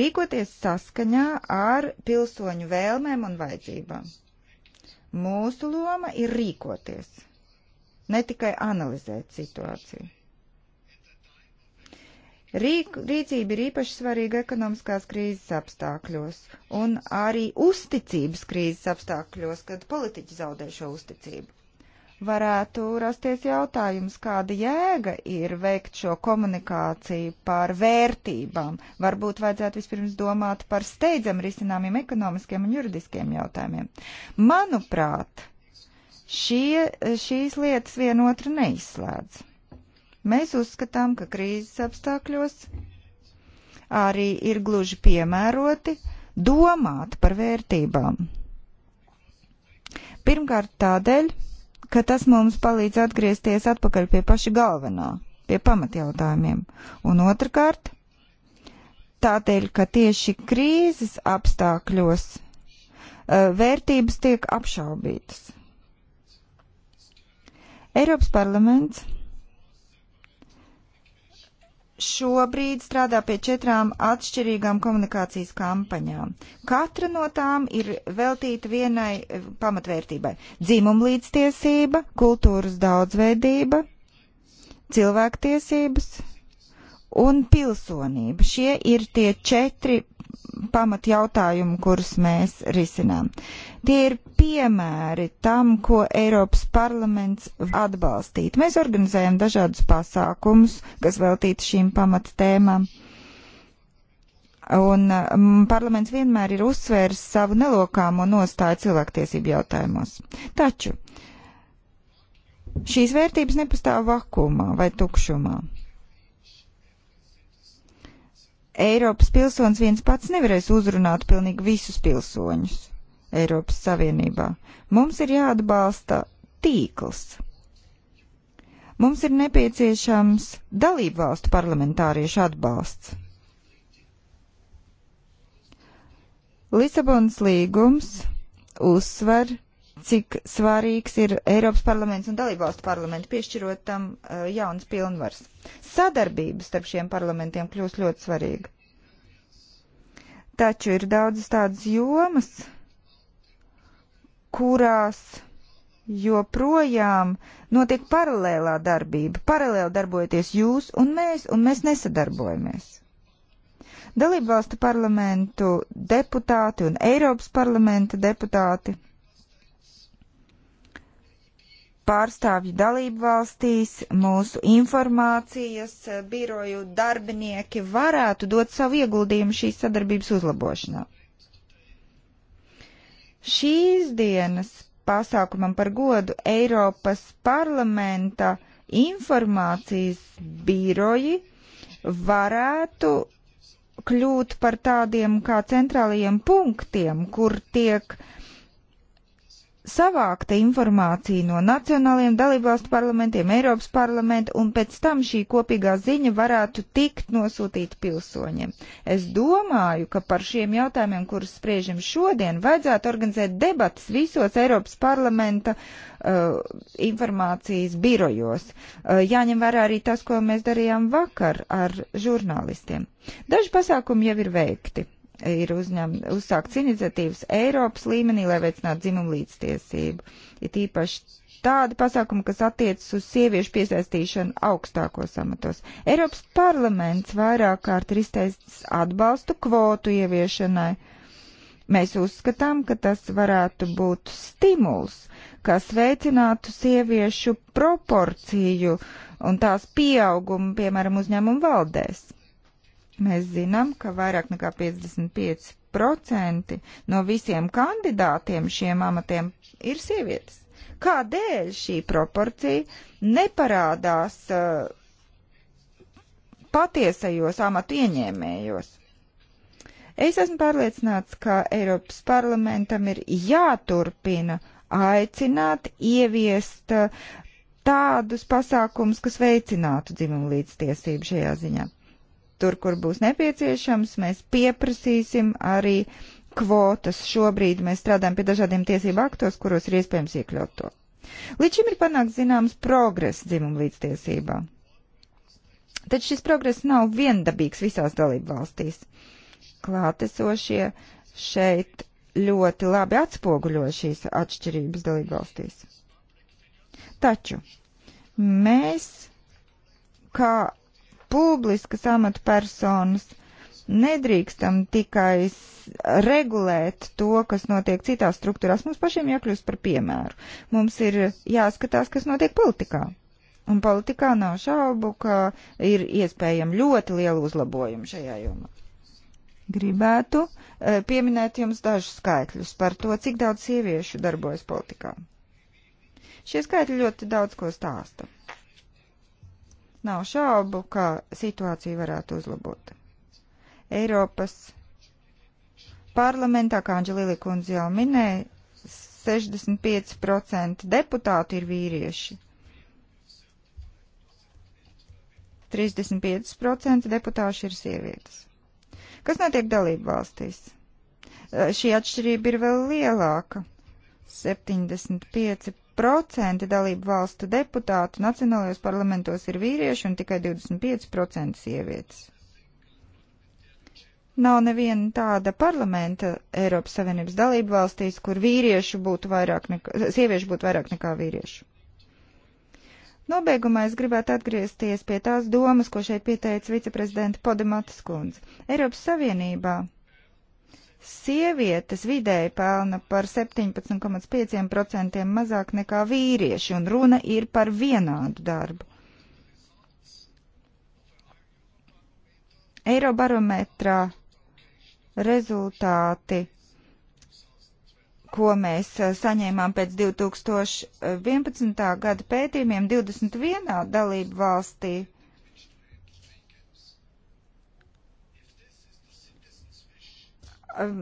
Rīkoties saskaņā ar pilsoņu vēlmēm un vajadzībām. Mūsu loma ir rīkoties, ne tikai analizēt situāciju. Rīk, rīcība ir īpaši svarīga ekonomiskās krīzes apstākļos un arī uzticības krīzes apstākļos, kad politiķi zaudē šo uzticību varētu rasties jautājums, kāda jēga ir veikt šo komunikāciju par vērtībām. Varbūt vajadzētu vispirms domāt par steidzam risināmiem ekonomiskiem un juridiskiem jautājumiem. Manuprāt, šie, šīs lietas vienotru neizslēdz. Mēs uzskatām, ka krīzes apstākļos arī ir gluži piemēroti domāt par vērtībām. Pirmkārt tādēļ, ka tas mums palīdz atgriezties atpakaļ pie paša galvenā, pie pamatjautājumiem. Un otrkārt, tādēļ, ka tieši krīzes apstākļos vērtības tiek apšaubītas. Eiropas parlaments šobrīd strādā pie četrām atšķirīgām komunikācijas kampaņām. Katra no tām ir veltīta vienai eh, pamatvērtībai - dzimumlīdztiesība, kultūras daudzveidība, cilvēktiesības un pilsonība. Šie ir tie četri pamat jautājumu, kurus mēs risinām. Tie ir piemēri tam, ko Eiropas parlaments atbalstīt. Mēs organizējam dažādus pasākumus, kas veltīti šīm pamat tēmām. Un um, parlaments vienmēr ir uzsvērs savu nelokāmo nostāju cilvēktiesību jautājumos. Taču šīs vērtības nepastāv vakumā vai tukšumā Eiropas pilsonis viens pats nevarēs uzrunāt pilnīgi visus pilsoņus Eiropas Savienībā. Mums ir jāatbalsta tīkls. Mums ir nepieciešams dalību valstu parlamentāriešu atbalsts. Lisabonas līgums uzsver cik svarīgs ir Eiropas parlaments un dalībvalstu parlamentu, piešķirot tam uh, jaunas pilnvaras. Sadarbības starp šiem parlamentiem kļūst ļoti svarīga. Taču ir daudzas tādas jomas, kurās joprojām notiek paralēlā darbība. Paralēli darbojaties jūs un mēs, un mēs nesadarbojamies. Dalībvalstu parlamentu deputāti un Eiropas parlamenta deputāti pārstāvju dalību valstīs, mūsu informācijas biroju darbinieki varētu dot savu ieguldījumu šīs sadarbības uzlabošanā. Šīs dienas pasākumam par godu Eiropas parlamenta informācijas biroji varētu kļūt par tādiem kā centrālajiem punktiem, kur tiek uh, savākta informācija no nacionāliem dalībvalstu parlamentiem, Eiropas parlamentu, un pēc tam šī kopīgā ziņa varētu tikt nosūtīta pilsoņiem. Es domāju, ka par šiem jautājumiem, kurus spriežam šodien, vajadzētu organizēt debatas visos Eiropas parlamenta uh, informācijas birojos. Uh, jāņem vērā arī tas, ko mēs darījām vakar ar žurnālistiem. Daži pasākumi jau ir veikti ir uzņem, uzsākts iniciatīvas Eiropas līmenī, lai veicinātu dzimumu līdztiesību. Ir īpaši tādi pasākumi, kas attiecas uz sieviešu piesaistīšanu augstākos amatos. Eiropas parlaments vairāk kārt ir izteicis atbalstu kvotu ieviešanai. Mēs uzskatām, ka tas varētu būt stimuls, kas veicinātu sieviešu proporciju un tās pieaugumu, piemēram, uzņēmumu valdēs Mēs zinām, ka vairāk nekā 55% no visiem kandidātiem šiem amatiem ir sievietes. Kādēļ šī proporcija neparādās uh, patiesajos amatu ieņēmējos? Es esmu pārliecināts, ka Eiropas parlamentam ir jāturpina aicināt ieviest uh, tādus pasākumus, kas veicinātu dzimumu līdztiesību šajā ziņā. Tur, kur būs nepieciešams, mēs pieprasīsim arī kvotas. Šobrīd mēs strādājam pie dažādiem tiesību aktos, kuros ir iespējams iekļaut to. Līdz šim ir panākts zināms progress dzimumu līdztiesībā. Taču šis progress nav viendabīgs visās dalību valstīs. Klātesošie šeit ļoti labi atspoguļo šīs atšķirības dalību valstīs. Taču mēs, kā publiskas amatpersonas nedrīkstam tikai regulēt to, kas notiek citās struktūrās. Mums pašiem jākļūst par piemēru. Mums ir jāskatās, kas notiek politikā. Un politikā nav šaubu, ka ir iespējama ļoti liela uzlabojuma šajā jomā. Gribētu eh, pieminēt jums dažus skaitļus par to, cik daudz sieviešu darbojas politikā. Šie skaitļi ļoti daudz ko stāsta. Nav šaubu, ka situācija varētu uzlabot. Eiropas parlamentā, kā Anģelīla kundze jau minēja, 65% deputāti ir vīrieši. 35% deputāši ir sievietes. Kas notiek dalību valstīs? Šī atšķirība ir vēl lielāka. 75 40% dalību valstu deputātu nacionālajos parlamentos ir vīrieši un tikai 25% sievietes. Nav neviena tāda parlamenta Eiropas Savienības dalību valstīs, kur vīriešu būtu vairāk nekā, sieviešu būtu vairāk nekā vīriešu. Nobeigumā es gribētu atgriezties pie tās domas, ko šeit pieteica viceprezidenta Podematas kundze. Eiropas Savienībā Sievietes vidēji pelna par 17,5% mazāk nekā vīrieši, un runa ir par vienādu darbu. Eirobarometrā rezultāti ko mēs eh, saņēmām pēc 2011. Eh, gada pētījumiem 21. dalību valstī, Um,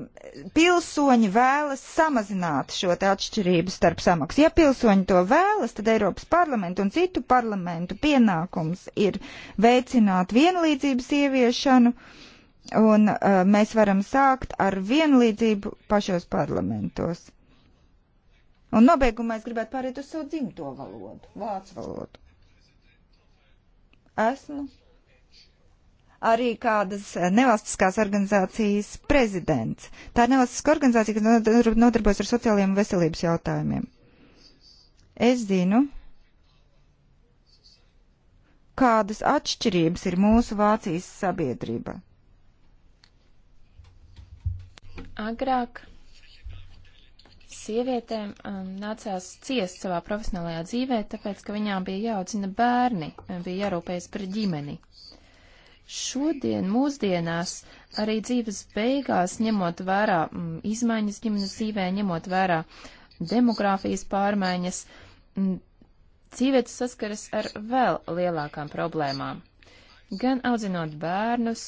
pilsoņi vēlas samazināt šo atšķirību starp samaksu. Ja pilsoņi to vēlas, tad Eiropas parlamentu un citu parlamentu pienākums ir veicināt vienlīdzības ieviešanu, un uh, mēs varam sākt ar vienlīdzību pašos parlamentos. Un nobeigumā es gribētu pāriet uz savu dzimto valodu, vācu valodu. Esmu arī kādas nevalstiskās organizācijas prezidents. Tā ir nevalstiska organizācija, kas nodarbojas ar sociālajiem un veselības jautājumiem. Es zinu, kādas atšķirības ir mūsu Vācijas sabiedrība. Agrāk sievietēm um, nācās ciest savā profesionālajā dzīvē, tāpēc, ka viņām bija jāaudzina bērni, um, bija jārūpējas par ģimeni. Uh, Šodien, mūsdienās, arī dzīves beigās, ņemot vērā m, mm, izmaiņas ģimenes dzīvē, ņemot vērā demogrāfijas pārmaiņas, m, mm, dzīvietes saskaras ar vēl lielākām problēmām. Gan audzinot bērnus,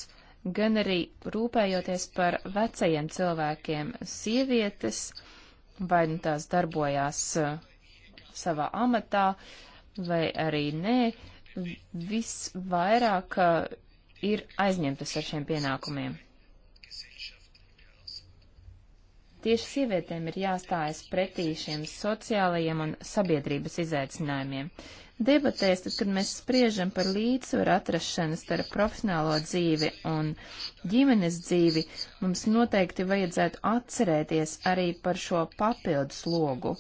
gan arī rūpējoties par vecajiem cilvēkiem, sievietes, vai nu tās darbojās eh, savā amatā, vai arī nē, visvairāk eh, ir aizņemtas ar šiem pienākumiem. Tieši sievietēm ir jāstājas pretī šiem sociālajiem un sabiedrības izaicinājumiem. Debatēs, tad, kad mēs spriežam par līdzsvaru atrašanu starp profesionālo dzīvi un ģimenes dzīvi, mums noteikti vajadzētu atcerēties arī par šo papildus logu.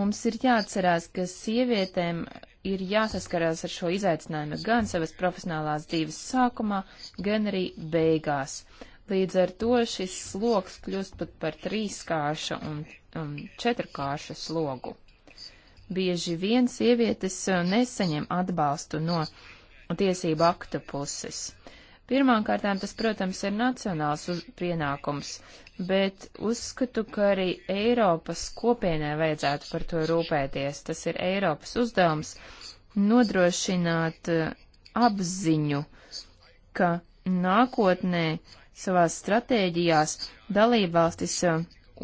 Mums ir jāatcerās, ka sievietēm ir jāsaskarās ar šo izaicinājumu gan savas profesionālās dzīves sākumā, gan arī beigās. Līdz ar to šis sloks kļūst pat par trīskārša un, un četrkārša slogu. Bieži vien sievietes uh, nesaņem atbalstu no tiesību aktu puses. Pirmkārtām tas, protams, ir nacionāls pienākums bet uzskatu, ka arī Eiropas kopienai vajadzētu par to rūpēties. Tas ir Eiropas uzdevums nodrošināt eh, apziņu, ka nākotnē savās stratēģijās dalībvalstis eh,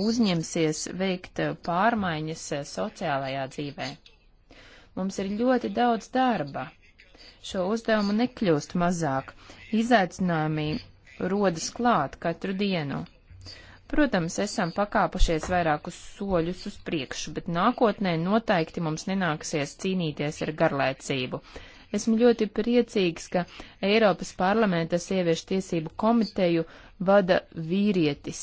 uzņemsies veikt eh, pārmaiņas sociālajā dzīvē. Mums ir ļoti daudz darba. Šo uzdevumu nekļūst mazāk. Izaicinājumi rodas klāt katru dienu. Protams, esam pakāpušies vairākus soļus uz priekšu, bet nākotnē noteikti mums nenāksies cīnīties ar garlēcību. Esmu ļoti priecīgs, ka Eiropas parlamenta sieviešu tiesību komiteju vada vīrietis,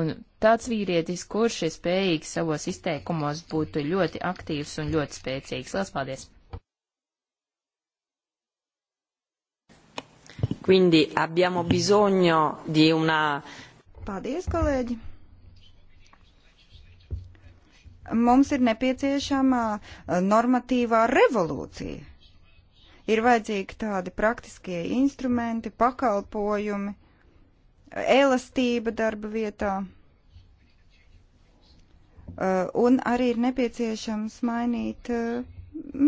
un tāds vīrietis, kurš ir spējīgs savos izteikumos būt ļoti aktīvs un ļoti spēcīgs. Lielas paldies! Quindi abbiamo bisogno di una Paldies, kolēģi! Mums ir nepieciešama uh, normatīvā revolūcija. Ir vajadzīgi tādi praktiskie instrumenti, pakalpojumi, elastība darba vietā. Uh, un arī ir nepieciešams mainīt uh,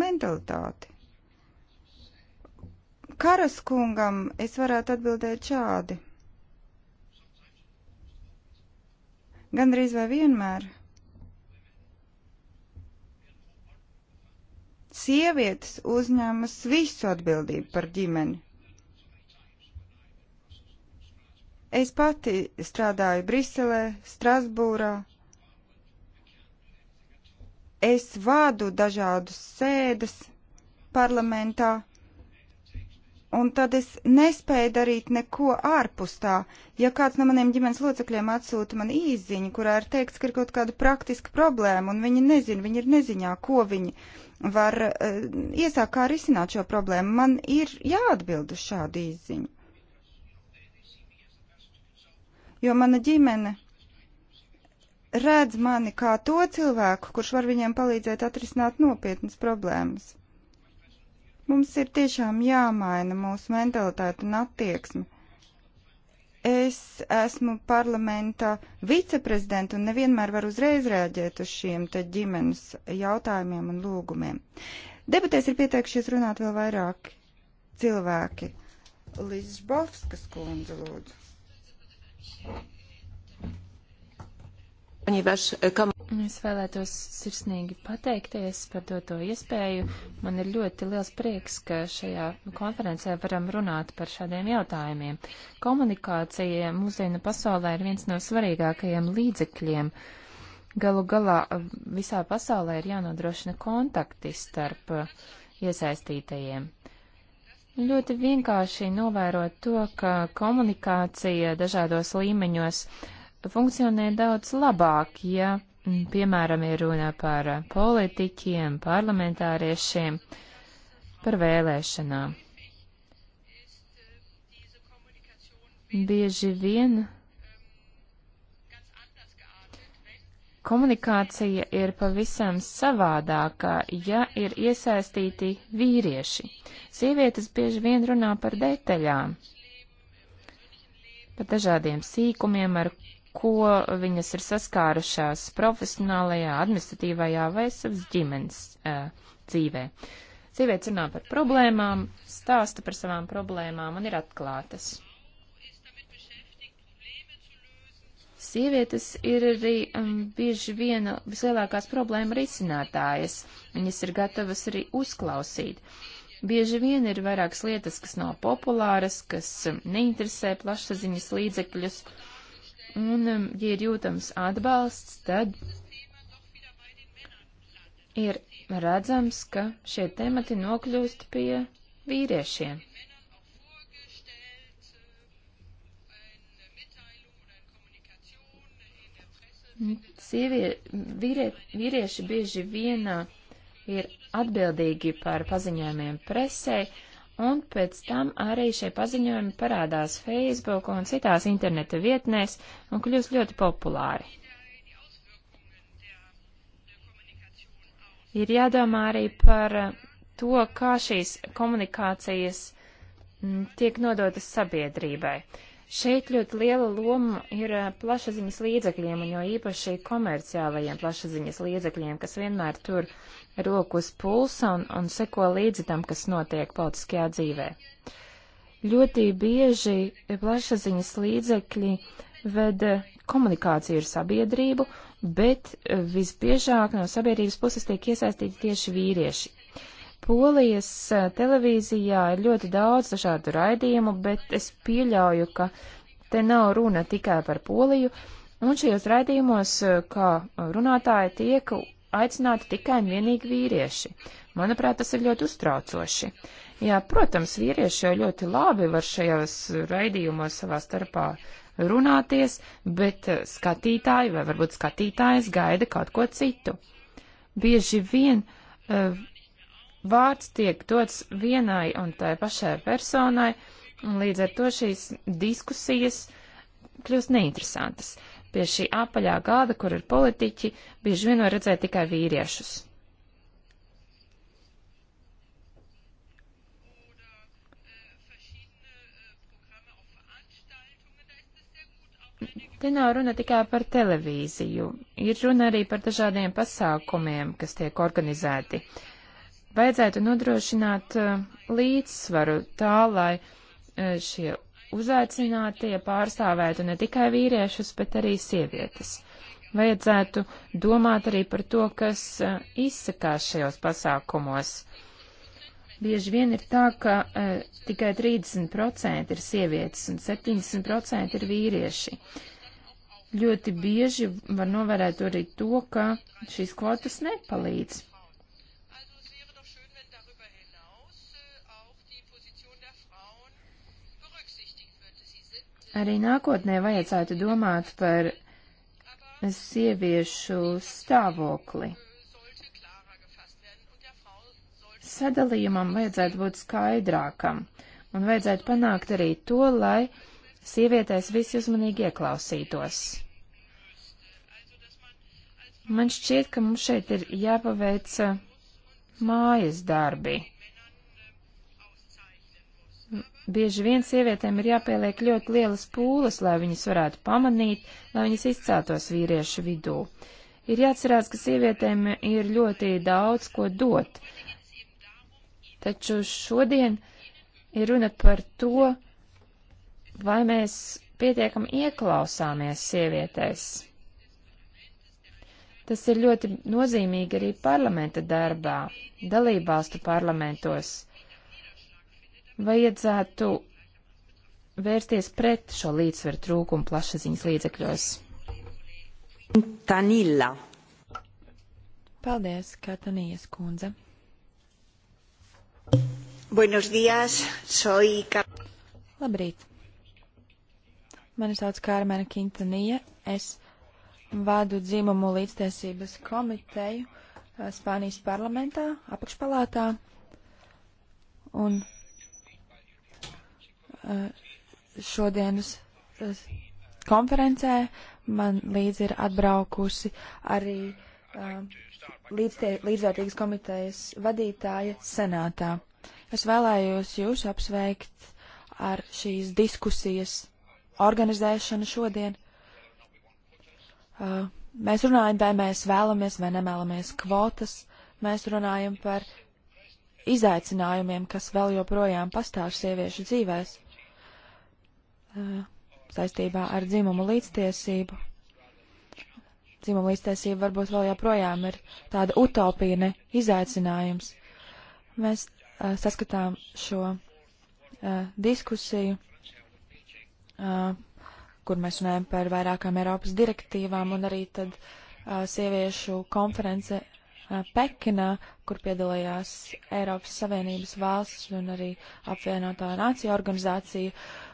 mentalitāti. Karaskungam es varētu atbildēt šādi. Gandrīz vai vienmēr sievietes uzņēmas visu atbildību par ģimeni. Es pati strādāju Briselē, Strasbūrā. Es vādu dažādus sēdes parlamentā un tad es nespēju darīt neko ārpus tā. Ja kāds no maniem ģimenes locekļiem atsūta man īziņu, kurā ir teikts, ka ir kaut kāda praktiska problēma, un viņi nezina, viņi ir neziņā, ko viņi var uh, iesākt kā risināt šo problēmu, man ir jāatbild uz šādu īziņu. Jo mana ģimene redz mani kā to cilvēku, kurš var viņiem palīdzēt atrisināt nopietnas problēmas. Mums ir tiešām jāmaina mūsu mentalitāte un attieksme. Es esmu parlamenta viceprezidenta un nevienmēr varu uzreiz reaģēt uz šiem te ģimenes jautājumiem un lūgumiem. Debatēs ir pieteikušies runāt vēl vairāki cilvēki. Līdz Žbovskas kundze lūdzu. Eh, es vēlētos sirsnīgi pateikties par doto iespēju. Man ir ļoti liels prieks, ka šajā konferencē varam runāt par šādiem jautājumiem. Komunikācija mūsdienu pasaulē ir viens no svarīgākajiem līdzekļiem. Galu galā eh, visā pasaulē ir jānodrošina kontakti starp eh, iesaistītajiem. Ļoti vienkārši novērot to, ka komunikācija dažādos līmeņos uh, funkcionē daudz labāk, ja, piemēram, ir runa par politiķiem, parlamentāriešiem, par vēlēšanām. Bieži vien komunikācija ir pavisam savādākā, ja ir iesaistīti vīrieši. Sievietes bieži vien runā par detaļām, par dažādiem sīkumiem, ar ko viņas ir saskārušās profesionālajā, administratīvajā vai savas ģimenes uh, dzīvē. Sievietes runā par problēmām, stāsta par savām problēmām un ir atklātas. Sievietes ir arī um, bieži viena vislielākās problēma risinātājas. Viņas ir gatavas arī uzklausīt. Bieži vien ir vairākas lietas, kas nav populāras, kas um, neinteresē plašsaziņas līdzekļus. Uh, Un, um, ja ir jūtams atbalsts, tad ir redzams, ka šie temati nokļūst pie vīriešiem. Sievie, vīrie, vīrieši bieži vienā ir atbildīgi par paziņojumiem presē, uh, un pēc tam arī šie paziņojumi parādās Facebook un citās interneta vietnēs un kļūst ļoti populāri. Ir jādomā arī par eh, to, kā šīs komunikācijas tiek nodotas sabiedrībai. Uh, Šeit ļoti liela loma ir eh, plašsaziņas līdzekļiem, un jo īpaši komerciālajiem plašsaziņas līdzekļiem, kas vienmēr tur roku uz pulsa un, un seko līdzi tam, kas notiek politiskajā dzīvē. Ļoti bieži plašsaziņas līdzekļi veda eh, komunikāciju ar sabiedrību, bet eh, visbiežāk no sabiedrības puses tiek iesaistīti tieši vīrieši. Polijas televīzijā ir ļoti daudz dažādu raidījumu, bet es pieļauju, ka te nav runa tikai par Poliju, un šajos raidījumos, kā runātāji, tiek aicināti tikai un vienīgi vīrieši. Manuprāt, tas ir ļoti uztraucoši. Jā, protams, vīrieši jau ļoti labi var šajos raidījumos savā starpā runāties, bet skatītāji vai varbūt skatītājs gaida kaut ko citu. Bieži vien uh, vārds tiek dots vienai un tai pašai personai, un līdz ar to šīs diskusijas kļūst neinteresantas. Pie šī apaļā gada, kur ir politiķi, bieži vien var redzēt tikai vīriešus. Te nav runa tikai par televīziju, ir runa arī par dažādiem pasākumiem, kas tiek organizēti. Uh, vajadzētu nodrošināt uh, līdzsvaru tā, lai uh, šie uzaicinātie pārstāvētu ne tikai vīriešus, bet arī sievietes. Vajadzētu domāt arī par to, kas uh, izsakās šajos pasākumos. Bieži vien ir tā, ka e, tikai 30% ir sievietes un 70% ir vīrieši. Ļoti bieži var novērēt arī to, ka šīs kvotas nepalīdz. arī nākotnē vajadzētu domāt par sieviešu stāvokli. Sadalījumam vajadzētu būt skaidrākam, un vajadzētu panākt arī to, lai sievietēs visi uzmanīgi ieklausītos. Man šķiet, ka mums šeit ir jāpaveic uh, mājas darbi. Bieži vien sievietēm ir jāpieliek ļoti lielas pūles, lai viņas varētu pamanīt, lai viņas izcētos vīriešu vidū. Ir jāatcerās, ka sievietēm ir ļoti daudz ko dot, taču šodien ir runa par to, vai mēs pietiekam ieklausāmies sievietēs. Tas ir ļoti nozīmīgi arī parlamenta darbā, dalībvalstu parlamentos vajadzētu vērsties pret šo līdzsveru trūkumu plašsaziņas līdzekļos. Tanilla. Paldies, Katanijas kundze. Buenos dias, soy... Labrīt. Mani sauc Kārmena Kintanija. Es vadu dzimumu līdztiesības komiteju eh, Spānijas parlamentā, apakšpalātā. Un Eh, šodienas eh, konferencē. Man līdzi ir atbraukusi arī eh, līdztie, līdzvērtīgas komitejas vadītāja senātā. Es vēlējos jūs apsveikt ar šīs diskusijas organizēšanu šodien. Uh, mēs runājam, vai mēs vēlamies vai nemēlamies kvotas. Mēs runājam par izaicinājumiem, kas vēl joprojām pastāv sieviešu dzīvēs. Uh, saistībā ar dzimumu līdztiesību. Dzimuma līdztiesība varbūt vēl joprojām ir tāda utopija, ne izaicinājums. Mēs uh, saskatām šo uh, diskusiju, uh, kur mēs runājam par vairākām Eiropas direktīvām un arī tad uh, sieviešu konference uh, Pekinā, kur piedalījās Eiropas Savienības valsts un arī apvienotā nācija organizācija. Uh,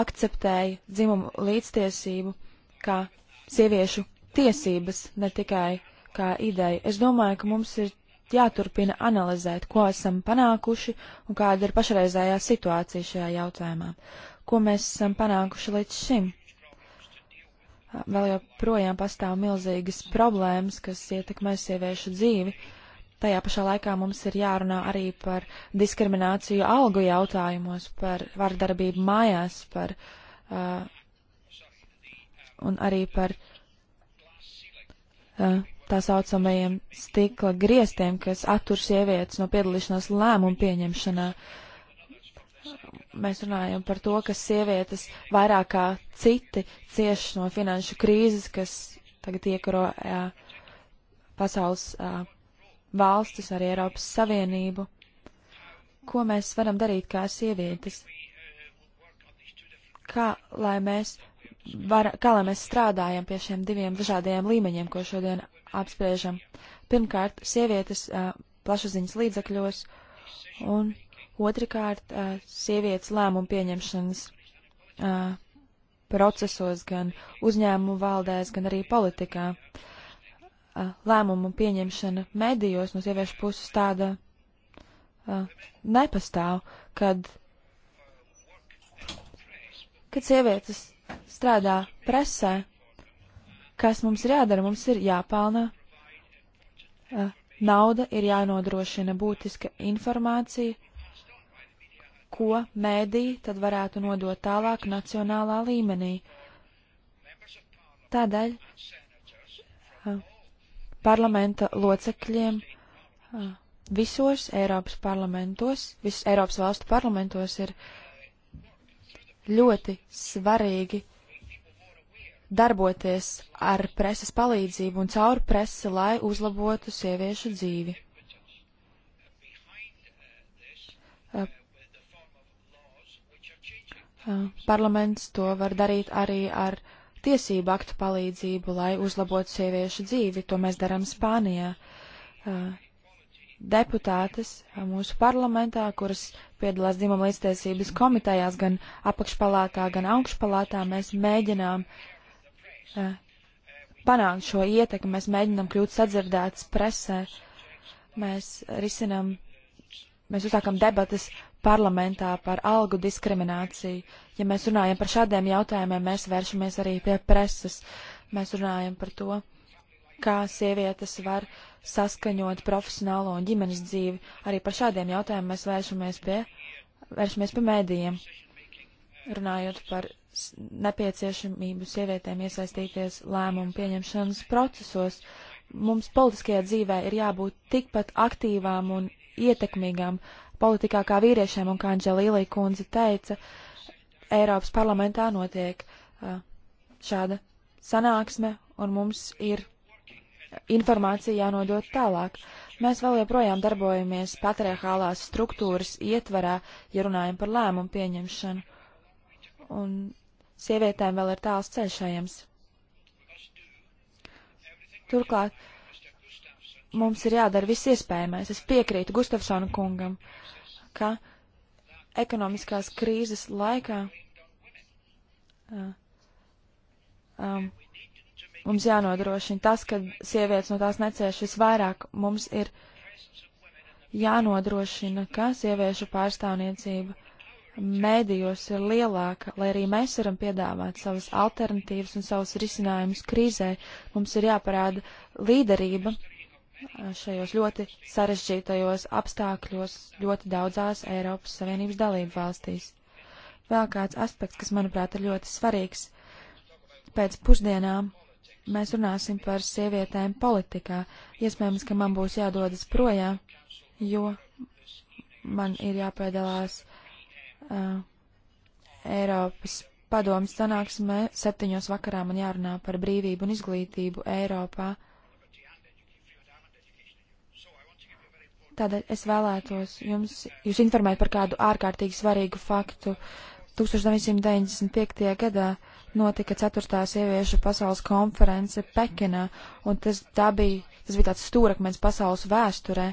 akceptēja dzimumu līdztiesību kā sieviešu tiesības, ne tikai kā ideja. Es domāju, ka mums ir jāturpina analizēt, ko esam panākuši un kāda ir pašreizējā situācija šajā jautājumā. Ko mēs esam panākuši līdz šim? Vēl joprojām pastāv milzīgas problēmas, kas ietekmē sieviešu dzīvi. Uh, Tajā pašā laikā mums ir jārunā arī par diskrimināciju algu jautājumos, par vardarbību mājās, par uh, un arī par uh, tā saucamajiem stikla griestiem, kas attur sievietes no piedalīšanās lēmumu pieņemšanā. Mēs runājam par to, ka sievietes vairāk kā citi cieš no finanšu krīzes, kas tagad iekaro jā, pasaules jā, valstis, arī Eiropas Savienību. Ko mēs varam darīt kā sievietes? Kā lai mēs, var, kā, lai mēs strādājam pie šiem diviem dažādiem līmeņiem, ko šodien apspriežam? Pirmkārt, sievietes uh, plašaziņas līdzakļos, un otrkārt, uh, sievietes lēmumu pieņemšanas uh, procesos, gan uzņēmumu valdēs, gan arī politikā. Uh, lēmumu pieņemšana medijos no sieviešu puses tāda uh, nepastāv, kad, kad sievietes strādā presē, kas mums ir jādara, mums ir jāpelnā uh, nauda, ir jānodrošina būtiska informācija, ko mēdī tad varētu nodot tālāk nacionālā līmenī. Tādēļ uh, parlamenta locekļiem visos Eiropas parlamentos, visus Eiropas valstu parlamentos ir ļoti svarīgi darboties ar preses palīdzību un caur presi, lai uzlabotu sieviešu dzīvi. Parlaments to var darīt arī ar uh, tiesību aktu palīdzību, lai uzlabotu sieviešu dzīvi. To mēs darām Spānijā. Deputātes mūsu parlamentā, kuras piedalās dzimuma līdztiesības komitejās gan apakšpalātā, gan augšpalātā, mēs mēģinām panākt šo ietekmi, mēs mēģinām kļūt sadzirdētas presē, mēs risinām, mēs uzsākam debatas parlamentā par algu diskrimināciju. Ja mēs runājam par šādiem jautājumiem, mēs vēršamies arī pie preses. Mēs runājam par to, kā sievietes var saskaņot profesionālo un ģimenes dzīvi. Arī par šādiem jautājumiem mēs vēršamies pie, vēršamies pie mēdījiem. Runājot par nepieciešamību sievietēm iesaistīties lēmumu pieņemšanas procesos, mums politiskajā dzīvē ir jābūt tikpat aktīvām un ietekmīgām, uh, politikā kā vīriešiem, un kā Anģelīlī kundze teica, Eiropas parlamentā notiek uh, šāda sanāksme, un mums ir informācija jānodot tālāk. Mēs vēl joprojām darbojamies patriarchālās struktūras ietvarā, ja runājam par lēmumu pieņemšanu, un sievietēm vēl ir tāls ceļš ejams. Turklāt mums ir jādara viss iespējamais. Es piekrītu Gustafsona kungam. Uh, ka ekonomiskās krīzes laikā uh, um, mums jānodrošina tas, ka sievietes no tās necieš visvairāk. Mums ir jānodrošina, ka sieviešu pārstāvniecība mēdījos ir lielāka, lai arī mēs varam piedāvāt savas alternatīvas un savus risinājumus krīzē. Mums ir jāparāda līderība šajos ļoti sarežģītajos apstākļos ļoti daudzās Eiropas Savienības dalību valstīs. Vēl kāds aspekts, kas, manuprāt, ir ļoti svarīgs. Pēc pusdienām mēs runāsim par sievietēm politikā. Iespējams, ka man būs jādodas projām, jo man ir jāpiedalās uh, Eiropas padomas sanāksmē. Septiņos vakarā man jārunā par brīvību un izglītību Eiropā. Uh, Tādēļ es vēlētos jums, jūs informēt par kādu ārkārtīgi svarīgu faktu. 1995. gadā notika 4. sieviešu pasaules konference Pekinā, un tas, bija, tas bija tāds stūrakmens pasaules vēsturē.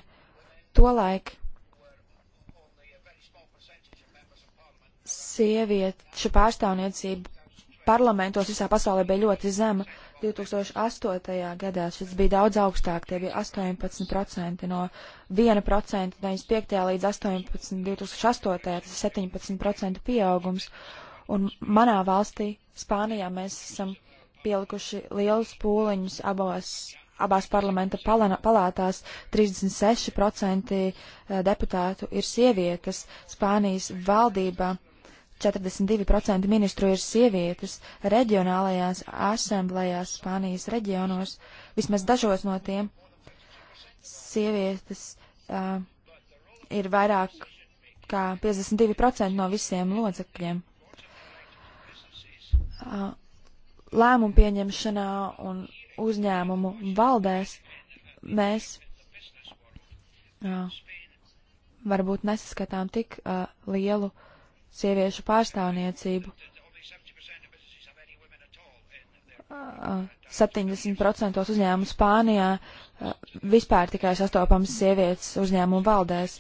Tolaik sieviešu pārstāvniecība parlamentos visā pasaulē bija ļoti zema. 2008. gadā šis bija daudz augstāk, tie bija 18% no 1% 95. līdz 18. 2008. tas ir 17% pieaugums. Un manā valstī, Spānijā, mēs esam pielikuši lielus pūliņus abās, abās parlamenta palana, palātās. 36% eh, deputātu ir sievietes Spānijas valdībā. 42% ministru ir sievietes reģionālajās asamblējās Spānijas reģionos, vismaz dažos no tiem. Sievietes uh, ir vairāk kā 52% no visiem locekļiem. Uh, lēmumu pieņemšanā un uzņēmumu valdēs mēs uh, varbūt nesaskatām tik uh, lielu uh, sieviešu pārstāvniecību. 70% uzņēmumu Spānijā vispār tikai sastopams sievietes uzņēmumu valdēs.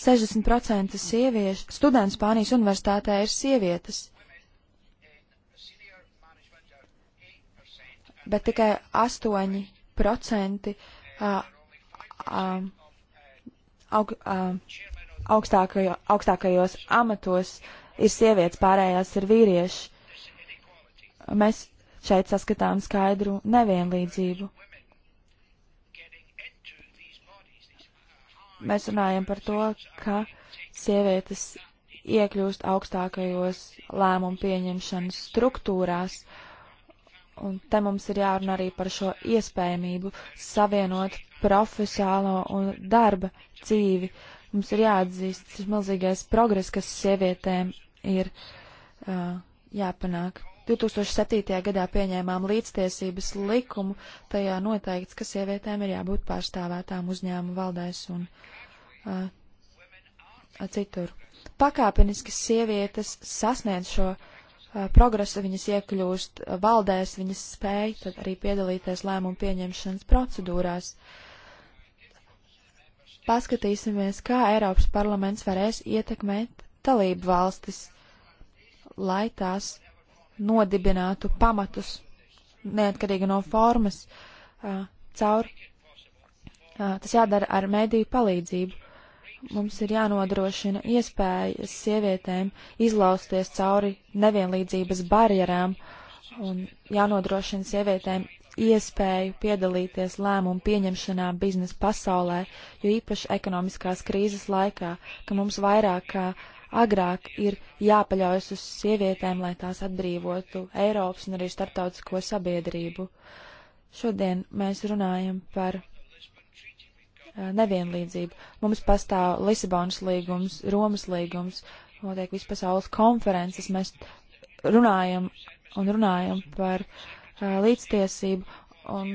60% sieviešu studentu Spānijas universitātē ir sievietes. Bet tikai 8% aug, augstākajo, augstākajos amatos ir sievietes, pārējās ir vīrieši. Mēs šeit saskatām skaidru nevienlīdzību. Mēs runājam par to, ka sievietes iekļūst augstākajos lēmumu pieņemšanas struktūrās, un te mums ir jārunā arī par šo iespējamību savienot profesionālo un darba dzīvi. Uh, Mums ir jāatzīst šis milzīgais progress, kas sievietēm ir uh, jāpanāk. 2007. gadā pieņēmām līdztiesības likumu, tajā noteikts, ka sievietēm ir jābūt pārstāvētām uzņēmu valdēs un uh, citur. Pakāpeniski sievietes sasniedz šo uh, progresu, viņas iekļūst valdēs, viņas spēj tad arī piedalīties lēmumu pieņemšanas procedūrās. Uh, paskatīsimies, kā Eiropas parlaments varēs ietekmēt dalību valstis, lai tās nodibinātu pamatus, neatkarīgi no formas, uh, caur. Uh, tas jādara ar mediju palīdzību. Mums ir jānodrošina iespējas sievietēm izlausties cauri nevienlīdzības barjerām un jānodrošina sievietēm iespēju piedalīties lēmumu pieņemšanā biznesa pasaulē, jo īpaši ekonomiskās krīzes laikā, ka mums vairāk kā agrāk ir jāpaļaujas uz sievietēm, lai tās atbrīvotu Eiropas un arī starptautisko sabiedrību. Šodien mēs runājam par eh, nevienlīdzību. Mums pastāv Lisabonas līgums, Romas līgums, notiek vispasaules konferences, mēs runājam un runājam par uh, līdztiesību. Un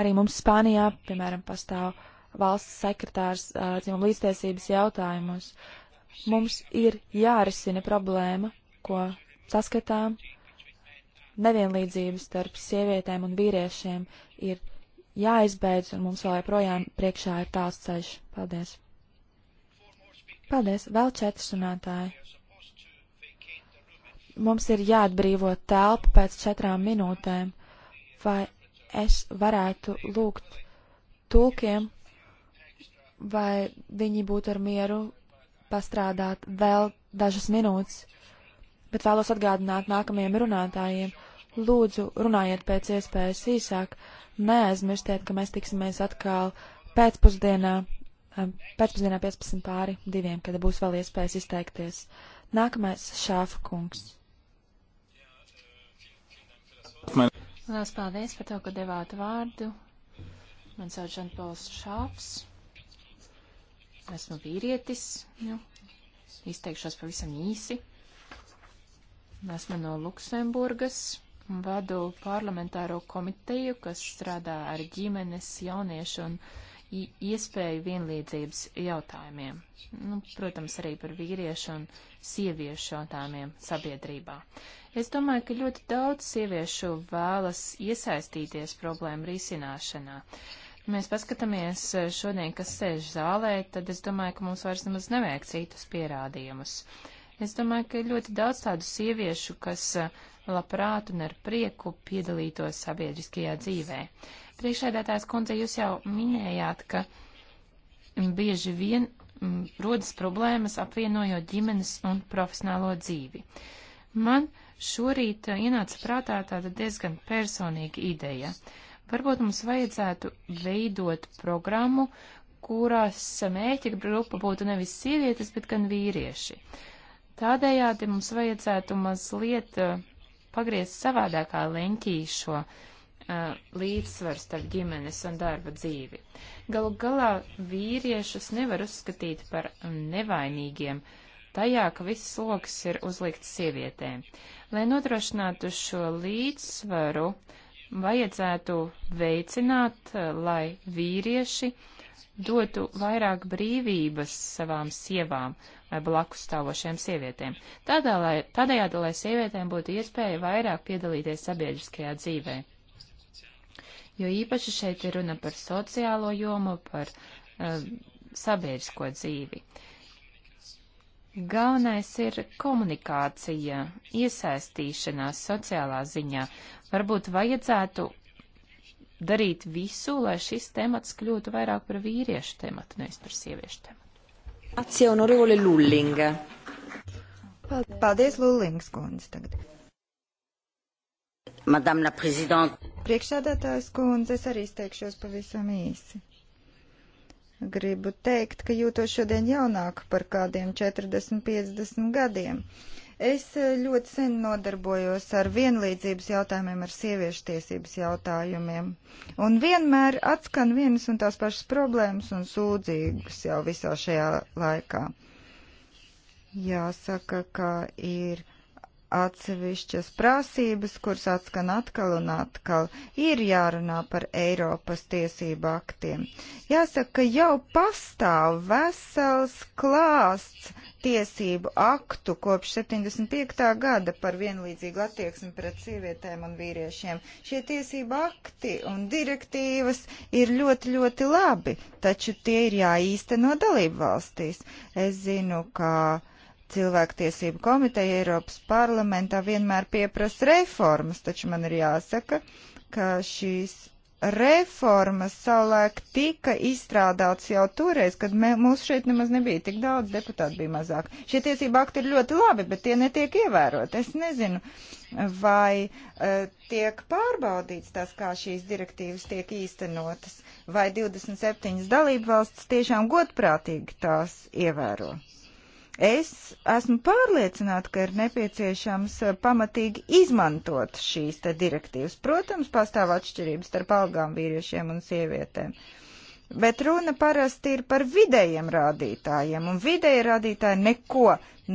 arī mums Spānijā, piemēram, pastāv valsts sekretārs dzimumu līdztiesības jautājumus. Mums ir jārisina problēma, ko saskatām. Nevienlīdzības starp sievietēm un vīriešiem ir jāizbeidz, un mums vēl joprojām priekšā ir tāls ceļš. Paldies! Paldies! Vēl četri runātāji. Mums ir jāatbrīvo telpa pēc četrām minūtēm. Vai es varētu lūgt tulkiem, vai viņi būtu ar mieru pastrādāt vēl dažas minūtes? Bet vēlos atgādināt nākamajiem runātājiem. Lūdzu, runājiet pēc iespējas īsāk. Neaizmirstiet, ka mēs tiksimies atkal pēcpusdienā pēcpusdienā 15 pāri diviem, kad būs vēl iespējas izteikties. Nākamais šāfa kungs. Man... Lielas paldies par to, ka devāt vārdu. Man sauc Žanpols Šāps. Esmu vīrietis. Nu, izteikšos pavisam īsi. Esmu no Luksemburgas. Vadu parlamentāro komiteju, kas strādā ar ģimenes, jauniešu un iespēju vienlīdzības jautājumiem. Nu, protams, arī par vīriešu un sieviešu jautājumiem sabiedrībā. Es domāju, ka ļoti daudz sieviešu vēlas iesaistīties problēmu risināšanā. Mēs paskatāmies eh, šodien, kas sēž zālē, tad es domāju, ka mums vairs nemaz nevajag citus pierādījumus. Es domāju, ka ir ļoti daudz tādu sieviešu, kas uh, labprāt un ar prieku piedalītos sabiedriskajā dzīvē. Priekšēdētājs kundze, jūs jau minējāt, ka bieži vien mm, rodas problēmas apvienojot ģimenes un profesionālo dzīvi. Man šorīt eh, ienāca prātā tāda diezgan personīga ideja. Varbūt mums vajadzētu veidot programmu, kurās mēķa grupa būtu nevis sievietes, bet gan vīrieši. Tādējādi mums vajadzētu mazliet eh, pagriezt savādākā leņķī šo uh, līdzsvaru starp ģimenes un darba dzīvi. Galu galā vīriešus nevar uzskatīt par nevainīgiem tajā, ka viss lokus ir uzlikts sievietēm. Lai nodrošinātu šo līdzsvaru, vajadzētu veicināt, lai vīrieši dotu vairāk brīvības savām sievām blakus stāvošiem sievietēm. Tādā, lai, tādējādi, lai sievietēm būtu iespēja vairāk piedalīties sabiedriskajā dzīvē. Jo īpaši šeit ir runa par sociālo jomu, par uh, sabiedrisko dzīvi. Galvenais ir komunikācija, iesaistīšanās sociālā ziņā. Varbūt vajadzētu darīt visu, lai šis temats kļūtu vairāk par vīriešu tematu, nevis par sieviešu tematu. Grazie, onorevole Lulling. Paldies, Lullings kundze tagad. Madame la Présidente. Priekšsēdētājs kundze, es arī izteikšos pavisam īsi. Gribu teikt, ka jūtos šodien jaunāk par kādiem 40-50 gadiem. Uh, Es eh, ļoti sen nodarbojos ar vienlīdzības jautājumiem, ar sieviešu tiesības jautājumiem. Un vienmēr atskan vienas un tās pašas problēmas un sūdzības jau visā šajā laikā. Jāsaka, ka ir atsevišķas prasības, kuras atskan atkal un atkal, ir jārunā par Eiropas tiesību aktiem. Jāsaka, ka jau pastāv vesels klāsts tiesību aktu kopš 75. gada par vienlīdzīgu attieksmi pret sievietēm un vīriešiem. Šie tiesību akti un direktīvas ir ļoti, ļoti labi, taču tie ir jāīsteno dalību valstīs. Es zinu, ka. Cilvēktiesību komiteja Eiropas parlamentā vienmēr pieprasa reformas, taču man ir jāsaka, ka šīs reformas savulaik tika izstrādāts jau toreiz, kad mē, mūs šeit nemaz nebija tik daudz, deputāti bija mazāk. Šie tiesība akti ir ļoti labi, bet tie netiek ievērot. Es nezinu, vai uh, tiek pārbaudīts tas, kā šīs direktīvas tiek īstenotas, vai 27 dalību valsts tiešām godprātīgi tās ievēro. Uh, Es esmu pārliecināta, ka ir nepieciešams eh, pamatīgi izmantot šīs te direktīvas. Protams, pastāv atšķirības starp algām vīriešiem un sievietēm. Bet runa parasti ir par vidējiem rādītājiem, un vidēji rādītāji neko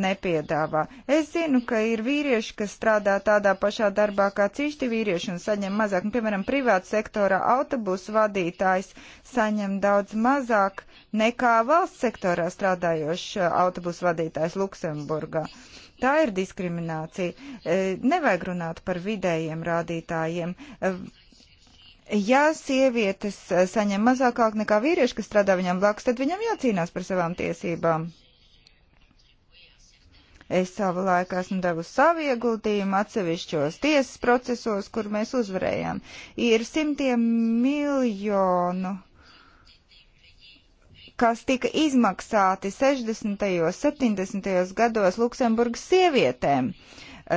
nepiedāvā. Es zinu, ka ir vīrieši, kas strādā tādā pašā darbā kā cišķi vīrieši un saņem mazāk. Un, nu, piemēram, privāta sektora autobusu vadītājs saņem daudz mazāk nekā valsts sektorā strādājošs uh, autobusu vadītājs Luksemburgā. Tā ir diskriminācija. Uh, nevajag runāt par vidējiem rādītājiem. Uh, ja sievietes saņem mazāk nekā vīrieši, kas strādā viņam blakus, tad viņam jācīnās par savām tiesībām. Es savu laiku esmu devusi savu ieguldījumu atsevišķos tiesas procesos, kur mēs uzvarējām. Ir simtiem miljonu uh, kas tika izmaksāti 60. un 70. gados Luksemburgas sievietēm,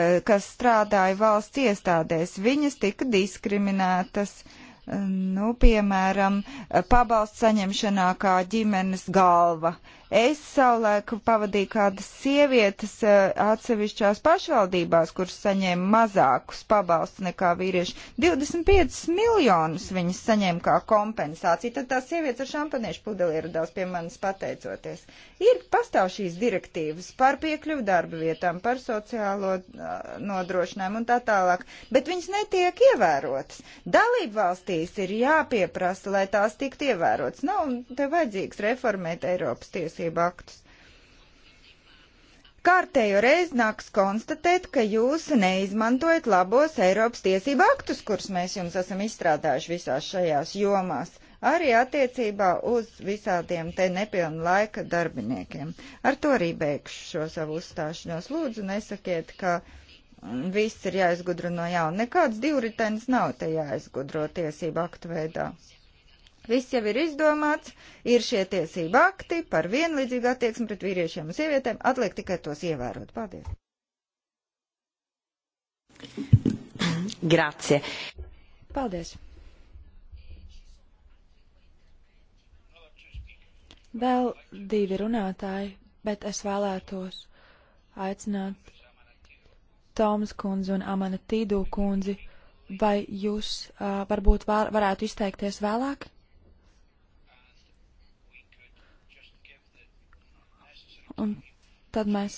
eh, kas strādāja valsts iestādēs. Viņas tika diskriminētas. Eh, nu, piemēram, eh, pabalsts saņemšanā kā ģimenes galva. Uh, Es savulaik pavadīju kādas sievietes eh, atsevišķās pašvaldībās, kuras saņēma mazākus pabalstus nekā vīrieši. 25 miljonus viņas saņēma kā kompensāciju. Tad tās sievietes ar šampaniešu pudeli ieradās pie manis pateicoties. Ir pastāv šīs direktīvas par piekļuvu darba vietām, par sociālo eh, nodrošinājumu un tā tālāk, bet viņas netiek ievērotas. Dalību valstīs ir jāpieprasa, lai tās tiktu ievērotas. Nav te vajadzīgs reformēt Eiropas tiesu tiesību aktus. Kārtējo reizi nāks konstatēt, ka jūs neizmantojat labos Eiropas tiesību aktus, kurus mēs jums esam izstrādājuši visās šajās jomās arī attiecībā uz visādiem te nepilnu laika darbiniekiem. Ar to arī beigšu šo savu uzstāšanos. Lūdzu, nesakiet, ka viss ir jāizgudro no jauna. Nekāds divritenis nav te jāizgudro tiesību aktu veidā. Viss jau ir izdomāts, ir šie tiesība akti par vienlīdzīgu attieksmi pret vīriešiem un sievietēm, atliek tikai tos ievērot. Paldies! Grazie. Paldies. Vēl divi runātāji, bet es vēlētos aicināt Tomas kundzi un Amana Tīdu kundzi, vai jūs uh, varbūt var, varētu izteikties vēlāk? un tad mēs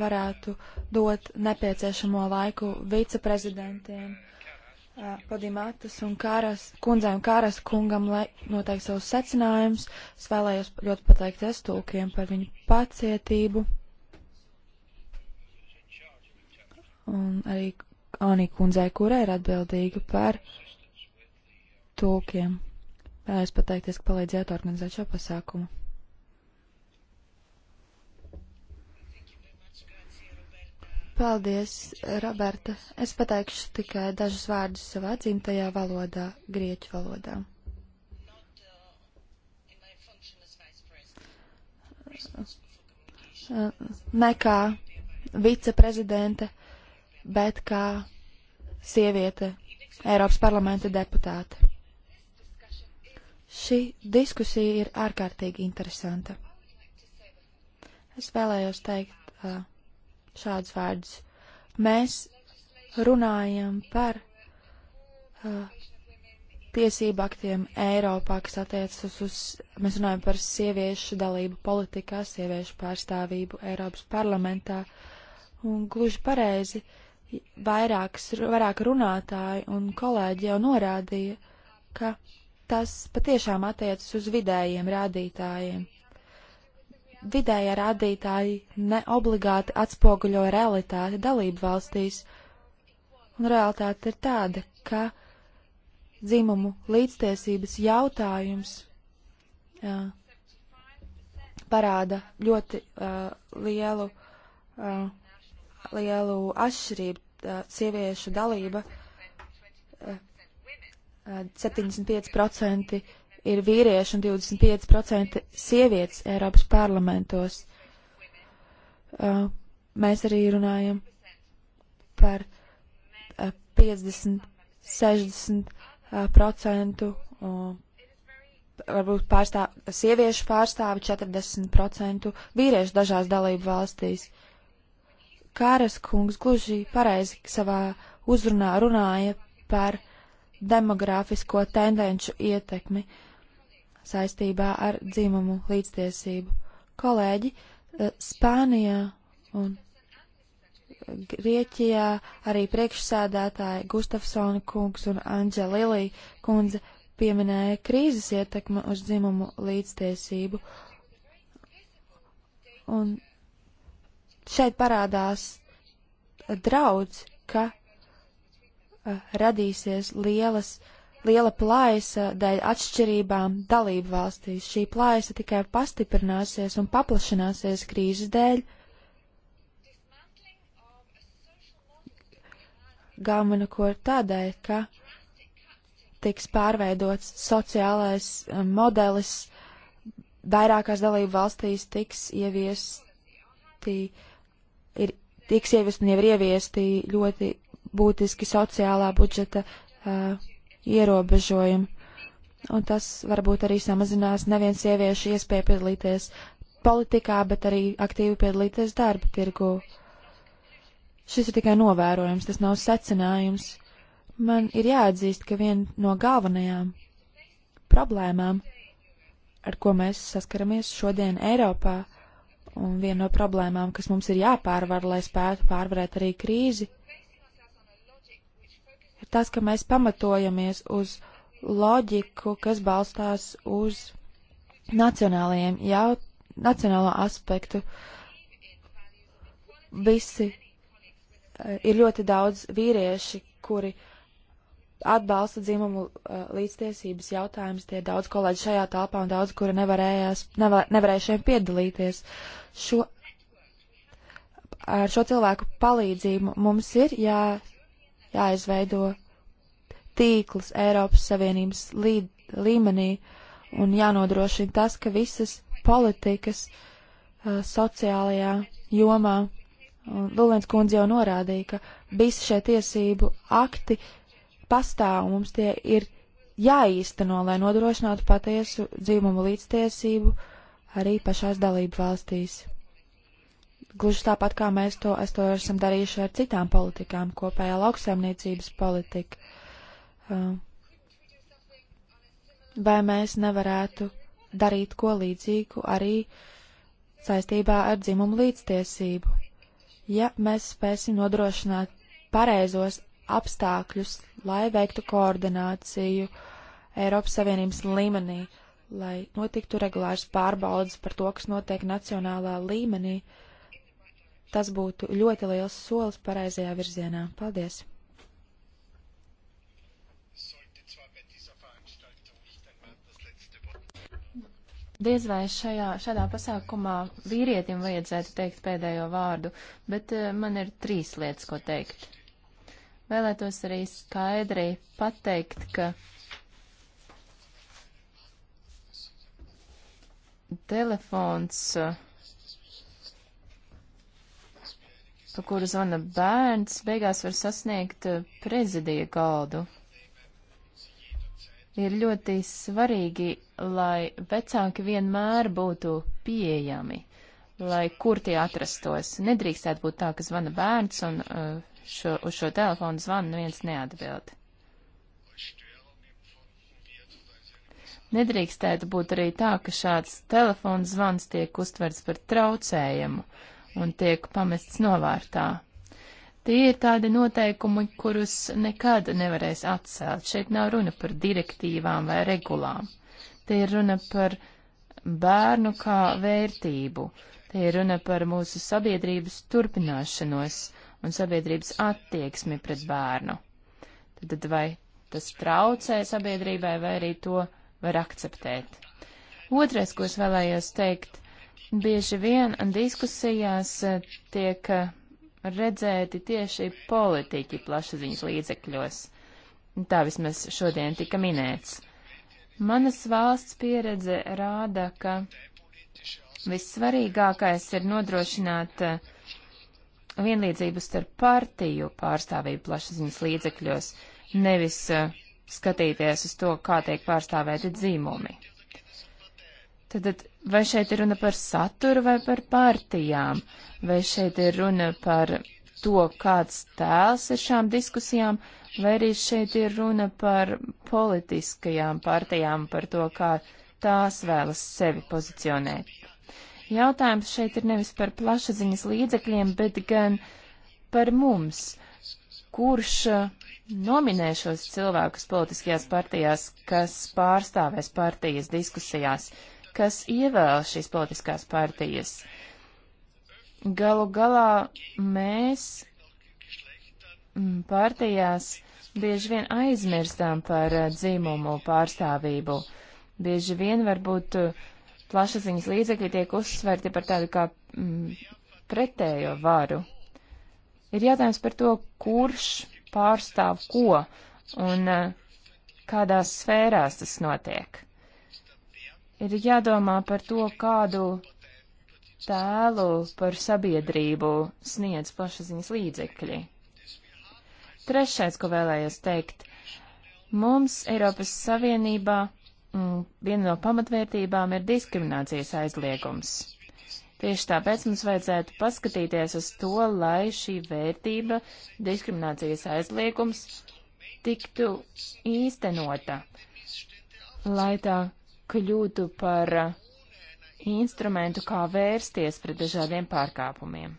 varētu dot nepieciešamo laiku viceprezidentiem uh, Padimātas un Kāras kundzēm Kāras kungam, lai noteikti savus secinājumus. Es vēlējos ļoti pateikties tulkiem par viņu pacietību. Un arī Anī kundzei, kura ir atbildīga par tulkiem. Vēlējos pateikties, ka palīdzējāt organizēt šo pasākumu. Paldies, Roberta. Es pateikšu tikai dažus vārdus savā dzimtajā valodā, grieķu valodā. Ne kā viceprezidente, bet kā sieviete, Eiropas parlamenta deputāte. Šī diskusija ir ārkārtīgi interesanta. Es vēlējos teikt uh, šādus vārdus. Mēs runājam par uh, tiesību aktiem Eiropā, kas attiecas uz, mēs runājam par sieviešu dalību politikā, sieviešu pārstāvību Eiropas parlamentā. Un gluži pareizi, vairāks, vairāk runātāji un kolēģi jau norādīja, ka tas patiešām attiecas uz vidējiem rādītājiem. Vidējie rādītāji neobligāti atspoguļo realitāti dalību valstīs, un realitāte ir tāda, ka dzimumu līdztiesības jautājums jā, parāda ļoti uh, lielu, uh, lielu atšķirību. Uh, sieviešu dalība uh, 75% ir vīrieši un 25% sievietes Eiropas parlamentos. Uh, mēs arī runājam par uh, 50-60% uh, procentu, varbūt pārstāv, sieviešu pārstāvi 40% vīriešu dažās dalību valstīs. Kāras kungs gluži pareizi savā uzrunā runāja par demogrāfisko tendenču ietekmi. Uh, saistībā ar dzimumu līdztiesību. Kolēģi, eh, Spānijā un Grieķijā arī priekšsēdētāji Gustafsona kungs un Anģela Lilī kundze pieminēja krīzes ietekmi uz dzimumu līdztiesību. Un šeit parādās draudz, ka a, eh, radīsies lielas uh, liela plaisa dēļ atšķirībām dalību valstīs. Šī plaisa tikai pastiprināsies un paplašināsies krīzes dēļ. Galvenokārt tādēļ, ka tiks pārveidots sociālais um, modelis, vairākās dalību valstīs tiks ieviesti, ir, tiks ieviesti un jau ir ieviesti ļoti būtiski sociālā budžeta uh, ierobežojumi. Un tas varbūt arī samazinās nevienu sieviešu iespēju piedalīties politikā, bet arī aktīvi piedalīties darba tirgu. Šis ir tikai novērojums, tas nav secinājums. Man ir jāatzīst, ka viena no galvenajām problēmām, ar ko mēs saskaramies šodien Eiropā, un viena no problēmām, kas mums ir jāpārvar, lai spētu pārvarēt arī krīzi, tas, ka mēs pamatojamies uz loģiku, kas balstās uz nacionālajiem jau nacionālo aspektu. Visi eh, ir ļoti daudz vīrieši, kuri atbalsta dzimumu eh, līdztiesības jautājumus. Tie daudz kolēģi šajā telpā un daudz, kuri nevarējās, nevar, nevarēja šiem piedalīties. Šo, ar šo cilvēku palīdzību mums ir jā, jāizveido tīkls Eiropas Savienības lī, līmenī un jānodrošina tas, ka visas politikas uh, sociālajā jomā, un Lulens kundze jau norādīja, ka visi šie tiesību akti pastāv un mums tie ir jāīsteno, lai nodrošinātu patiesu dzīvumu līdztiesību arī pašās dalību valstīs. Gluži tāpat kā mēs to, es to esam darījuši ar citām politikām, kopējā lauksaimniecības politika. Uh, vai mēs nevarētu darīt ko līdzīgu arī saistībā ar dzimumu līdztiesību. Ja mēs spēsim nodrošināt pareizos apstākļus, lai veiktu koordināciju Eiropas Savienības līmenī, lai notiktu regulārs pārbaudas par to, kas notiek nacionālā līmenī, tas būtu ļoti liels solis pareizajā virzienā. Paldies! Diez vai šajā, šādā pasākumā vīrietim vajadzētu teikt pēdējo vārdu, bet eh, man ir trīs lietas, ko teikt. Vēlētos arī skaidri pateikt, ka telefons, pa kuru zvana bērns, beigās var sasniegt eh, prezidija galdu. Ir ļoti svarīgi, lai vecāki vienmēr būtu pieejami, lai kur tie atrastos. Nedrīkstētu būt tā, ka zvana bērns un uh, šo, uz šo telefonu zvanu neviens neatbild. Nedrīkstētu būt arī tā, ka šāds telefons zvans tiek uztverts par traucējumu un tiek pamests novārtā. Tie ir tādi noteikumi, kurus nekad nevarēs atcelt. Šeit nav runa par direktīvām vai regulām. Te ir runa par bērnu kā vērtību. Te ir runa par mūsu sabiedrības turpināšanos un sabiedrības attieksmi pret bērnu. Tad, tad vai tas traucē sabiedrībai, vai arī to var akceptēt. Otrais, ko es vēlējos teikt, bieži vien diskusijās tiek redzēti tieši politiķi plašsaziņas līdzekļos. Tā vismaz šodien tika minēts. Manas valsts pieredze rāda, ka vissvarīgākais ir nodrošināt uh, vienlīdzību starp partiju pārstāvību plašsaziņas līdzekļos, nevis uh, skatīties uz to, kā tiek pārstāvēti dzīmumi. Tad vai šeit ir runa par saturu vai par partijām? Vai šeit ir runa par to, kāds tēls ir šām diskusijām, vai arī šeit ir runa par politiskajām partijām, par to, kā tās vēlas sevi pozicionēt? Jautājums šeit ir nevis par plašaziņas līdzekļiem, bet gan par mums. Kurš uh, nominē šos cilvēkus politiskajās partijās, kas pārstāvēs partijas diskusijās? Uh, kas ievēl šīs politiskās partijas. Galu galā mēs mm, partijās bieži vien aizmirstām par eh, dzimumu pārstāvību. Bieži vien varbūt eh, plašsaziņas līdzekļi tiek uzsverti par tādu kā mm, pretējo varu. Ir jautājums par to, kurš pārstāv ko un eh, kādās sfērās tas notiek. Ir jādomā par to, kādu tēlu par sabiedrību sniedz plašsaziņas līdzekļi. Trešais, ko vēlējos teikt, mums Eiropas Savienībā m, mm, viena no pamatvērtībām ir diskriminācijas aizliegums. Tieši tāpēc mums vajadzētu paskatīties uz to, lai šī vērtība, diskriminācijas aizliegums, tiktu īstenota, lai tā kļūtu par instrumentu, kā vērsties pret dažādiem pārkāpumiem.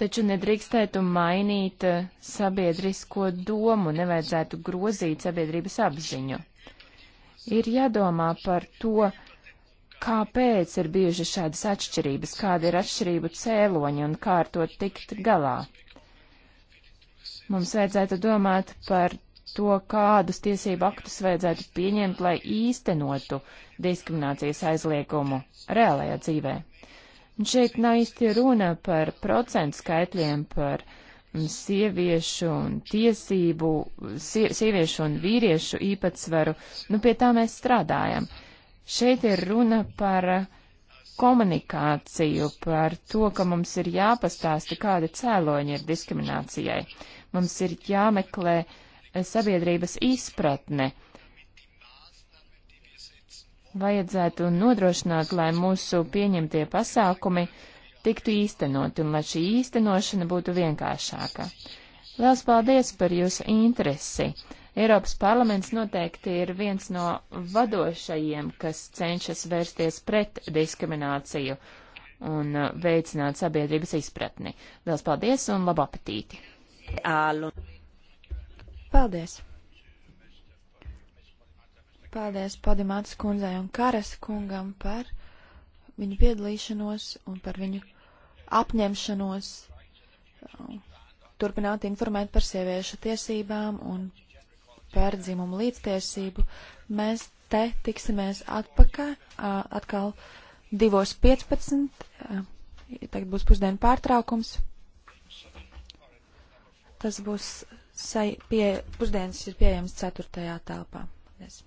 Taču nedrīkstētu mainīt sabiedrisko domu, nevajadzētu grozīt sabiedrības apziņu. Ir jādomā par to, kāpēc ir bijušas šādas atšķirības, kāda ir atšķirību cēloņi un kā ar to tikt galā. Mums vajadzētu domāt par to, kādus tiesību aktus vajadzētu pieņemt, lai īstenotu diskriminācijas aizliegumu reālajā dzīvē. Un šeit nav īsti runa par procentu skaitļiem, par mm, sieviešu un tiesību, sie, sieviešu un vīriešu īpatsvaru. Nu, pie tā mēs strādājam. Šeit ir runa par komunikāciju, par to, ka mums ir jāpastāsta, kādi cēloņi ir diskriminācijai. Mums ir jāmeklē uh, sabiedrības izpratne. Vajadzētu nodrošināt, lai mūsu pieņemtie pasākumi tiktu īstenoti un lai šī īstenošana būtu vienkāršāka. Lielas paldies par jūsu interesi! Eiropas parlaments noteikti ir viens no vadošajiem, kas cenšas vērsties pret diskrimināciju un veicināt sabiedrības izpratni. Lielas paldies un labu apetīti! Alu. Paldies! Paldies Padimātas kundzei un Karas kungam par viņu piedalīšanos un par viņu apņemšanos um, turpināt informēt par sieviešu tiesībām un par dzimumu līdztiesību. Mēs te tiksimies atpakaļ, atkal 2.15. Tagad būs pusdienu pārtraukums. Tas būs Sai, pie, pusdienas ir pieejams ceturtajā telpā. Paldies.